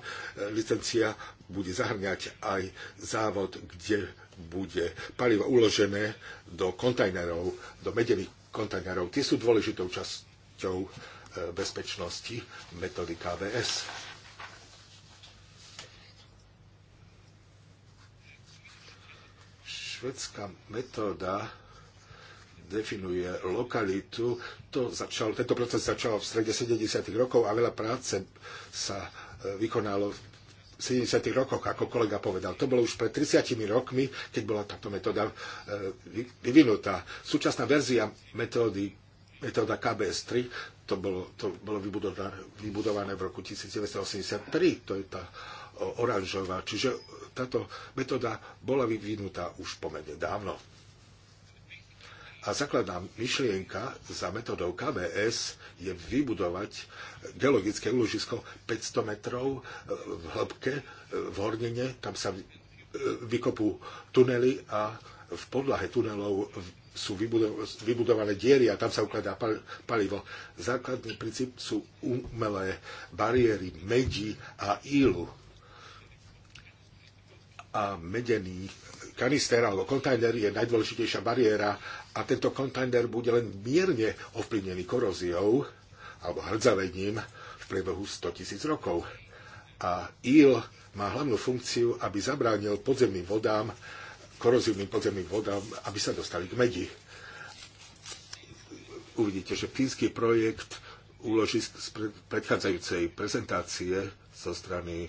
licencia bude zahrňať aj závod, kde bude palivo uložené do kontajnerov, do medených kontajnerov. Tie sú dôležitou časťou e, bezpečnosti metódy KVS. Švedská metóda definuje lokalitu. To začal, tento proces začal v strede 70. rokov a veľa práce sa e, vykonalo v 70. rokoch, ako kolega povedal. To bolo už pred 30 rokmi, keď bola táto metóda e, vyvinutá. Súčasná verzia metódy, metóda KBS-3, to bolo, to bolo vybudované, vybudované v roku 1983, to je tá oranžová. Čiže táto metóda bola vyvinutá už pomerne dávno. A základná myšlienka za metodou KBS je vybudovať geologické úložisko 500 metrov e, v hĺbke, e, v hornine, tam sa e, vykopú tunely a v podlahe tunelov sú vybudované diery a tam sa ukladá palivo. Základný princíp sú umelé bariéry medí a ílu. A medený kanister alebo kontajner je najdôležitejšia bariéra a tento kontajner bude len mierne ovplyvnený koróziou alebo hrdzavením v priebehu 100 tisíc rokov. A IL má hlavnú funkciu, aby zabránil podzemným vodám, korozívnym podzemným vodám, aby sa dostali k medi. Uvidíte, že fínsky projekt uloží z predchádzajúcej prezentácie zo strany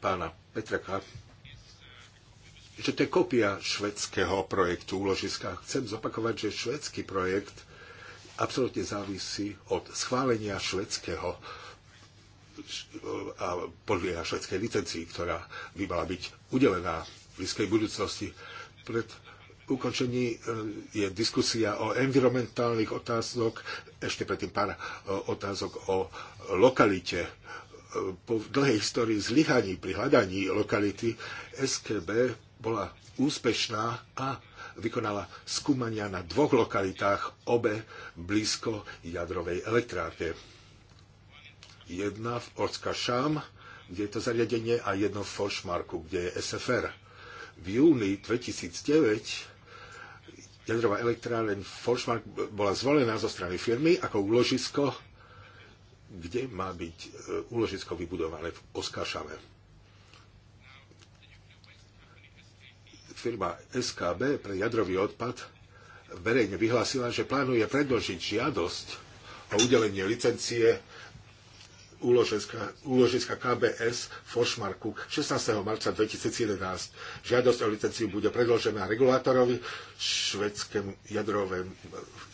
pána Petraka že to je kopia švedského projektu úložiska. Chcem zopakovať, že švedský projekt absolútne závisí od schválenia švedského a podľa švedskej licencii, ktorá by mala byť udelená v blízkej budúcnosti. Pred ukončení e, je diskusia o environmentálnych otázok, ešte predtým pár e, otázok o lokalite. E, po dlhej histórii zlyhaní pri hľadaní lokality SKB bola úspešná a vykonala skúmania na dvoch lokalitách, obe blízko jadrovej elektrárne. Jedna v Orskašám, kde je to zariadenie, a jedno v Forsmarku, kde je SFR. V júni 2009 jadrová elektráreň Forsmark bola zvolená zo strany firmy ako úložisko, kde má byť e, úložisko vybudované v Oskašame firma SKB pre jadrový odpad verejne vyhlásila, že plánuje predložiť žiadosť o udelenie licencie úložiska, úložiska KBS v Forsmarku 16. marca 2011. Žiadosť o licenciu bude predložená regulátorovi švedskému,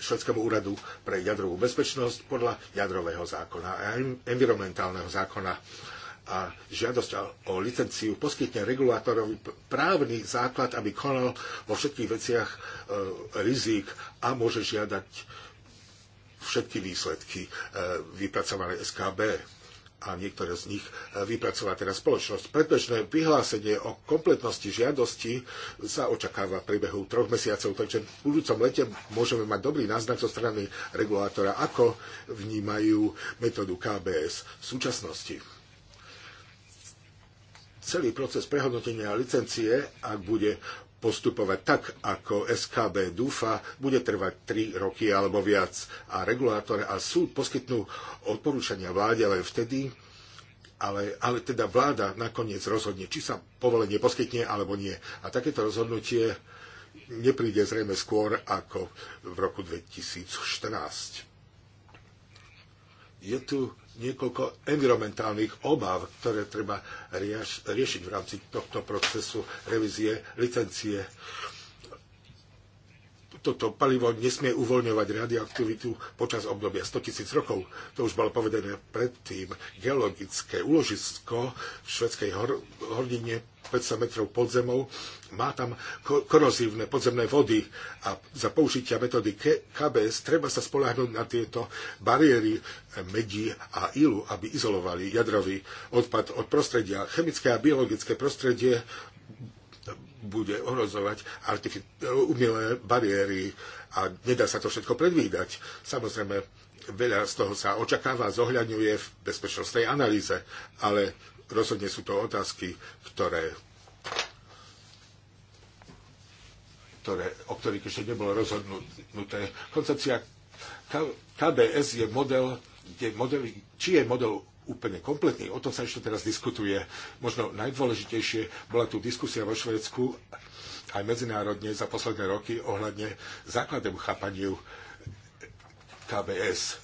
švedskému úradu pre jadrovú bezpečnosť podľa jadrového zákona a environmentálneho zákona a žiadosť o licenciu poskytne regulátorovi právny základ, aby konal vo všetkých veciach e, rizik a môže žiadať všetky výsledky e, vypracované SKB a niektoré z nich e, vypracovať teraz spoločnosť. Predbežné vyhlásenie o kompletnosti žiadosti sa očakáva v priebehu troch mesiacov, takže v budúcom lete môžeme mať dobrý náznak zo strany regulátora, ako vnímajú metódu KBS v súčasnosti celý proces prehodnotenia licencie, ak bude postupovať tak, ako SKB dúfa, bude trvať 3 roky alebo viac. A regulátor a súd poskytnú odporúčania vláde len vtedy, ale, ale teda vláda nakoniec rozhodne, či sa povolenie poskytne alebo nie. A takéto rozhodnutie nepríde zrejme skôr ako v roku 2014. Je tu niekoľko environmentálnych obáv, ktoré treba rieš, riešiť v rámci tohto procesu revízie licencie. Uh, toto palivo nesmie uvoľňovať radioaktivitu počas obdobia 100 tisíc rokov. To už bolo povedané predtým. Geologické úložisko v švedskej hor- hornine 500 metrov pod zemou má tam korozívne podzemné vody a za použitia metódy KBS treba sa spolahnúť na tieto bariéry eh, medí a ilu, aby izolovali jadrový odpad od prostredia. Chemické a biologické prostredie bude ohrozovať umelé bariéry a nedá sa to všetko predvídať. Samozrejme, veľa z toho sa očakáva, zohľadňuje v bezpečnostnej analýze, ale rozhodne sú to otázky, ktoré, ktoré o ktorých ešte nebolo rozhodnuté. Koncepcia KBS je model, kde model, či je model úplne kompletný. O tom sa ešte teraz diskutuje. Možno najdôležitejšie bola tu diskusia vo Švédsku aj medzinárodne za posledné roky ohľadne základnému chápaniu KBS.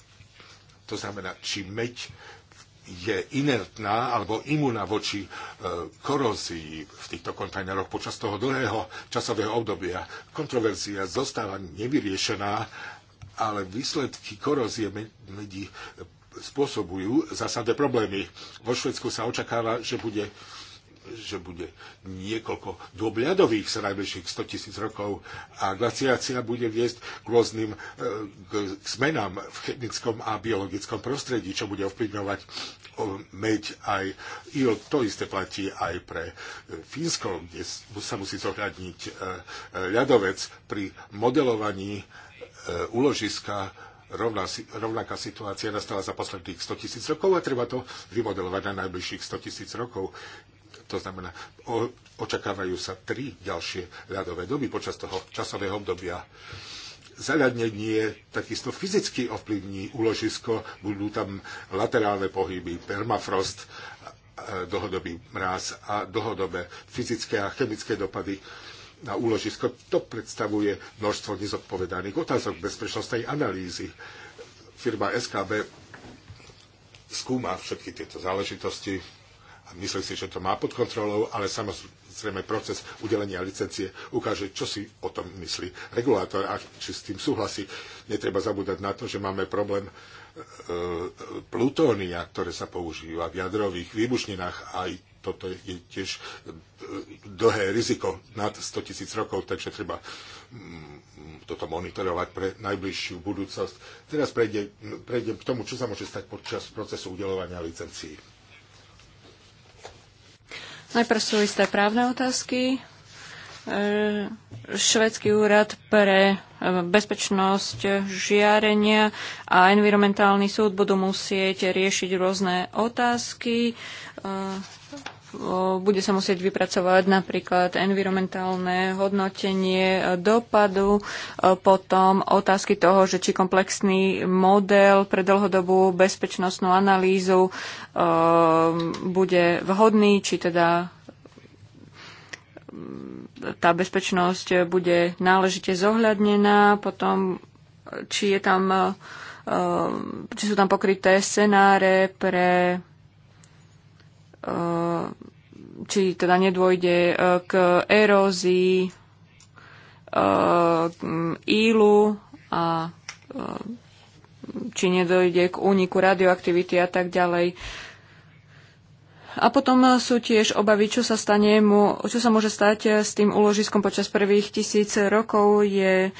To znamená, či meď je inertná alebo imúna voči e, korózii v týchto kontajneroch počas toho dlhého časového obdobia. Kontroverzia zostáva nevyriešená, ale výsledky korózie medí spôsobujú zásadné problémy. Vo Švedsku sa očakáva, že bude že bude niekoľko dôbľadových sa najbližších 100 tisíc rokov a glaciácia bude viesť k rôznym e, k zmenám v chemickom a biologickom prostredí, čo bude ovplyvňovať meď aj iod. To isté platí aj pre e, Fínsko, kde sa musí zohľadniť e, ľadovec pri modelovaní úložiska rovná, rovnaká situácia nastala za posledných 100 tisíc rokov a treba to vymodelovať na najbližších 100 tisíc rokov. To znamená, o, očakávajú sa tri ďalšie ľadové doby počas toho časového obdobia. Zaľadnenie takisto fyzicky ovplyvní úložisko, budú tam laterálne pohyby, permafrost, dlhodobý mráz a dlhodobé fyzické a chemické dopady na úložisko, to predstavuje množstvo nezodpovedaných otázok bezpečnostnej analýzy. Firma SKB skúma všetky tieto záležitosti a myslí si, že to má pod kontrolou, ale samozrejme proces udelenia licencie ukáže, čo si o tom myslí regulátor a či s tým súhlasí. Netreba zabúdať na to, že máme problém e, e, plutónia, ktoré sa používa v jadrových výbušninách, aj toto je tiež e, dlhé riziko nad 100 tisíc rokov, takže treba mm, toto monitorovať pre najbližšiu budúcnosť. Teraz prejdem, prejdem k tomu, čo sa môže stať počas procesu udelovania licencií. Najprv sú isté právne otázky. E, Švedský úrad pre e, bezpečnosť žiarenia a environmentálny súd budú musieť riešiť rôzne otázky bude sa musieť vypracovať napríklad environmentálne hodnotenie dopadu, potom otázky toho, že či komplexný model pre dlhodobú bezpečnostnú analýzu bude vhodný, či teda tá bezpečnosť bude náležite zohľadnená, potom či je tam či sú tam pokryté scenáre pre Eh, či teda nedôjde eh, k erózii eh, ílu a či nedojde k úniku radioaktivity a tak ďalej. A potom sú tiež obavy, čo sa, stane, čo sa môže stať s tým úložiskom počas prvých tisíc rokov. Je uh,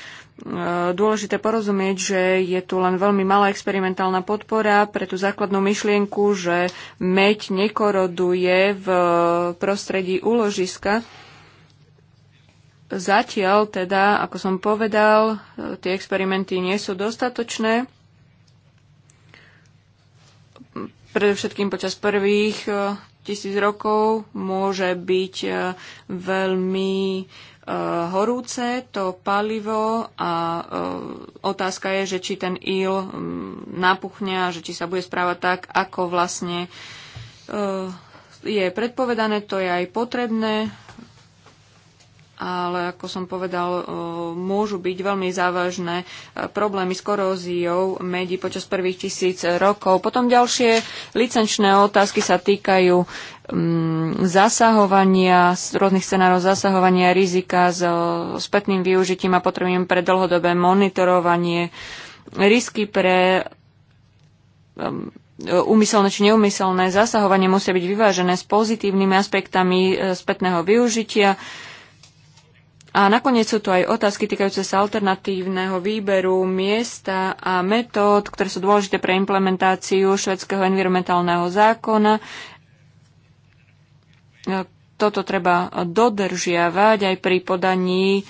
E, dôležité porozumieť, že je tu len veľmi malá experimentálna podpora pre tú základnú myšlienku, že meď nekoroduje v prostredí úložiska. Zatiaľ teda, ako som povedal, e, tie experimenty nie sú dostatočné. Predovšetkým počas prvých e, tisíc rokov môže byť veľmi Eh, horúce to palivo a eh, otázka je, že či ten íl mm, napuchne a že či sa bude správať tak, ako vlastne eh, je predpovedané, to je aj potrebné ale ako som povedal, e, môžu byť veľmi závažné e, problémy s koróziou medí počas prvých tisíc rokov. Potom ďalšie licenčné otázky sa týkajú mm, zasahovania, rôznych scenárov zasahovania rizika s e, spätným využitím a potrebujem pre dlhodobé monitorovanie risky pre úmyselné či neumyselné zasahovanie musia byť vyvážené s pozitívnymi aspektami spätného využitia a nakoniec sú tu aj otázky týkajúce sa alternatívneho výberu miesta a metód, ktoré sú dôležité pre implementáciu švedského environmentálneho zákona. E, toto treba dodržiavať aj pri podaní e,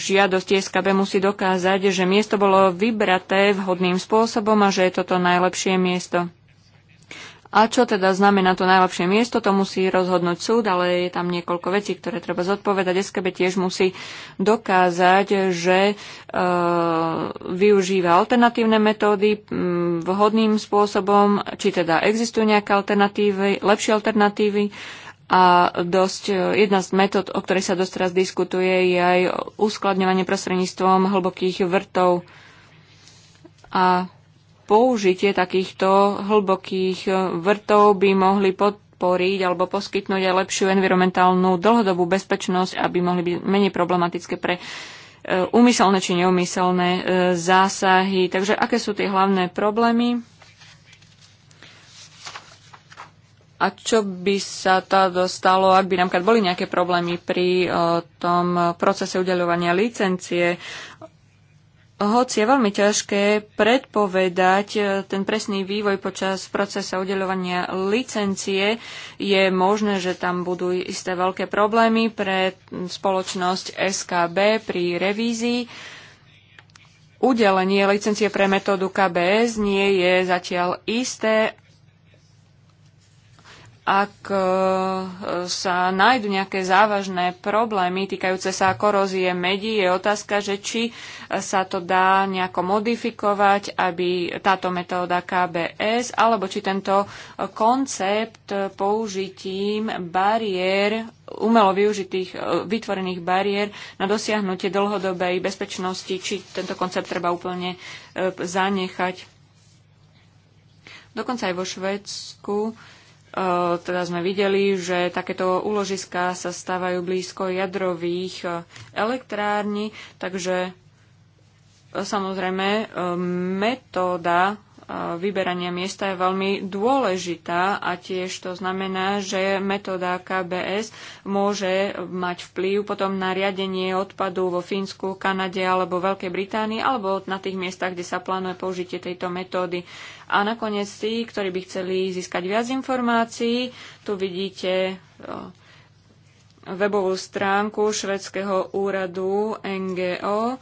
žiadosti SKB musí dokázať, že miesto bolo vybraté vhodným spôsobom a že je toto najlepšie miesto. A čo teda znamená to najlepšie miesto, to musí rozhodnúť súd, ale je tam niekoľko vecí, ktoré treba zodpovedať. SKB tiež musí dokázať, že e, využíva alternatívne metódy m, mm, vhodným spôsobom, či teda existujú nejaké alternatívy, lepšie alternatívy. A dosť, e, jedna z metód, o ktorej sa dosť teraz diskutuje, je aj uskladňovanie prostredníctvom hlbokých vrtov. A použitie takýchto hlbokých eh, vrtov by mohli podporiť alebo poskytnúť aj lepšiu environmentálnu dlhodobú bezpečnosť, aby mohli byť menej problematické pre eh, úmyselné či neumyselné eh, zásahy. Takže aké sú tie hlavné problémy? A čo by sa to dostalo, ak by napríklad boli nejaké problémy pri tom procese udeľovania licencie? Hoci je veľmi ťažké predpovedať e, ten presný vývoj počas procesa udeľovania licencie, je možné, že tam budú isté veľké problémy pre spoločnosť SKB pri revízii. Udelenie licencie pre metódu KBS nie je zatiaľ isté ak e, sa nájdu nejaké závažné problémy týkajúce sa korózie medí, je otázka, že či sa to dá nejako modifikovať, aby táto metóda KBS, alebo či tento koncept použitím bariér, umelo využitých, e, vytvorených bariér na dosiahnutie dlhodobej bezpečnosti, či tento koncept treba úplne e, zanechať. Dokonca aj vo Švedsku E, teda sme videli, že takéto úložiská sa stávajú blízko jadrových e, elektrární, takže e, samozrejme metóda vyberania miesta je veľmi dôležitá a tiež to znamená, že metóda KBS môže mať vplyv potom na riadenie odpadu vo Fínsku, Kanade alebo Veľkej Británii alebo na tých miestach, kde sa plánuje použitie tejto metódy. A nakoniec tí, ktorí by chceli získať viac informácií, tu vidíte webovú stránku švedského úradu NGO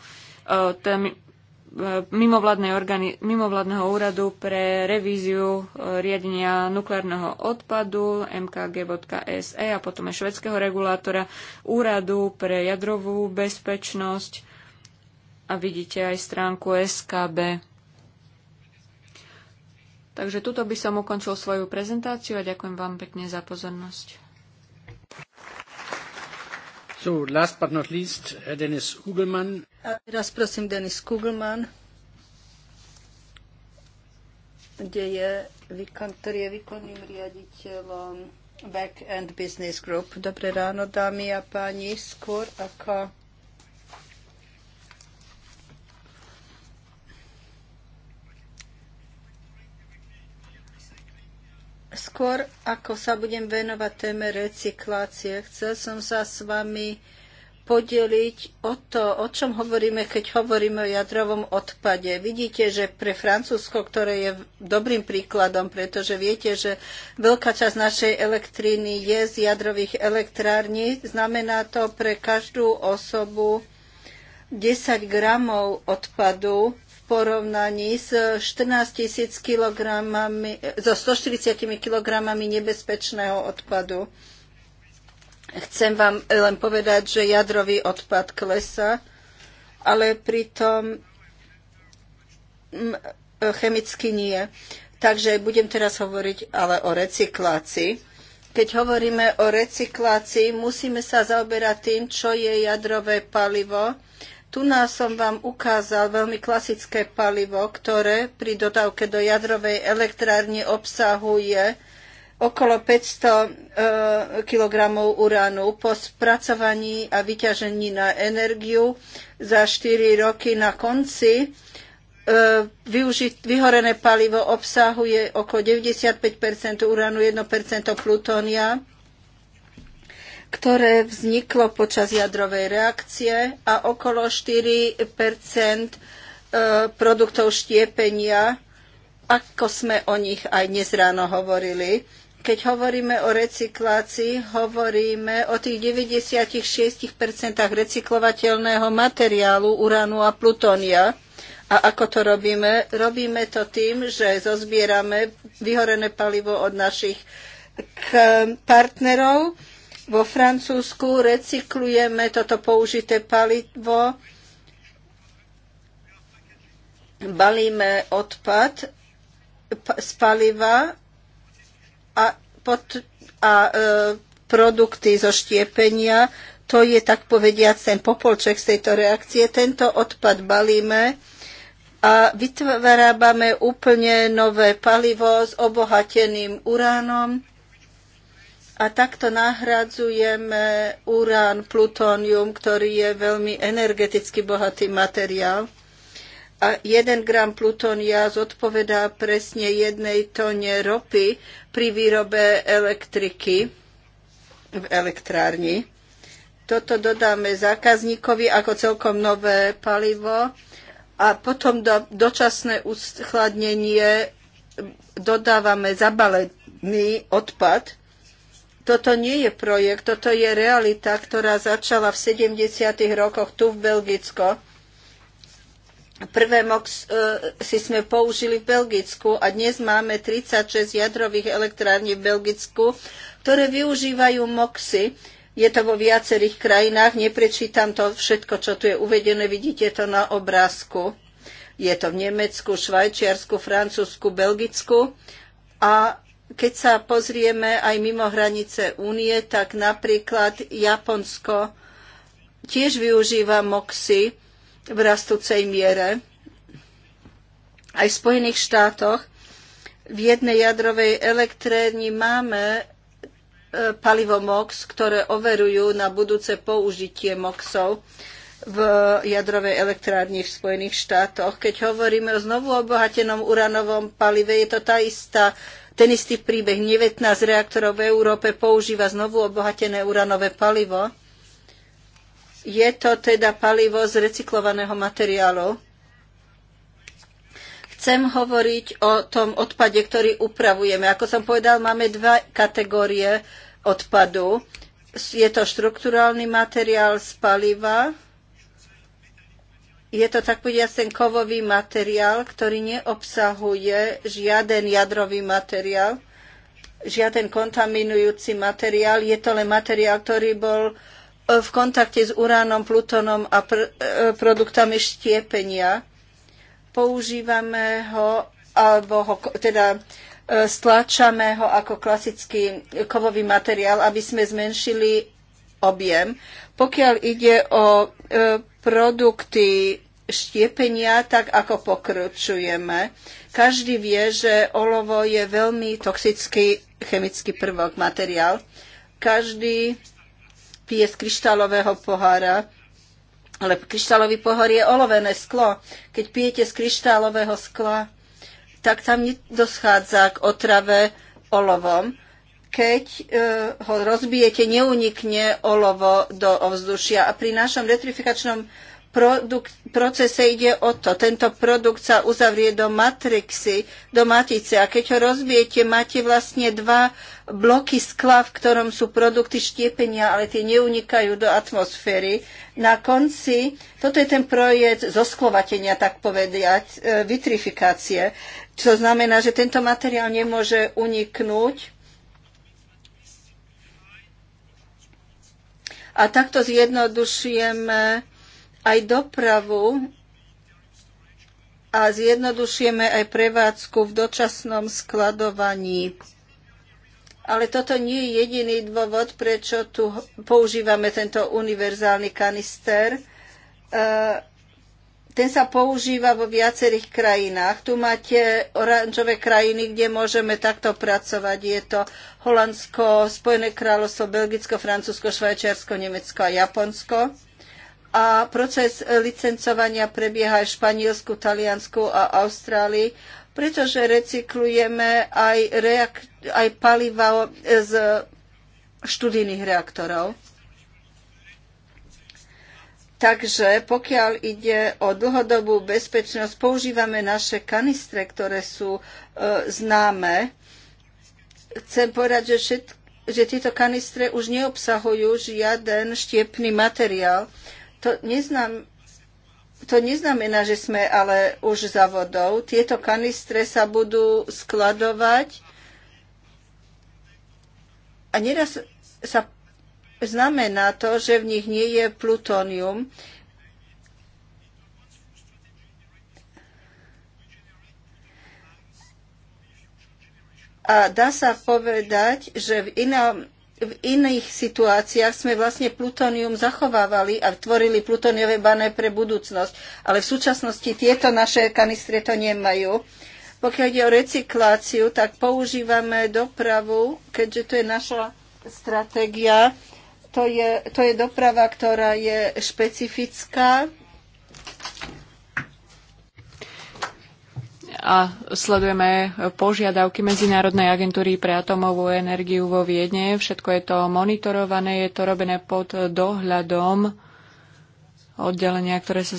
mimovládneho úradu pre revíziu e, riadenia nukleárneho odpadu mkg.se a potom aj švedského regulátora úradu pre jadrovú bezpečnosť a vidíte aj stránku SKB. Takže tuto by som ukončil svoju prezentáciu a ďakujem vám pekne za pozornosť. So, last but not least, uh, Dennis Kugelmann. A teraz prosím Denis Kugelmann, kde je, ktorý je výkonným riaditeľom Back and Business Group. Dobré ráno, dámy a páni. Skôr ako Skôr ako sa budem venovať téme recyklácie, chcel som sa s vami podeliť o to, o čom hovoríme, keď hovoríme o jadrovom odpade. Vidíte, že pre Francúzsko, ktoré je dobrým príkladom, pretože viete, že veľká časť našej elektriny je z jadrových elektrární, znamená to pre každú osobu 10 gramov odpadu porovnaní s 14 tisíc kilogramami, so 140 kilogramami nebezpečného odpadu. Chcem vám len povedať, že jadrový odpad klesa, ale pritom mm, chemicky nie. Takže budem teraz hovoriť ale o recyklácii. Keď hovoríme o recyklácii, musíme sa zaoberať tým, čo je jadrové palivo tu nás som vám ukázal veľmi klasické palivo, ktoré pri dodávke do jadrovej elektrárne obsahuje okolo 500 e, kg uránu. Po spracovaní a vyťažení na energiu za 4 roky na konci e, vyhorené palivo obsahuje okolo 95 uránu, 1 plutónia ktoré vzniklo počas jadrovej reakcie a okolo 4 e, produktov štiepenia, ako sme o nich aj dnes ráno hovorili. Keď hovoríme o recyklácii, hovoríme o tých 96 recyklovateľného materiálu uránu a plutónia. A ako to robíme? Robíme to tým, že zozbierame vyhorené palivo od našich partnerov, vo Francúzsku recyklujeme toto použité palivo, balíme odpad z paliva a, pod, a e, produkty zo štiepenia, to je tak povediať ten popolček z tejto reakcie. Tento odpad balíme a vytvárame úplne nové palivo s obohateným uránom a takto nahradzujeme urán, plutónium, ktorý je veľmi energeticky bohatý materiál. A 1 gram plutónia zodpovedá presne jednej tone ropy pri výrobe elektriky v elektrárni. Toto dodáme zákazníkovi ako celkom nové palivo a potom do, dočasné uschladnenie dodávame zabalený odpad, toto nie je projekt, toto je realita, ktorá začala v 70. rokoch tu v Belgicko. Prvé MOX e, si sme použili v Belgicku a dnes máme 36 jadrových elektrární v Belgicku, ktoré využívajú MOXy. Je to vo viacerých krajinách, neprečítam to všetko, čo tu je uvedené, vidíte to na obrázku. Je to v Nemecku, Švajčiarsku, Francúzsku, Belgicku a keď sa pozrieme aj mimo hranice únie, tak napríklad Japonsko tiež využíva MOXy v rastúcej miere. Aj v Spojených štátoch v jednej jadrovej elektrárni máme e, palivo MOX, ktoré overujú na budúce použitie MOXov v jadrovej elektrárni v Spojených štátoch. Keď hovoríme o znovu obohatenom uranovom palive, je to tá istá ten istý príbeh 19 reaktorov v Európe používa znovu obohatené uranové palivo. Je to teda palivo z recyklovaného materiálu. Chcem hovoriť o tom odpade, ktorý upravujeme. Ako som povedal, máme dva kategórie odpadu. Je to štrukturálny materiál z paliva, je to tak povediať ten kovový materiál, ktorý neobsahuje žiaden jadrový materiál, žiaden kontaminujúci materiál. Je to len materiál, ktorý bol e, v kontakte s uránom, plutónom a pr- e, produktami štiepenia. Používame ho, alebo ho teda e, stlačame ho ako klasický kovový materiál, aby sme zmenšili objem. Pokiaľ ide o produkty štiepenia, tak ako pokročujeme. Každý vie, že olovo je veľmi toxický chemický prvok, materiál. Každý pije z kryštálového pohára, ale kryštálový pohár je olovené sklo. Keď pijete z kryštálového skla, tak tam nedoschádza k otrave olovom. Keď e, ho rozbijete, neunikne olovo do ovzdušia. A pri našom retrifikačnom produkt, procese ide o to. Tento produkt sa uzavrie do matrixy, do matice a keď ho rozbijete, máte vlastne dva bloky skla, v ktorom sú produkty štiepenia, ale tie neunikajú do atmosféry. Na konci, toto je ten projekt zosklovatenia, tak povediať, e, vitrifikácie, čo znamená, že tento materiál nemôže uniknúť a takto zjednodušujeme aj dopravu a zjednodušujeme aj prevádzku v dočasnom skladovaní. Ale toto nie je jediný dôvod, prečo tu používame tento univerzálny kanister. E, ten sa používa vo viacerých krajinách. Tu máte oranžové krajiny, kde môžeme takto pracovať. Je to Holandsko, Spojené kráľovstvo, Belgicko, Francúzsko, Švajčiarsko, Nemecko a Japonsko a proces licencovania prebieha aj v Španielsku, Taliansku a Austrálii, pretože recyklujeme aj, reak- aj paliva z študijných reaktorov. Takže pokiaľ ide o dlhodobú bezpečnosť, používame naše kanistre, ktoré sú e, známe. Chcem povedať, že, že tieto kanistre už neobsahujú žiaden štiepný materiál. E, to, neznam, to neznamená, že sme ale už za vodou. Tieto kanistre sa budú skladovať a nieraz sa znamená to, že v nich nie je plutónium. A dá sa povedať, že v inom v iných situáciách sme vlastne plutónium zachovávali a tvorili plutóniové bané pre budúcnosť. Ale v súčasnosti tieto naše kanistre to nemajú. Pokiaľ ide o recykláciu, tak používame dopravu, keďže to je naša stratégia. To je, to je doprava, ktorá je špecifická a sledujeme požiadavky Medzinárodnej agentúry pre atomovú energiu vo Viedne. Všetko je to monitorované, je to robené pod dohľadom oddelenia, ktoré sa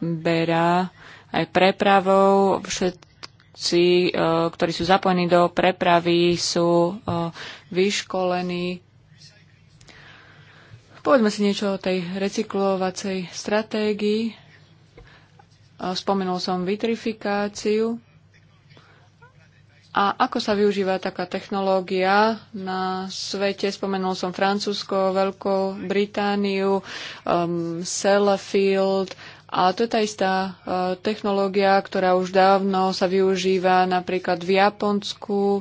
zaoberá aj prepravou. Všetci, e, ktorí sú zapojení do prepravy, sú e, vyškolení Povedzme si niečo o tej recyklovacej stratégii. Spomenul som vitrifikáciu. A ako sa využíva taká technológia na svete? Spomenul som Francúzsko, Veľkou Britániu, um, Sellafield. A to je tá istá uh, technológia, ktorá už dávno sa využíva napríklad v Japonsku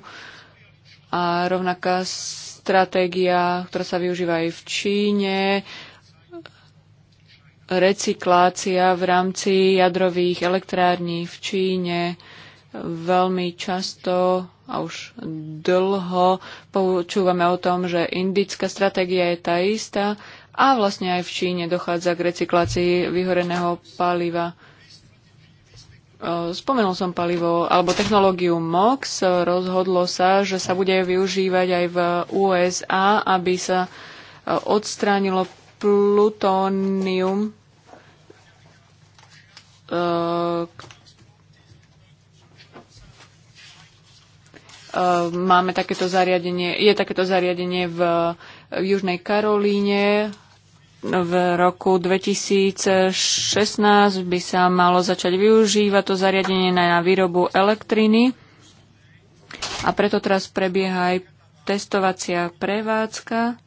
a rovnaká stratégia, ktorá sa využíva aj v Číne. Uh, recyklácia v rámci jadrových elektrární v Číne veľmi často a už dlho počúvame o tom, že indická stratégia je tá istá a vlastne aj v Číne dochádza k recyklácii vyhoreného paliva. E, spomenul som palivo alebo technológiu MOX. Rozhodlo sa, že sa bude využívať aj v USA, aby sa e, odstránilo plutónium E, máme takéto zariadenie, je takéto zariadenie v, v Južnej Karolíne. V roku 2016 by sa malo začať využívať to zariadenie na, na výrobu elektriny. A preto teraz prebieha aj testovacia prevádzka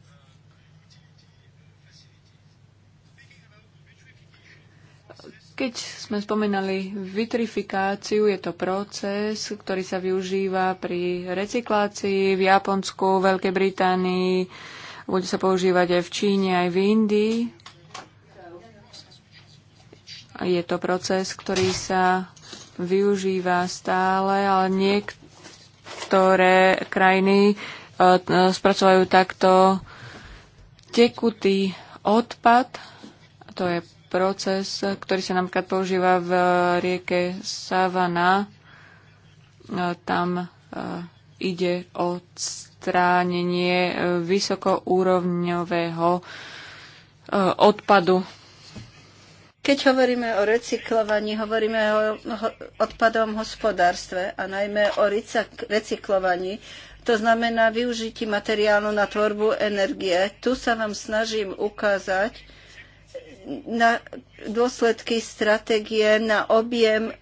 Keď sme spomínali vitrifikáciu, je to proces, ktorý sa využíva pri recyklácii v Japonsku, Veľkej Británii, bude sa používať aj v Číne, aj v Indii. Je to proces, ktorý sa využíva stále, ale niektoré krajiny e, e, spracovajú takto tekutý odpad, to je proces, ktorý sa napríklad používa v eh, rieke Savana. Eh, tam eh, ide o stránenie vysokoúrovňového odpadu. Keď hovoríme o recyklovaní, hovoríme o odpadom hospodárstve a najmä o recyklovaní, to znamená využití materiálu na tvorbu energie. Tu sa vám snažím ukázať, na dôsledky stratégie na objem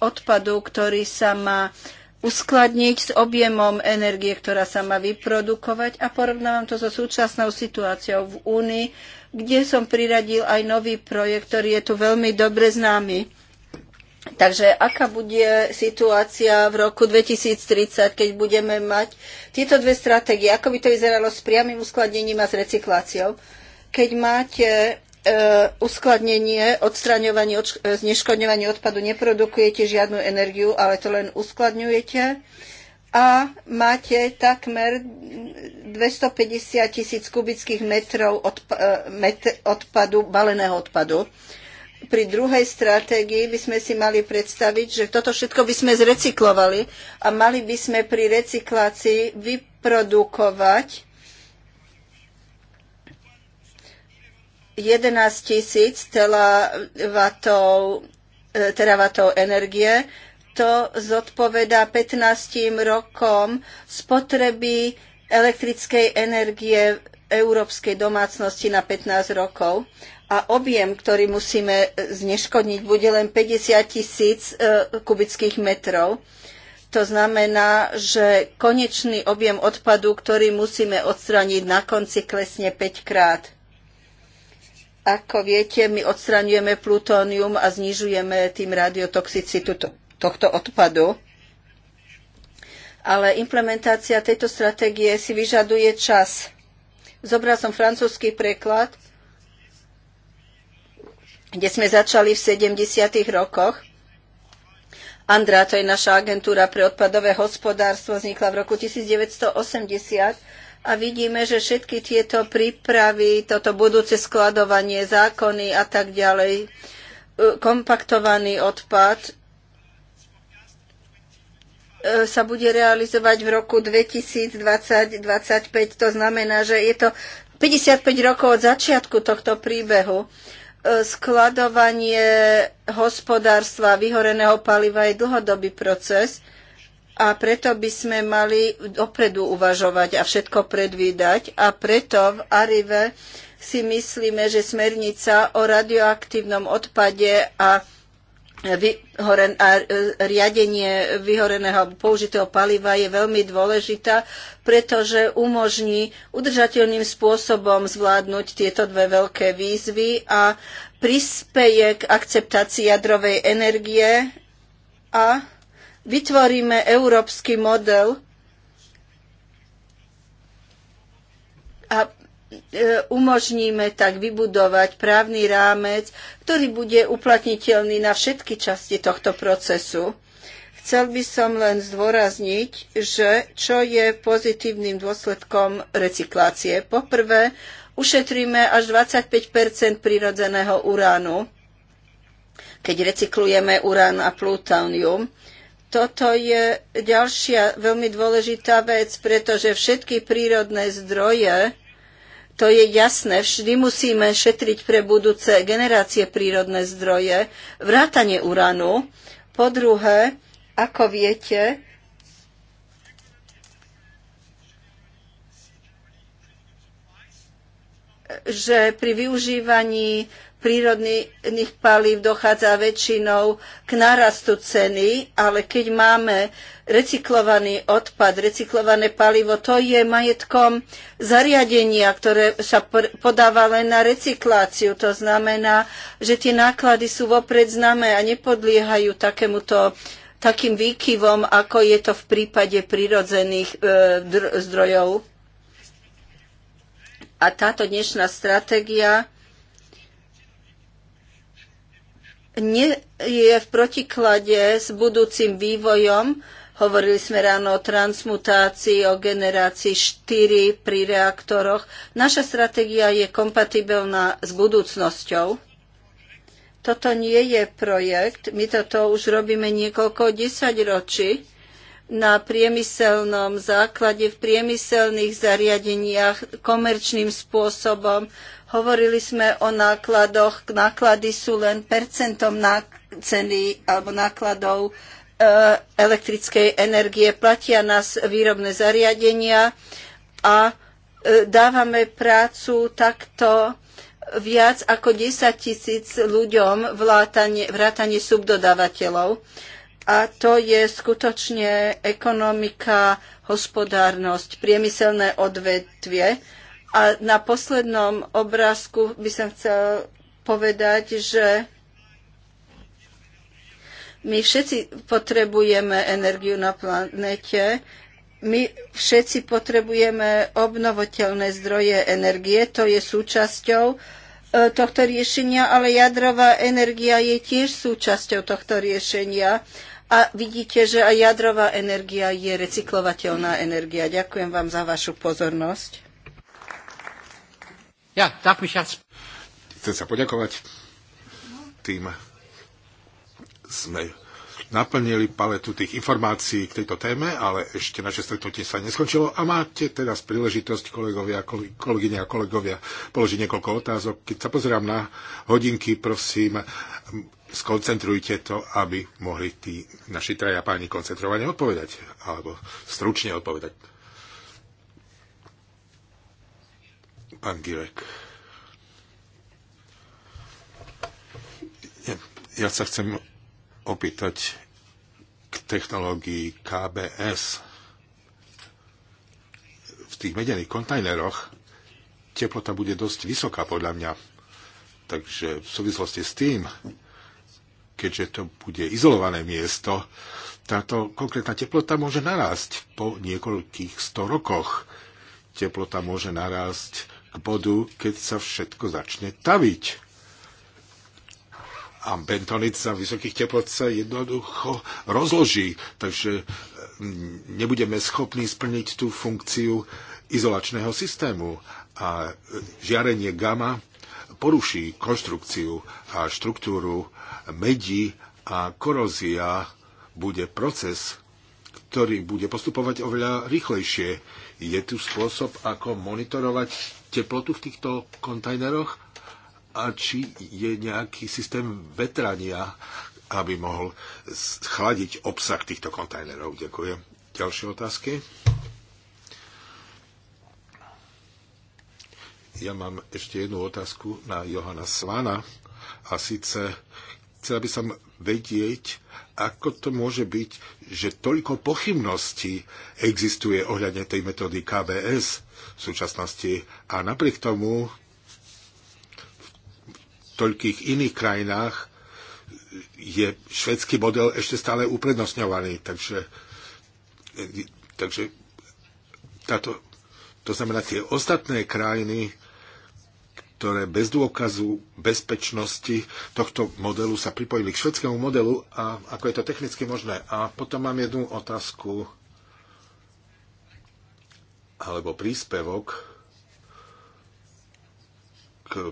odpadu, ktorý sa má uskladniť s objemom energie, ktorá sa má vyprodukovať a porovnávam to so súčasnou situáciou v Únii, kde som priradil aj nový projekt, ktorý je tu veľmi dobre známy. Takže aká bude situácia v roku 2030, keď budeme mať tieto dve stratégie? Ako by to vyzeralo s priamým uskladnením a s recykláciou? Keď máte E, uskladnenie, odstraňovanie, e, zneškodňovanie odpadu neprodukujete žiadnu energiu, ale to len uskladňujete a máte takmer 250 tisíc kubických metrov e, met- odpadu, baleného odpadu. Pri druhej stratégii by sme si mali predstaviť, že toto všetko by sme zrecyklovali a mali by sme pri recyklácii vyprodukovať 11 tisíc teravatov, e, teravatov energie. To zodpovedá 15 rokom spotreby elektrickej energie v európskej domácnosti na 15 rokov a objem, ktorý musíme e, zneškodniť, bude len 50 tisíc e, kubických metrov. To znamená, že konečný objem odpadu, ktorý musíme odstrániť na konci, klesne 5 krát. Ako viete, my odstraňujeme plutónium a znižujeme tým radiotoxicitu tohto odpadu. Ale implementácia tejto stratégie si vyžaduje čas. Zobral som francúzsky preklad, kde sme začali v 70. rokoch. Andra, to je naša agentúra pre odpadové hospodárstvo, vznikla v roku 1980 a vidíme, že všetky tieto prípravy, toto budúce skladovanie, zákony a tak ďalej, e, kompaktovaný odpad e, sa bude realizovať v roku 2020-2025. To znamená, že je to 55 rokov od začiatku tohto príbehu. E, skladovanie hospodárstva vyhoreného paliva je dlhodobý proces a preto by sme mali dopredu uvažovať a všetko predvídať a preto v Arive si myslíme, že smernica o radioaktívnom odpade a, a e, riadenie vyhoreného použitého paliva je veľmi dôležitá, pretože umožní udržateľným spôsobom zvládnuť tieto dve veľké výzvy a prispeje k akceptácii jadrovej energie a vytvoríme európsky model a e, umožníme tak vybudovať právny rámec, ktorý bude uplatniteľný na všetky časti tohto procesu. Chcel by som len zdôrazniť, že čo je pozitívnym dôsledkom recyklácie. Poprvé, ušetríme až 25 prirodzeného uránu, keď recyklujeme urán a plutónium. Toto je ďalšia veľmi dôležitá vec, pretože všetky prírodné zdroje, to je jasné, vždy musíme šetriť pre budúce generácie prírodné zdroje, vrátanie uranu. Po druhé, ako viete, že pri využívaní prírodných palív dochádza väčšinou k narastu ceny, ale keď máme recyklovaný odpad, recyklované palivo, to je majetkom zariadenia, ktoré sa podáva len na recykláciu. To znamená, že tie náklady sú vopred známe a nepodliehajú takémuto takým výkyvom, ako je to v prípade prírodzených e, zdrojov. A táto dnešná stratégia nie je v protiklade s budúcim vývojom. Hovorili sme ráno o transmutácii, o generácii 4 pri reaktoroch. Naša stratégia je kompatibilná s budúcnosťou. Toto nie je projekt, my toto už robíme niekoľko desaťročí na priemyselnom základe, v priemyselných zariadeniach, komerčným spôsobom, Hovorili sme o nákladoch. Náklady sú len percentom ceny alebo nákladov e, elektrickej energie. Platia nás výrobné zariadenia a e, dávame prácu takto viac ako 10 tisíc ľuďom vrátanie, vrátanie subdodávateľov. A to je skutočne ekonomika, hospodárnosť, priemyselné odvetvie a na poslednom obrázku by som chcel povedať, že my všetci potrebujeme energiu na planete, my všetci potrebujeme obnovoteľné zdroje energie, to je súčasťou e, tohto riešenia, ale jadrová energia je tiež súčasťou tohto riešenia. A vidíte, že aj jadrová energia je recyklovateľná energia. Ďakujem vám za vašu pozornosť. Ja, tak mi šac. Chcem sa poďakovať. Tým sme naplnili paletu tých informácií k tejto téme, ale ešte naše stretnutie sa neskončilo a máte teraz príležitosť, kolegovia, kolegyne a kolegovia, položiť niekoľko otázok. Keď sa pozerám na hodinky, prosím, skoncentrujte to, aby mohli tí naši traja páni koncentrovane odpovedať, alebo stručne odpovedať. Ja, ja sa chcem opýtať k technológii KBS. V tých medených kontajneroch teplota bude dosť vysoká podľa mňa. Takže v súvislosti s tým, keďže to bude izolované miesto, táto konkrétna teplota môže narásť po niekoľkých sto rokoch. Teplota môže narásť a bodu, keď sa všetko začne taviť. A bentonit za vysokých teplot sa jednoducho rozloží, takže mm, nebudeme schopní splniť tú funkciu izolačného systému. A e, žiarenie gamma poruší konštrukciu a štruktúru medí a korózia bude proces, ktorý bude postupovať oveľa rýchlejšie. Je tu spôsob, ako monitorovať teplotu v týchto kontajneroch a či je nejaký systém vetrania, aby mohol chladiť obsah týchto kontajnerov. Ďakujem. Ďalšie otázky? Ja mám ešte jednu otázku na Johana Svana a síce chcela by som vedieť, ako to môže byť, že toľko pochybností existuje ohľadne tej metódy KBS v súčasnosti. A napriek tomu v toľkých iných krajinách je švedský model ešte stále uprednostňovaný. Takže, takže táto, to znamená, tie ostatné krajiny, ktoré bez dôkazu bezpečnosti tohto modelu sa pripojili k švedskému modelu a ako je to technicky možné. A potom mám jednu otázku alebo príspevok k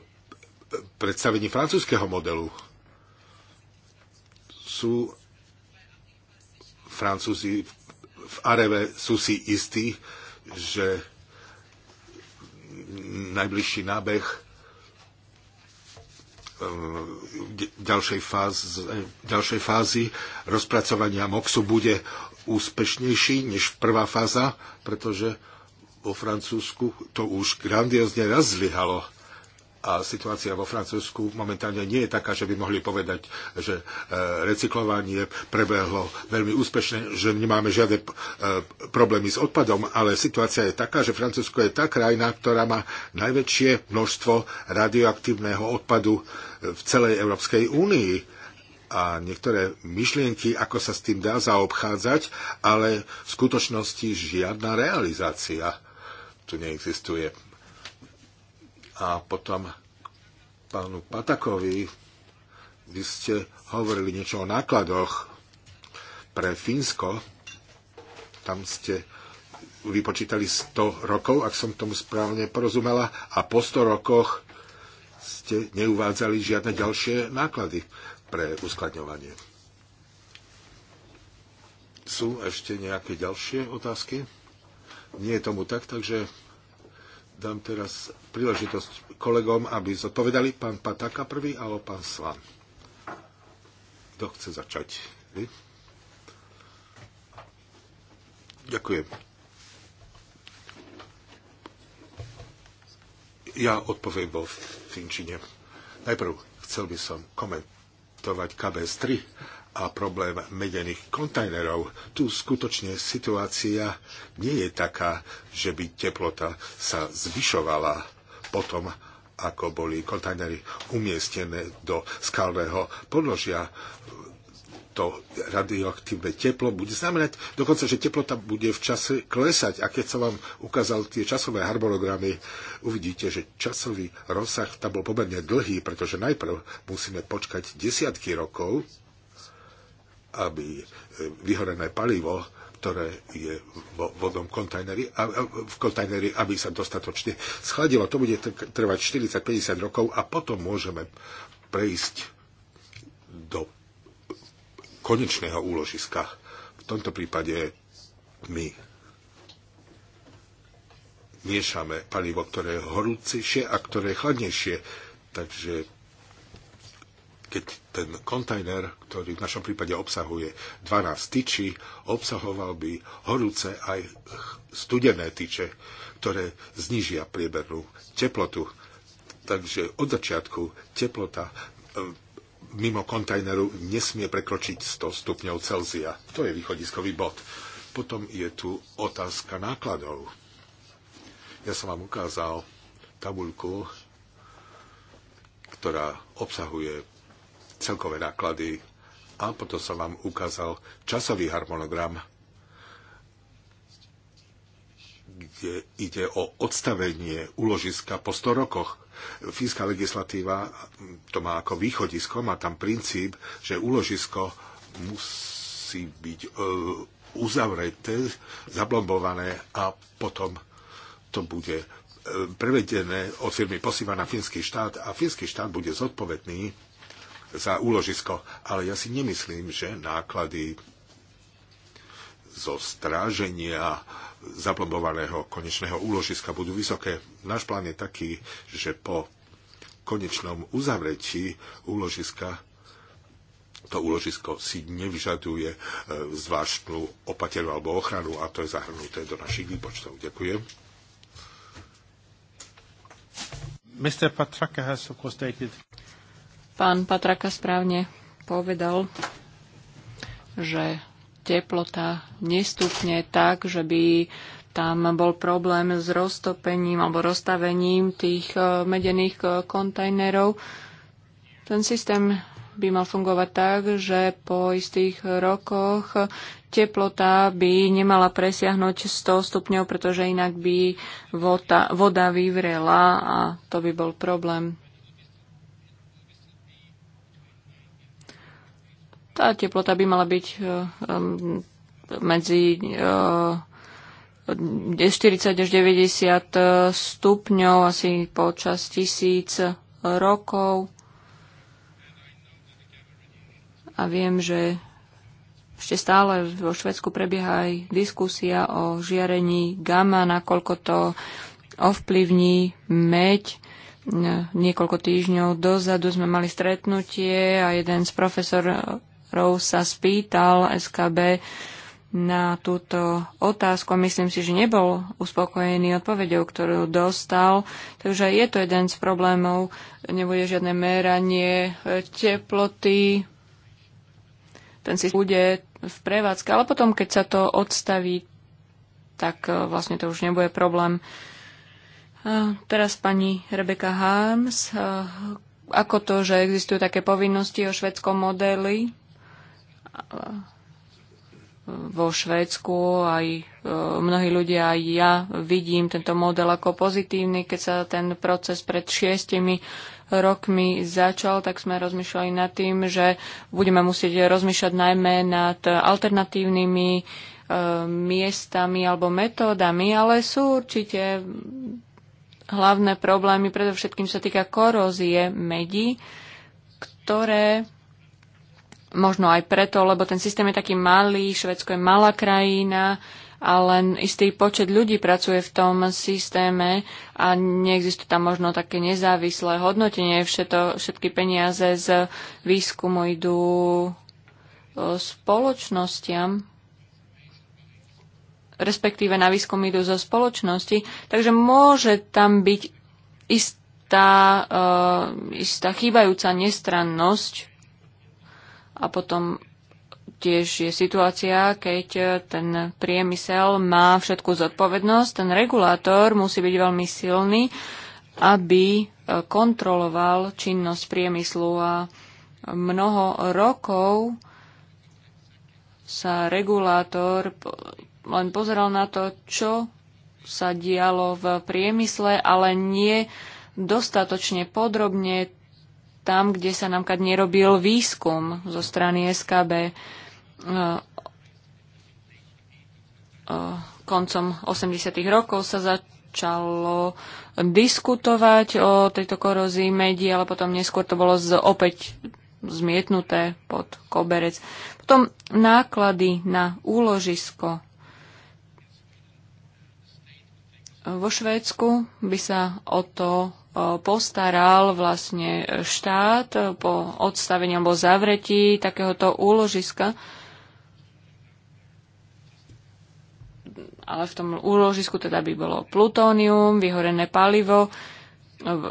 predstavení francúzského modelu. Sú Francúzi v Areve sú si istí, že najbližší nábeh eh, ďalšej, fáz, ďalšej fázy rozpracovania MOXu bude úspešnejší než prvá fáza, pretože vo Francúzsku to už grandiozne raz zlyhalo a situácia vo Francúzsku momentálne nie je taká, že by mohli povedať, že e, recyklovanie prebehlo veľmi úspešne, že nemáme žiadne e, problémy s odpadom, ale situácia je taká, že Francúzsko je tá krajina, ktorá má najväčšie množstvo radioaktívneho odpadu e, v celej Európskej únii a niektoré myšlienky, ako sa s tým dá zaobchádzať, ale v skutočnosti žiadna realizácia tu neexistuje. A potom pánu Patakovi, vy ste hovorili niečo o nákladoch pre Fínsko. Tam ste vypočítali 100 rokov, ak som tomu správne porozumela, a po 100 rokoch ste neuvádzali žiadne ďalšie náklady pre uskladňovanie. Sú ešte nejaké ďalšie otázky? Nie je tomu tak, takže dám teraz príležitosť kolegom, aby zodpovedali pán Pataka prvý alebo pán Slan. Kto chce začať? Vy? Ďakujem. Ja odpoviem vo Finčine. Najprv chcel by som komentovať KBS 3 a problém medených kontajnerov. Tu skutočne situácia nie je taká, že by teplota sa zvyšovala potom, ako boli kontajnery umiestnené do skalného podložia to radioaktívne teplo bude znamenať dokonca, že teplota bude v čase klesať. A keď som vám ukázal tie časové harmonogramy, uvidíte, že časový rozsah tam bol pomerne dlhý, pretože najprv musíme počkať desiatky rokov, aby e, vyhorené palivo, ktoré je vo vodnom kontajneri, v kontajneri, aby sa dostatočne schladilo. To bude trvať 40-50 rokov a potom môžeme prejsť do konečného úložiska. V tomto prípade my miešame palivo, ktoré je horúcejšie a ktoré je chladnejšie. Takže keď ten kontajner, ktorý v našom prípade obsahuje 12 tyčí, obsahoval by horúce aj studené tyče, ktoré znižia priebernú teplotu. Takže od začiatku teplota e, mimo kontajneru nesmie prekročiť 100 stupňov Celzia. To je východiskový bod. Potom je tu otázka nákladov. Ja som vám ukázal tabuľku, ktorá obsahuje celkové náklady a potom som vám ukázal časový harmonogram, kde ide o odstavenie úložiska po 100 rokoch. Fínska legislatíva to má ako východisko, má tam princíp, že úložisko musí byť e, uzavreté, zablombované a potom to bude e, prevedené od firmy posíva na fínsky štát a fínsky štát bude zodpovedný za úložisko. Ale ja si nemyslím, že náklady zo stráženia zaplombovaného konečného úložiska budú vysoké. Náš plán je taký, že po konečnom uzavretí úložiska to úložisko si nevyžaduje e, zvláštnu opateru alebo ochranu a to je zahrnuté do našich výpočtov. Ďakujem. Mr. Patraka has of course stated Pán Patraka správne povedal, že teplota nestupne tak, že by tam bol problém s roztopením alebo rozstavením tých e, medených e, kontajnerov. Ten systém by mal fungovať tak, že po istých rokoch teplota by nemala presiahnuť 100 stupňov, pretože inak by voda, voda vyvrela a to by bol problém. Tá teplota by mala byť e, medzi 40 e, až 90 e, stupňov asi počas tisíc rokov. A viem, že ešte stále vo Švedsku prebieha aj diskusia o žiarení gamma, nakoľko to ovplyvní meď. Niekoľko týždňov dozadu sme mali stretnutie a jeden z profesor Rose sa spýtal SKB na túto otázku a myslím si, že nebol uspokojený odpovedou, ktorú dostal. Takže je to jeden z problémov. Nebude žiadne meranie e, teploty. Ten si bude v prevádzke, ale potom, keď sa to odstaví, tak e, vlastne to už nebude problém. E, teraz pani Rebeka Harms, ako to, že existujú také povinnosti o švedskom modeli, vo Švédsku aj e, mnohí ľudia, aj ja vidím tento model ako pozitívny. Keď sa ten proces pred šiestimi rokmi začal, tak sme rozmýšľali nad tým, že budeme musieť rozmýšľať najmä nad alternatívnymi e, miestami alebo metódami, ale sú určite hlavné problémy, predovšetkým sa týka korózie medí, ktoré Možno aj preto, lebo ten systém je taký malý, Švedsko je malá krajina a len istý počet ľudí pracuje v tom systéme a neexistuje tam možno také nezávislé hodnotenie. Všetko, všetky peniaze z výskumu idú e, spoločnostiam, respektíve na výskum idú zo spoločnosti, takže môže tam byť istá, uh, istá chýbajúca nestrannosť a potom tiež je situácia, keď eh, ten priemysel má všetku zodpovednosť. Ten regulátor musí byť veľmi silný, aby eh, kontroloval činnosť priemyslu a mnoho rokov sa regulátor len pozeral na to, čo sa dialo v priemysle, ale nie dostatočne podrobne tam, kde sa nám kad nerobil výskum zo strany SKB eh, eh, koncom 80. rokov sa začalo diskutovať o tejto korózii medí, ale potom neskôr to bolo z, opäť zmietnuté pod koberec. Potom náklady na úložisko. Vo Švédsku by sa o to postaral vlastne štát po odstavení alebo zavretí takéhoto úložiska. Ale v tom úložisku teda by bolo plutónium, vyhorené palivo,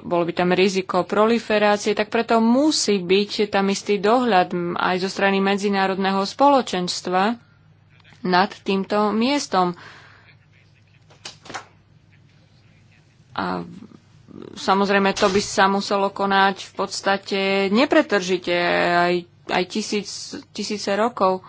bolo by tam riziko proliferácie, tak preto musí byť tam istý dohľad aj zo strany medzinárodného spoločenstva nad týmto miestom. A samozrejme to by sa muselo konať v podstate nepretržite aj, aj tisíc, tisíce rokov.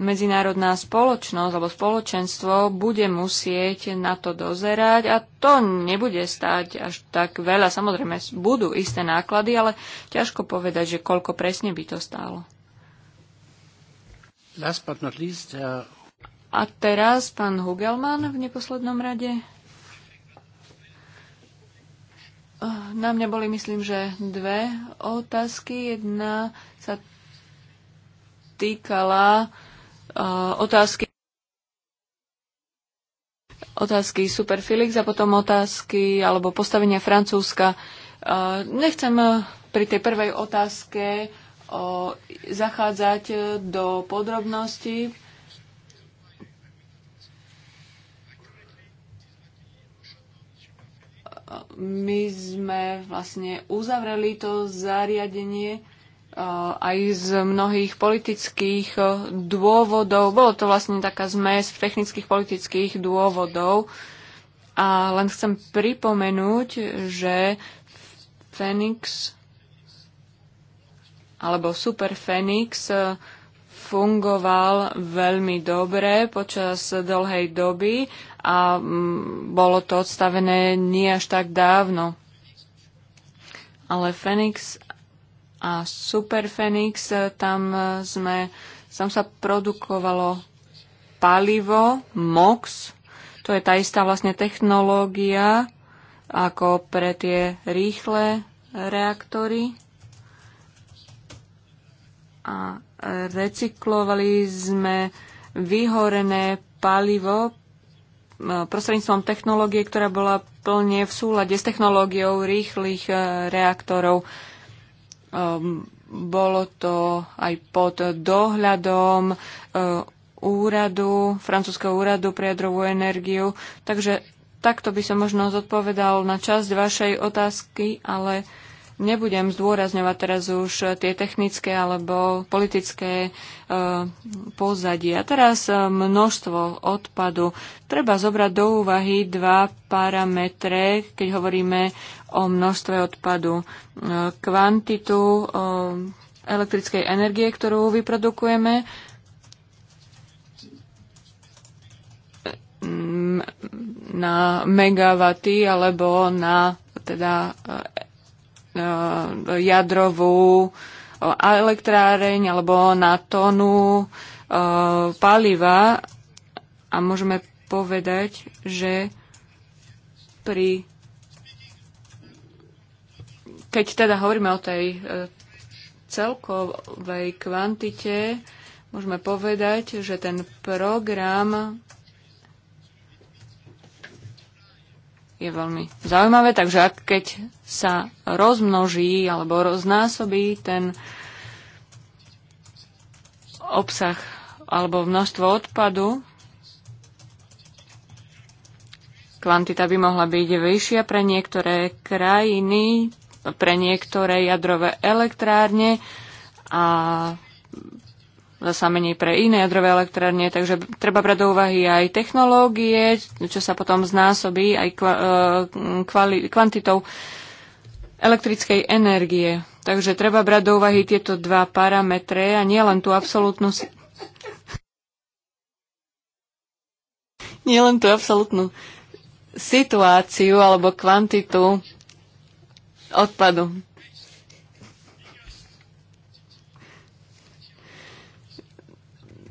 Medzinárodná spoločnosť alebo spoločenstvo bude musieť na to dozerať a to nebude stať až tak veľa. Samozrejme, budú isté náklady, ale ťažko povedať, že koľko presne by to stálo. Last but not least, uh... A teraz pán Hugelman v neposlednom rade. Na mňa boli, myslím, že dve otázky. Jedna sa týkala uh, otázky otázky Super Felix a potom otázky alebo postavenia Francúzska. E, nechcem pri tej prvej otázke zachádzať do podrobností, my sme vlastne uzavreli to zariadenie e, aj z mnohých politických e, dôvodov. Bolo to vlastne taká zmes technických politických dôvodov. A len chcem pripomenúť, že Fenix alebo Super Fenix e, fungoval veľmi dobre počas dlhej doby a mm, bolo to odstavené nie až tak dávno. Ale Fenix a Super Fenix, e, tam e, sme, tam sa produkovalo palivo, MOX, to je tá istá vlastne technológia ako pre tie rýchle reaktory. A recyklovali sme vyhorené palivo e, prostredníctvom technológie, ktorá bola plne v súlade s technológiou rýchlych e, reaktorov. Ehm, bolo to aj pod dohľadom e, úradu, francúzského úradu pre jadrovú energiu. Takže takto by som možno zodpovedal na časť vašej otázky, ale uh, Nebudem zdôrazňovať teraz už tie technické alebo politické e, pozadie. A Teraz e, množstvo odpadu. Treba zobrať do úvahy dva parametre, keď hovoríme o množstve odpadu. E, kvantitu elektrickej energie, ktorú vyprodukujeme, na megawaty alebo na teda Eh, jadrovú eh, elektráreň alebo na tónu eh, paliva a môžeme povedať, že pri keď teda hovoríme o tej celkovej kvantite, môžeme povedať, že ten program je veľmi zaujímavé. Takže ak keď sa rozmnoží alebo roznásobí ten obsah alebo množstvo odpadu, kvantita by mohla byť vyššia pre niektoré krajiny, pre niektoré jadrové elektrárne a zasa menej pre iné jadrové elektrárne, takže treba brať do úvahy aj technológie, čo sa potom znásobí aj e, kvali, kvantitou elektrickej energie. Takže treba brať do úvahy tieto dva parametre a nielen tú absolútnu nielen tú absolútnu situáciu alebo kvantitu odpadu.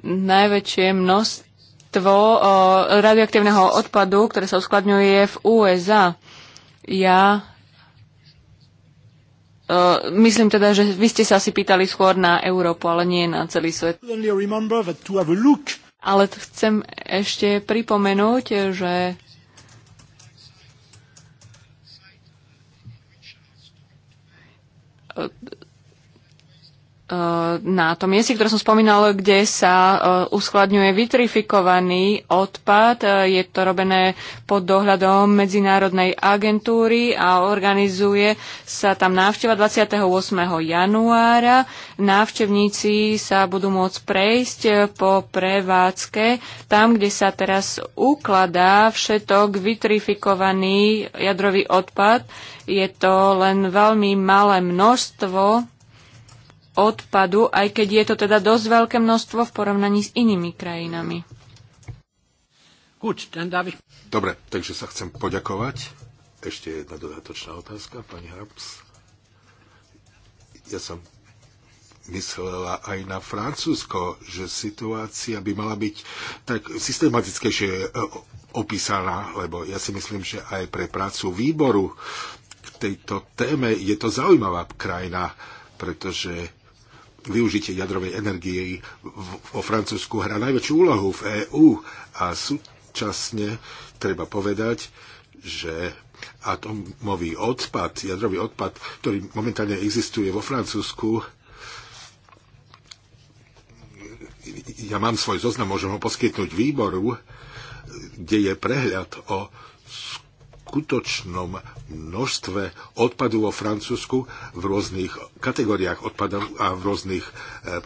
najväčšie množstvo radioaktívneho odpadu, ktoré sa uskladňuje v USA. Ja Uh, myslím teda, že vy ste sa asi pýtali skôr na Európu, ale nie na celý svet. Ale chcem ešte pripomenúť, že Eh, na to mieste, ktoré som spomínal, kde sa eh, uskladňuje vitrifikovaný odpad. Eh, je to robené pod dohľadom Medzinárodnej agentúry a organizuje sa tam návšteva 28. januára. Návštevníci sa budú môcť prejsť po prevádzke tam, kde sa teraz ukladá všetok vitrifikovaný jadrový odpad. Je to len veľmi malé množstvo odpadu, aj keď je to teda dosť veľké množstvo v porovnaní s inými krajinami. Dobre, takže sa chcem poďakovať. Ešte jedna dodatočná otázka, pani Harps. Ja som myslela aj na Francúzsko, že situácia by mala byť tak systematickejšie e, opísaná, lebo ja si myslím, že aj pre prácu výboru k tejto téme je to zaujímavá krajina, pretože využitie jadrovej energie vo Francúzsku hrá najväčšiu úlohu v EÚ a súčasne treba povedať, že atomový odpad, jadrový odpad, ktorý momentálne existuje vo Francúzsku, ja mám svoj zoznam, môžem ho poskytnúť výboru, kde je prehľad o skutočnom množstve odpadu vo Francúzsku v rôznych kategóriách odpadov a v rôznych e,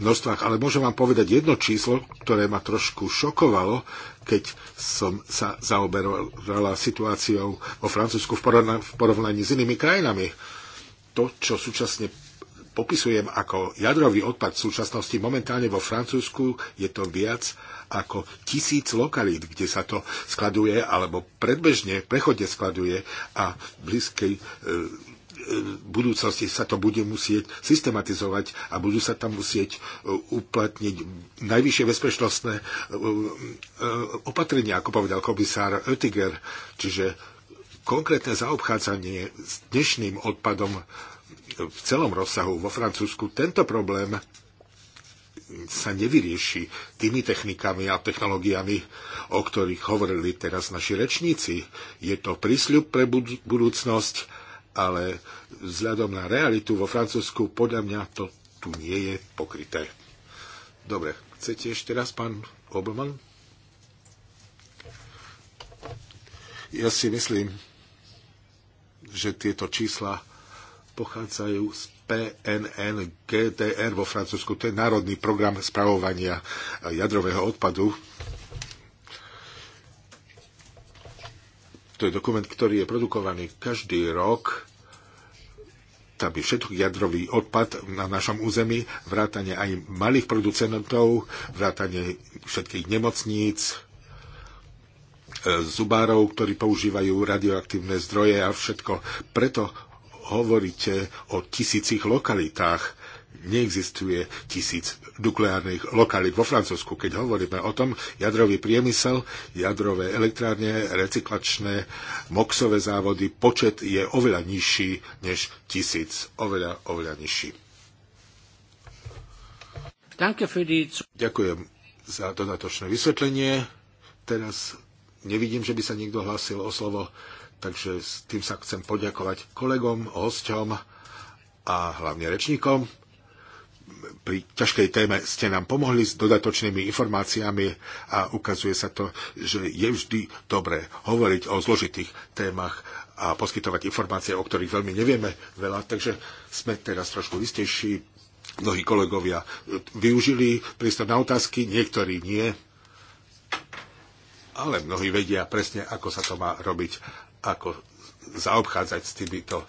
množstvách. Ale môžem vám povedať jedno číslo, ktoré ma trošku šokovalo, keď som sa zaoberala situáciou vo Francúzsku v porovnaní s inými krajinami. To, čo súčasne popisujem ako jadrový odpad v súčasnosti momentálne vo Francúzsku je to viac ako tisíc lokalít, kde sa to skladuje alebo predbežne, prechodne skladuje a v blízkej e, e budúcnosti sa to bude musieť systematizovať a budú sa tam musieť e, uplatniť najvyššie bezpečnostné e, opatrenia, ako povedal komisár Oettinger, čiže konkrétne zaobchádzanie s dnešným odpadom v celom rozsahu vo Francúzsku tento problém sa nevyrieši tými technikami a technológiami, o ktorých hovorili teraz naši rečníci. Je to prísľub pre budúcnosť, ale vzhľadom na realitu vo Francúzsku podľa mňa to tu nie je pokryté. Dobre, chcete ešte raz, pán Oberman? Ja si myslím, že tieto čísla pochádzajú z PNN GTR vo Francúzsku. To je Národný program spravovania jadrového odpadu. To je dokument, ktorý je produkovaný každý rok aby všetok jadrový odpad na našom území, vrátanie aj malých producentov, vrátanie všetkých nemocníc, e, zubárov, ktorí používajú radioaktívne zdroje a všetko. Preto hovoríte o tisícich lokalitách. Neexistuje tisíc nukleárnych lokalít vo Francúzsku. Keď hovoríme o tom, jadrový priemysel, jadrové elektrárne, recyklačné, moxové závody, počet je oveľa nižší než tisíc. Oveľa, oveľa nižší. Ďakujem za dodatočné vysvetlenie. Teraz nevidím, že by sa niekto hlásil o slovo Takže s tým sa chcem poďakovať kolegom, hosťom a hlavne rečníkom. Pri ťažkej téme ste nám pomohli s dodatočnými informáciami a ukazuje sa to, že je vždy dobré hovoriť o zložitých témach a poskytovať informácie, o ktorých veľmi nevieme veľa, takže sme teraz trošku istejší. Mnohí kolegovia využili prístup na otázky, niektorí nie ale mnohí vedia presne, ako sa to má robiť ako zaobchádzať s týmito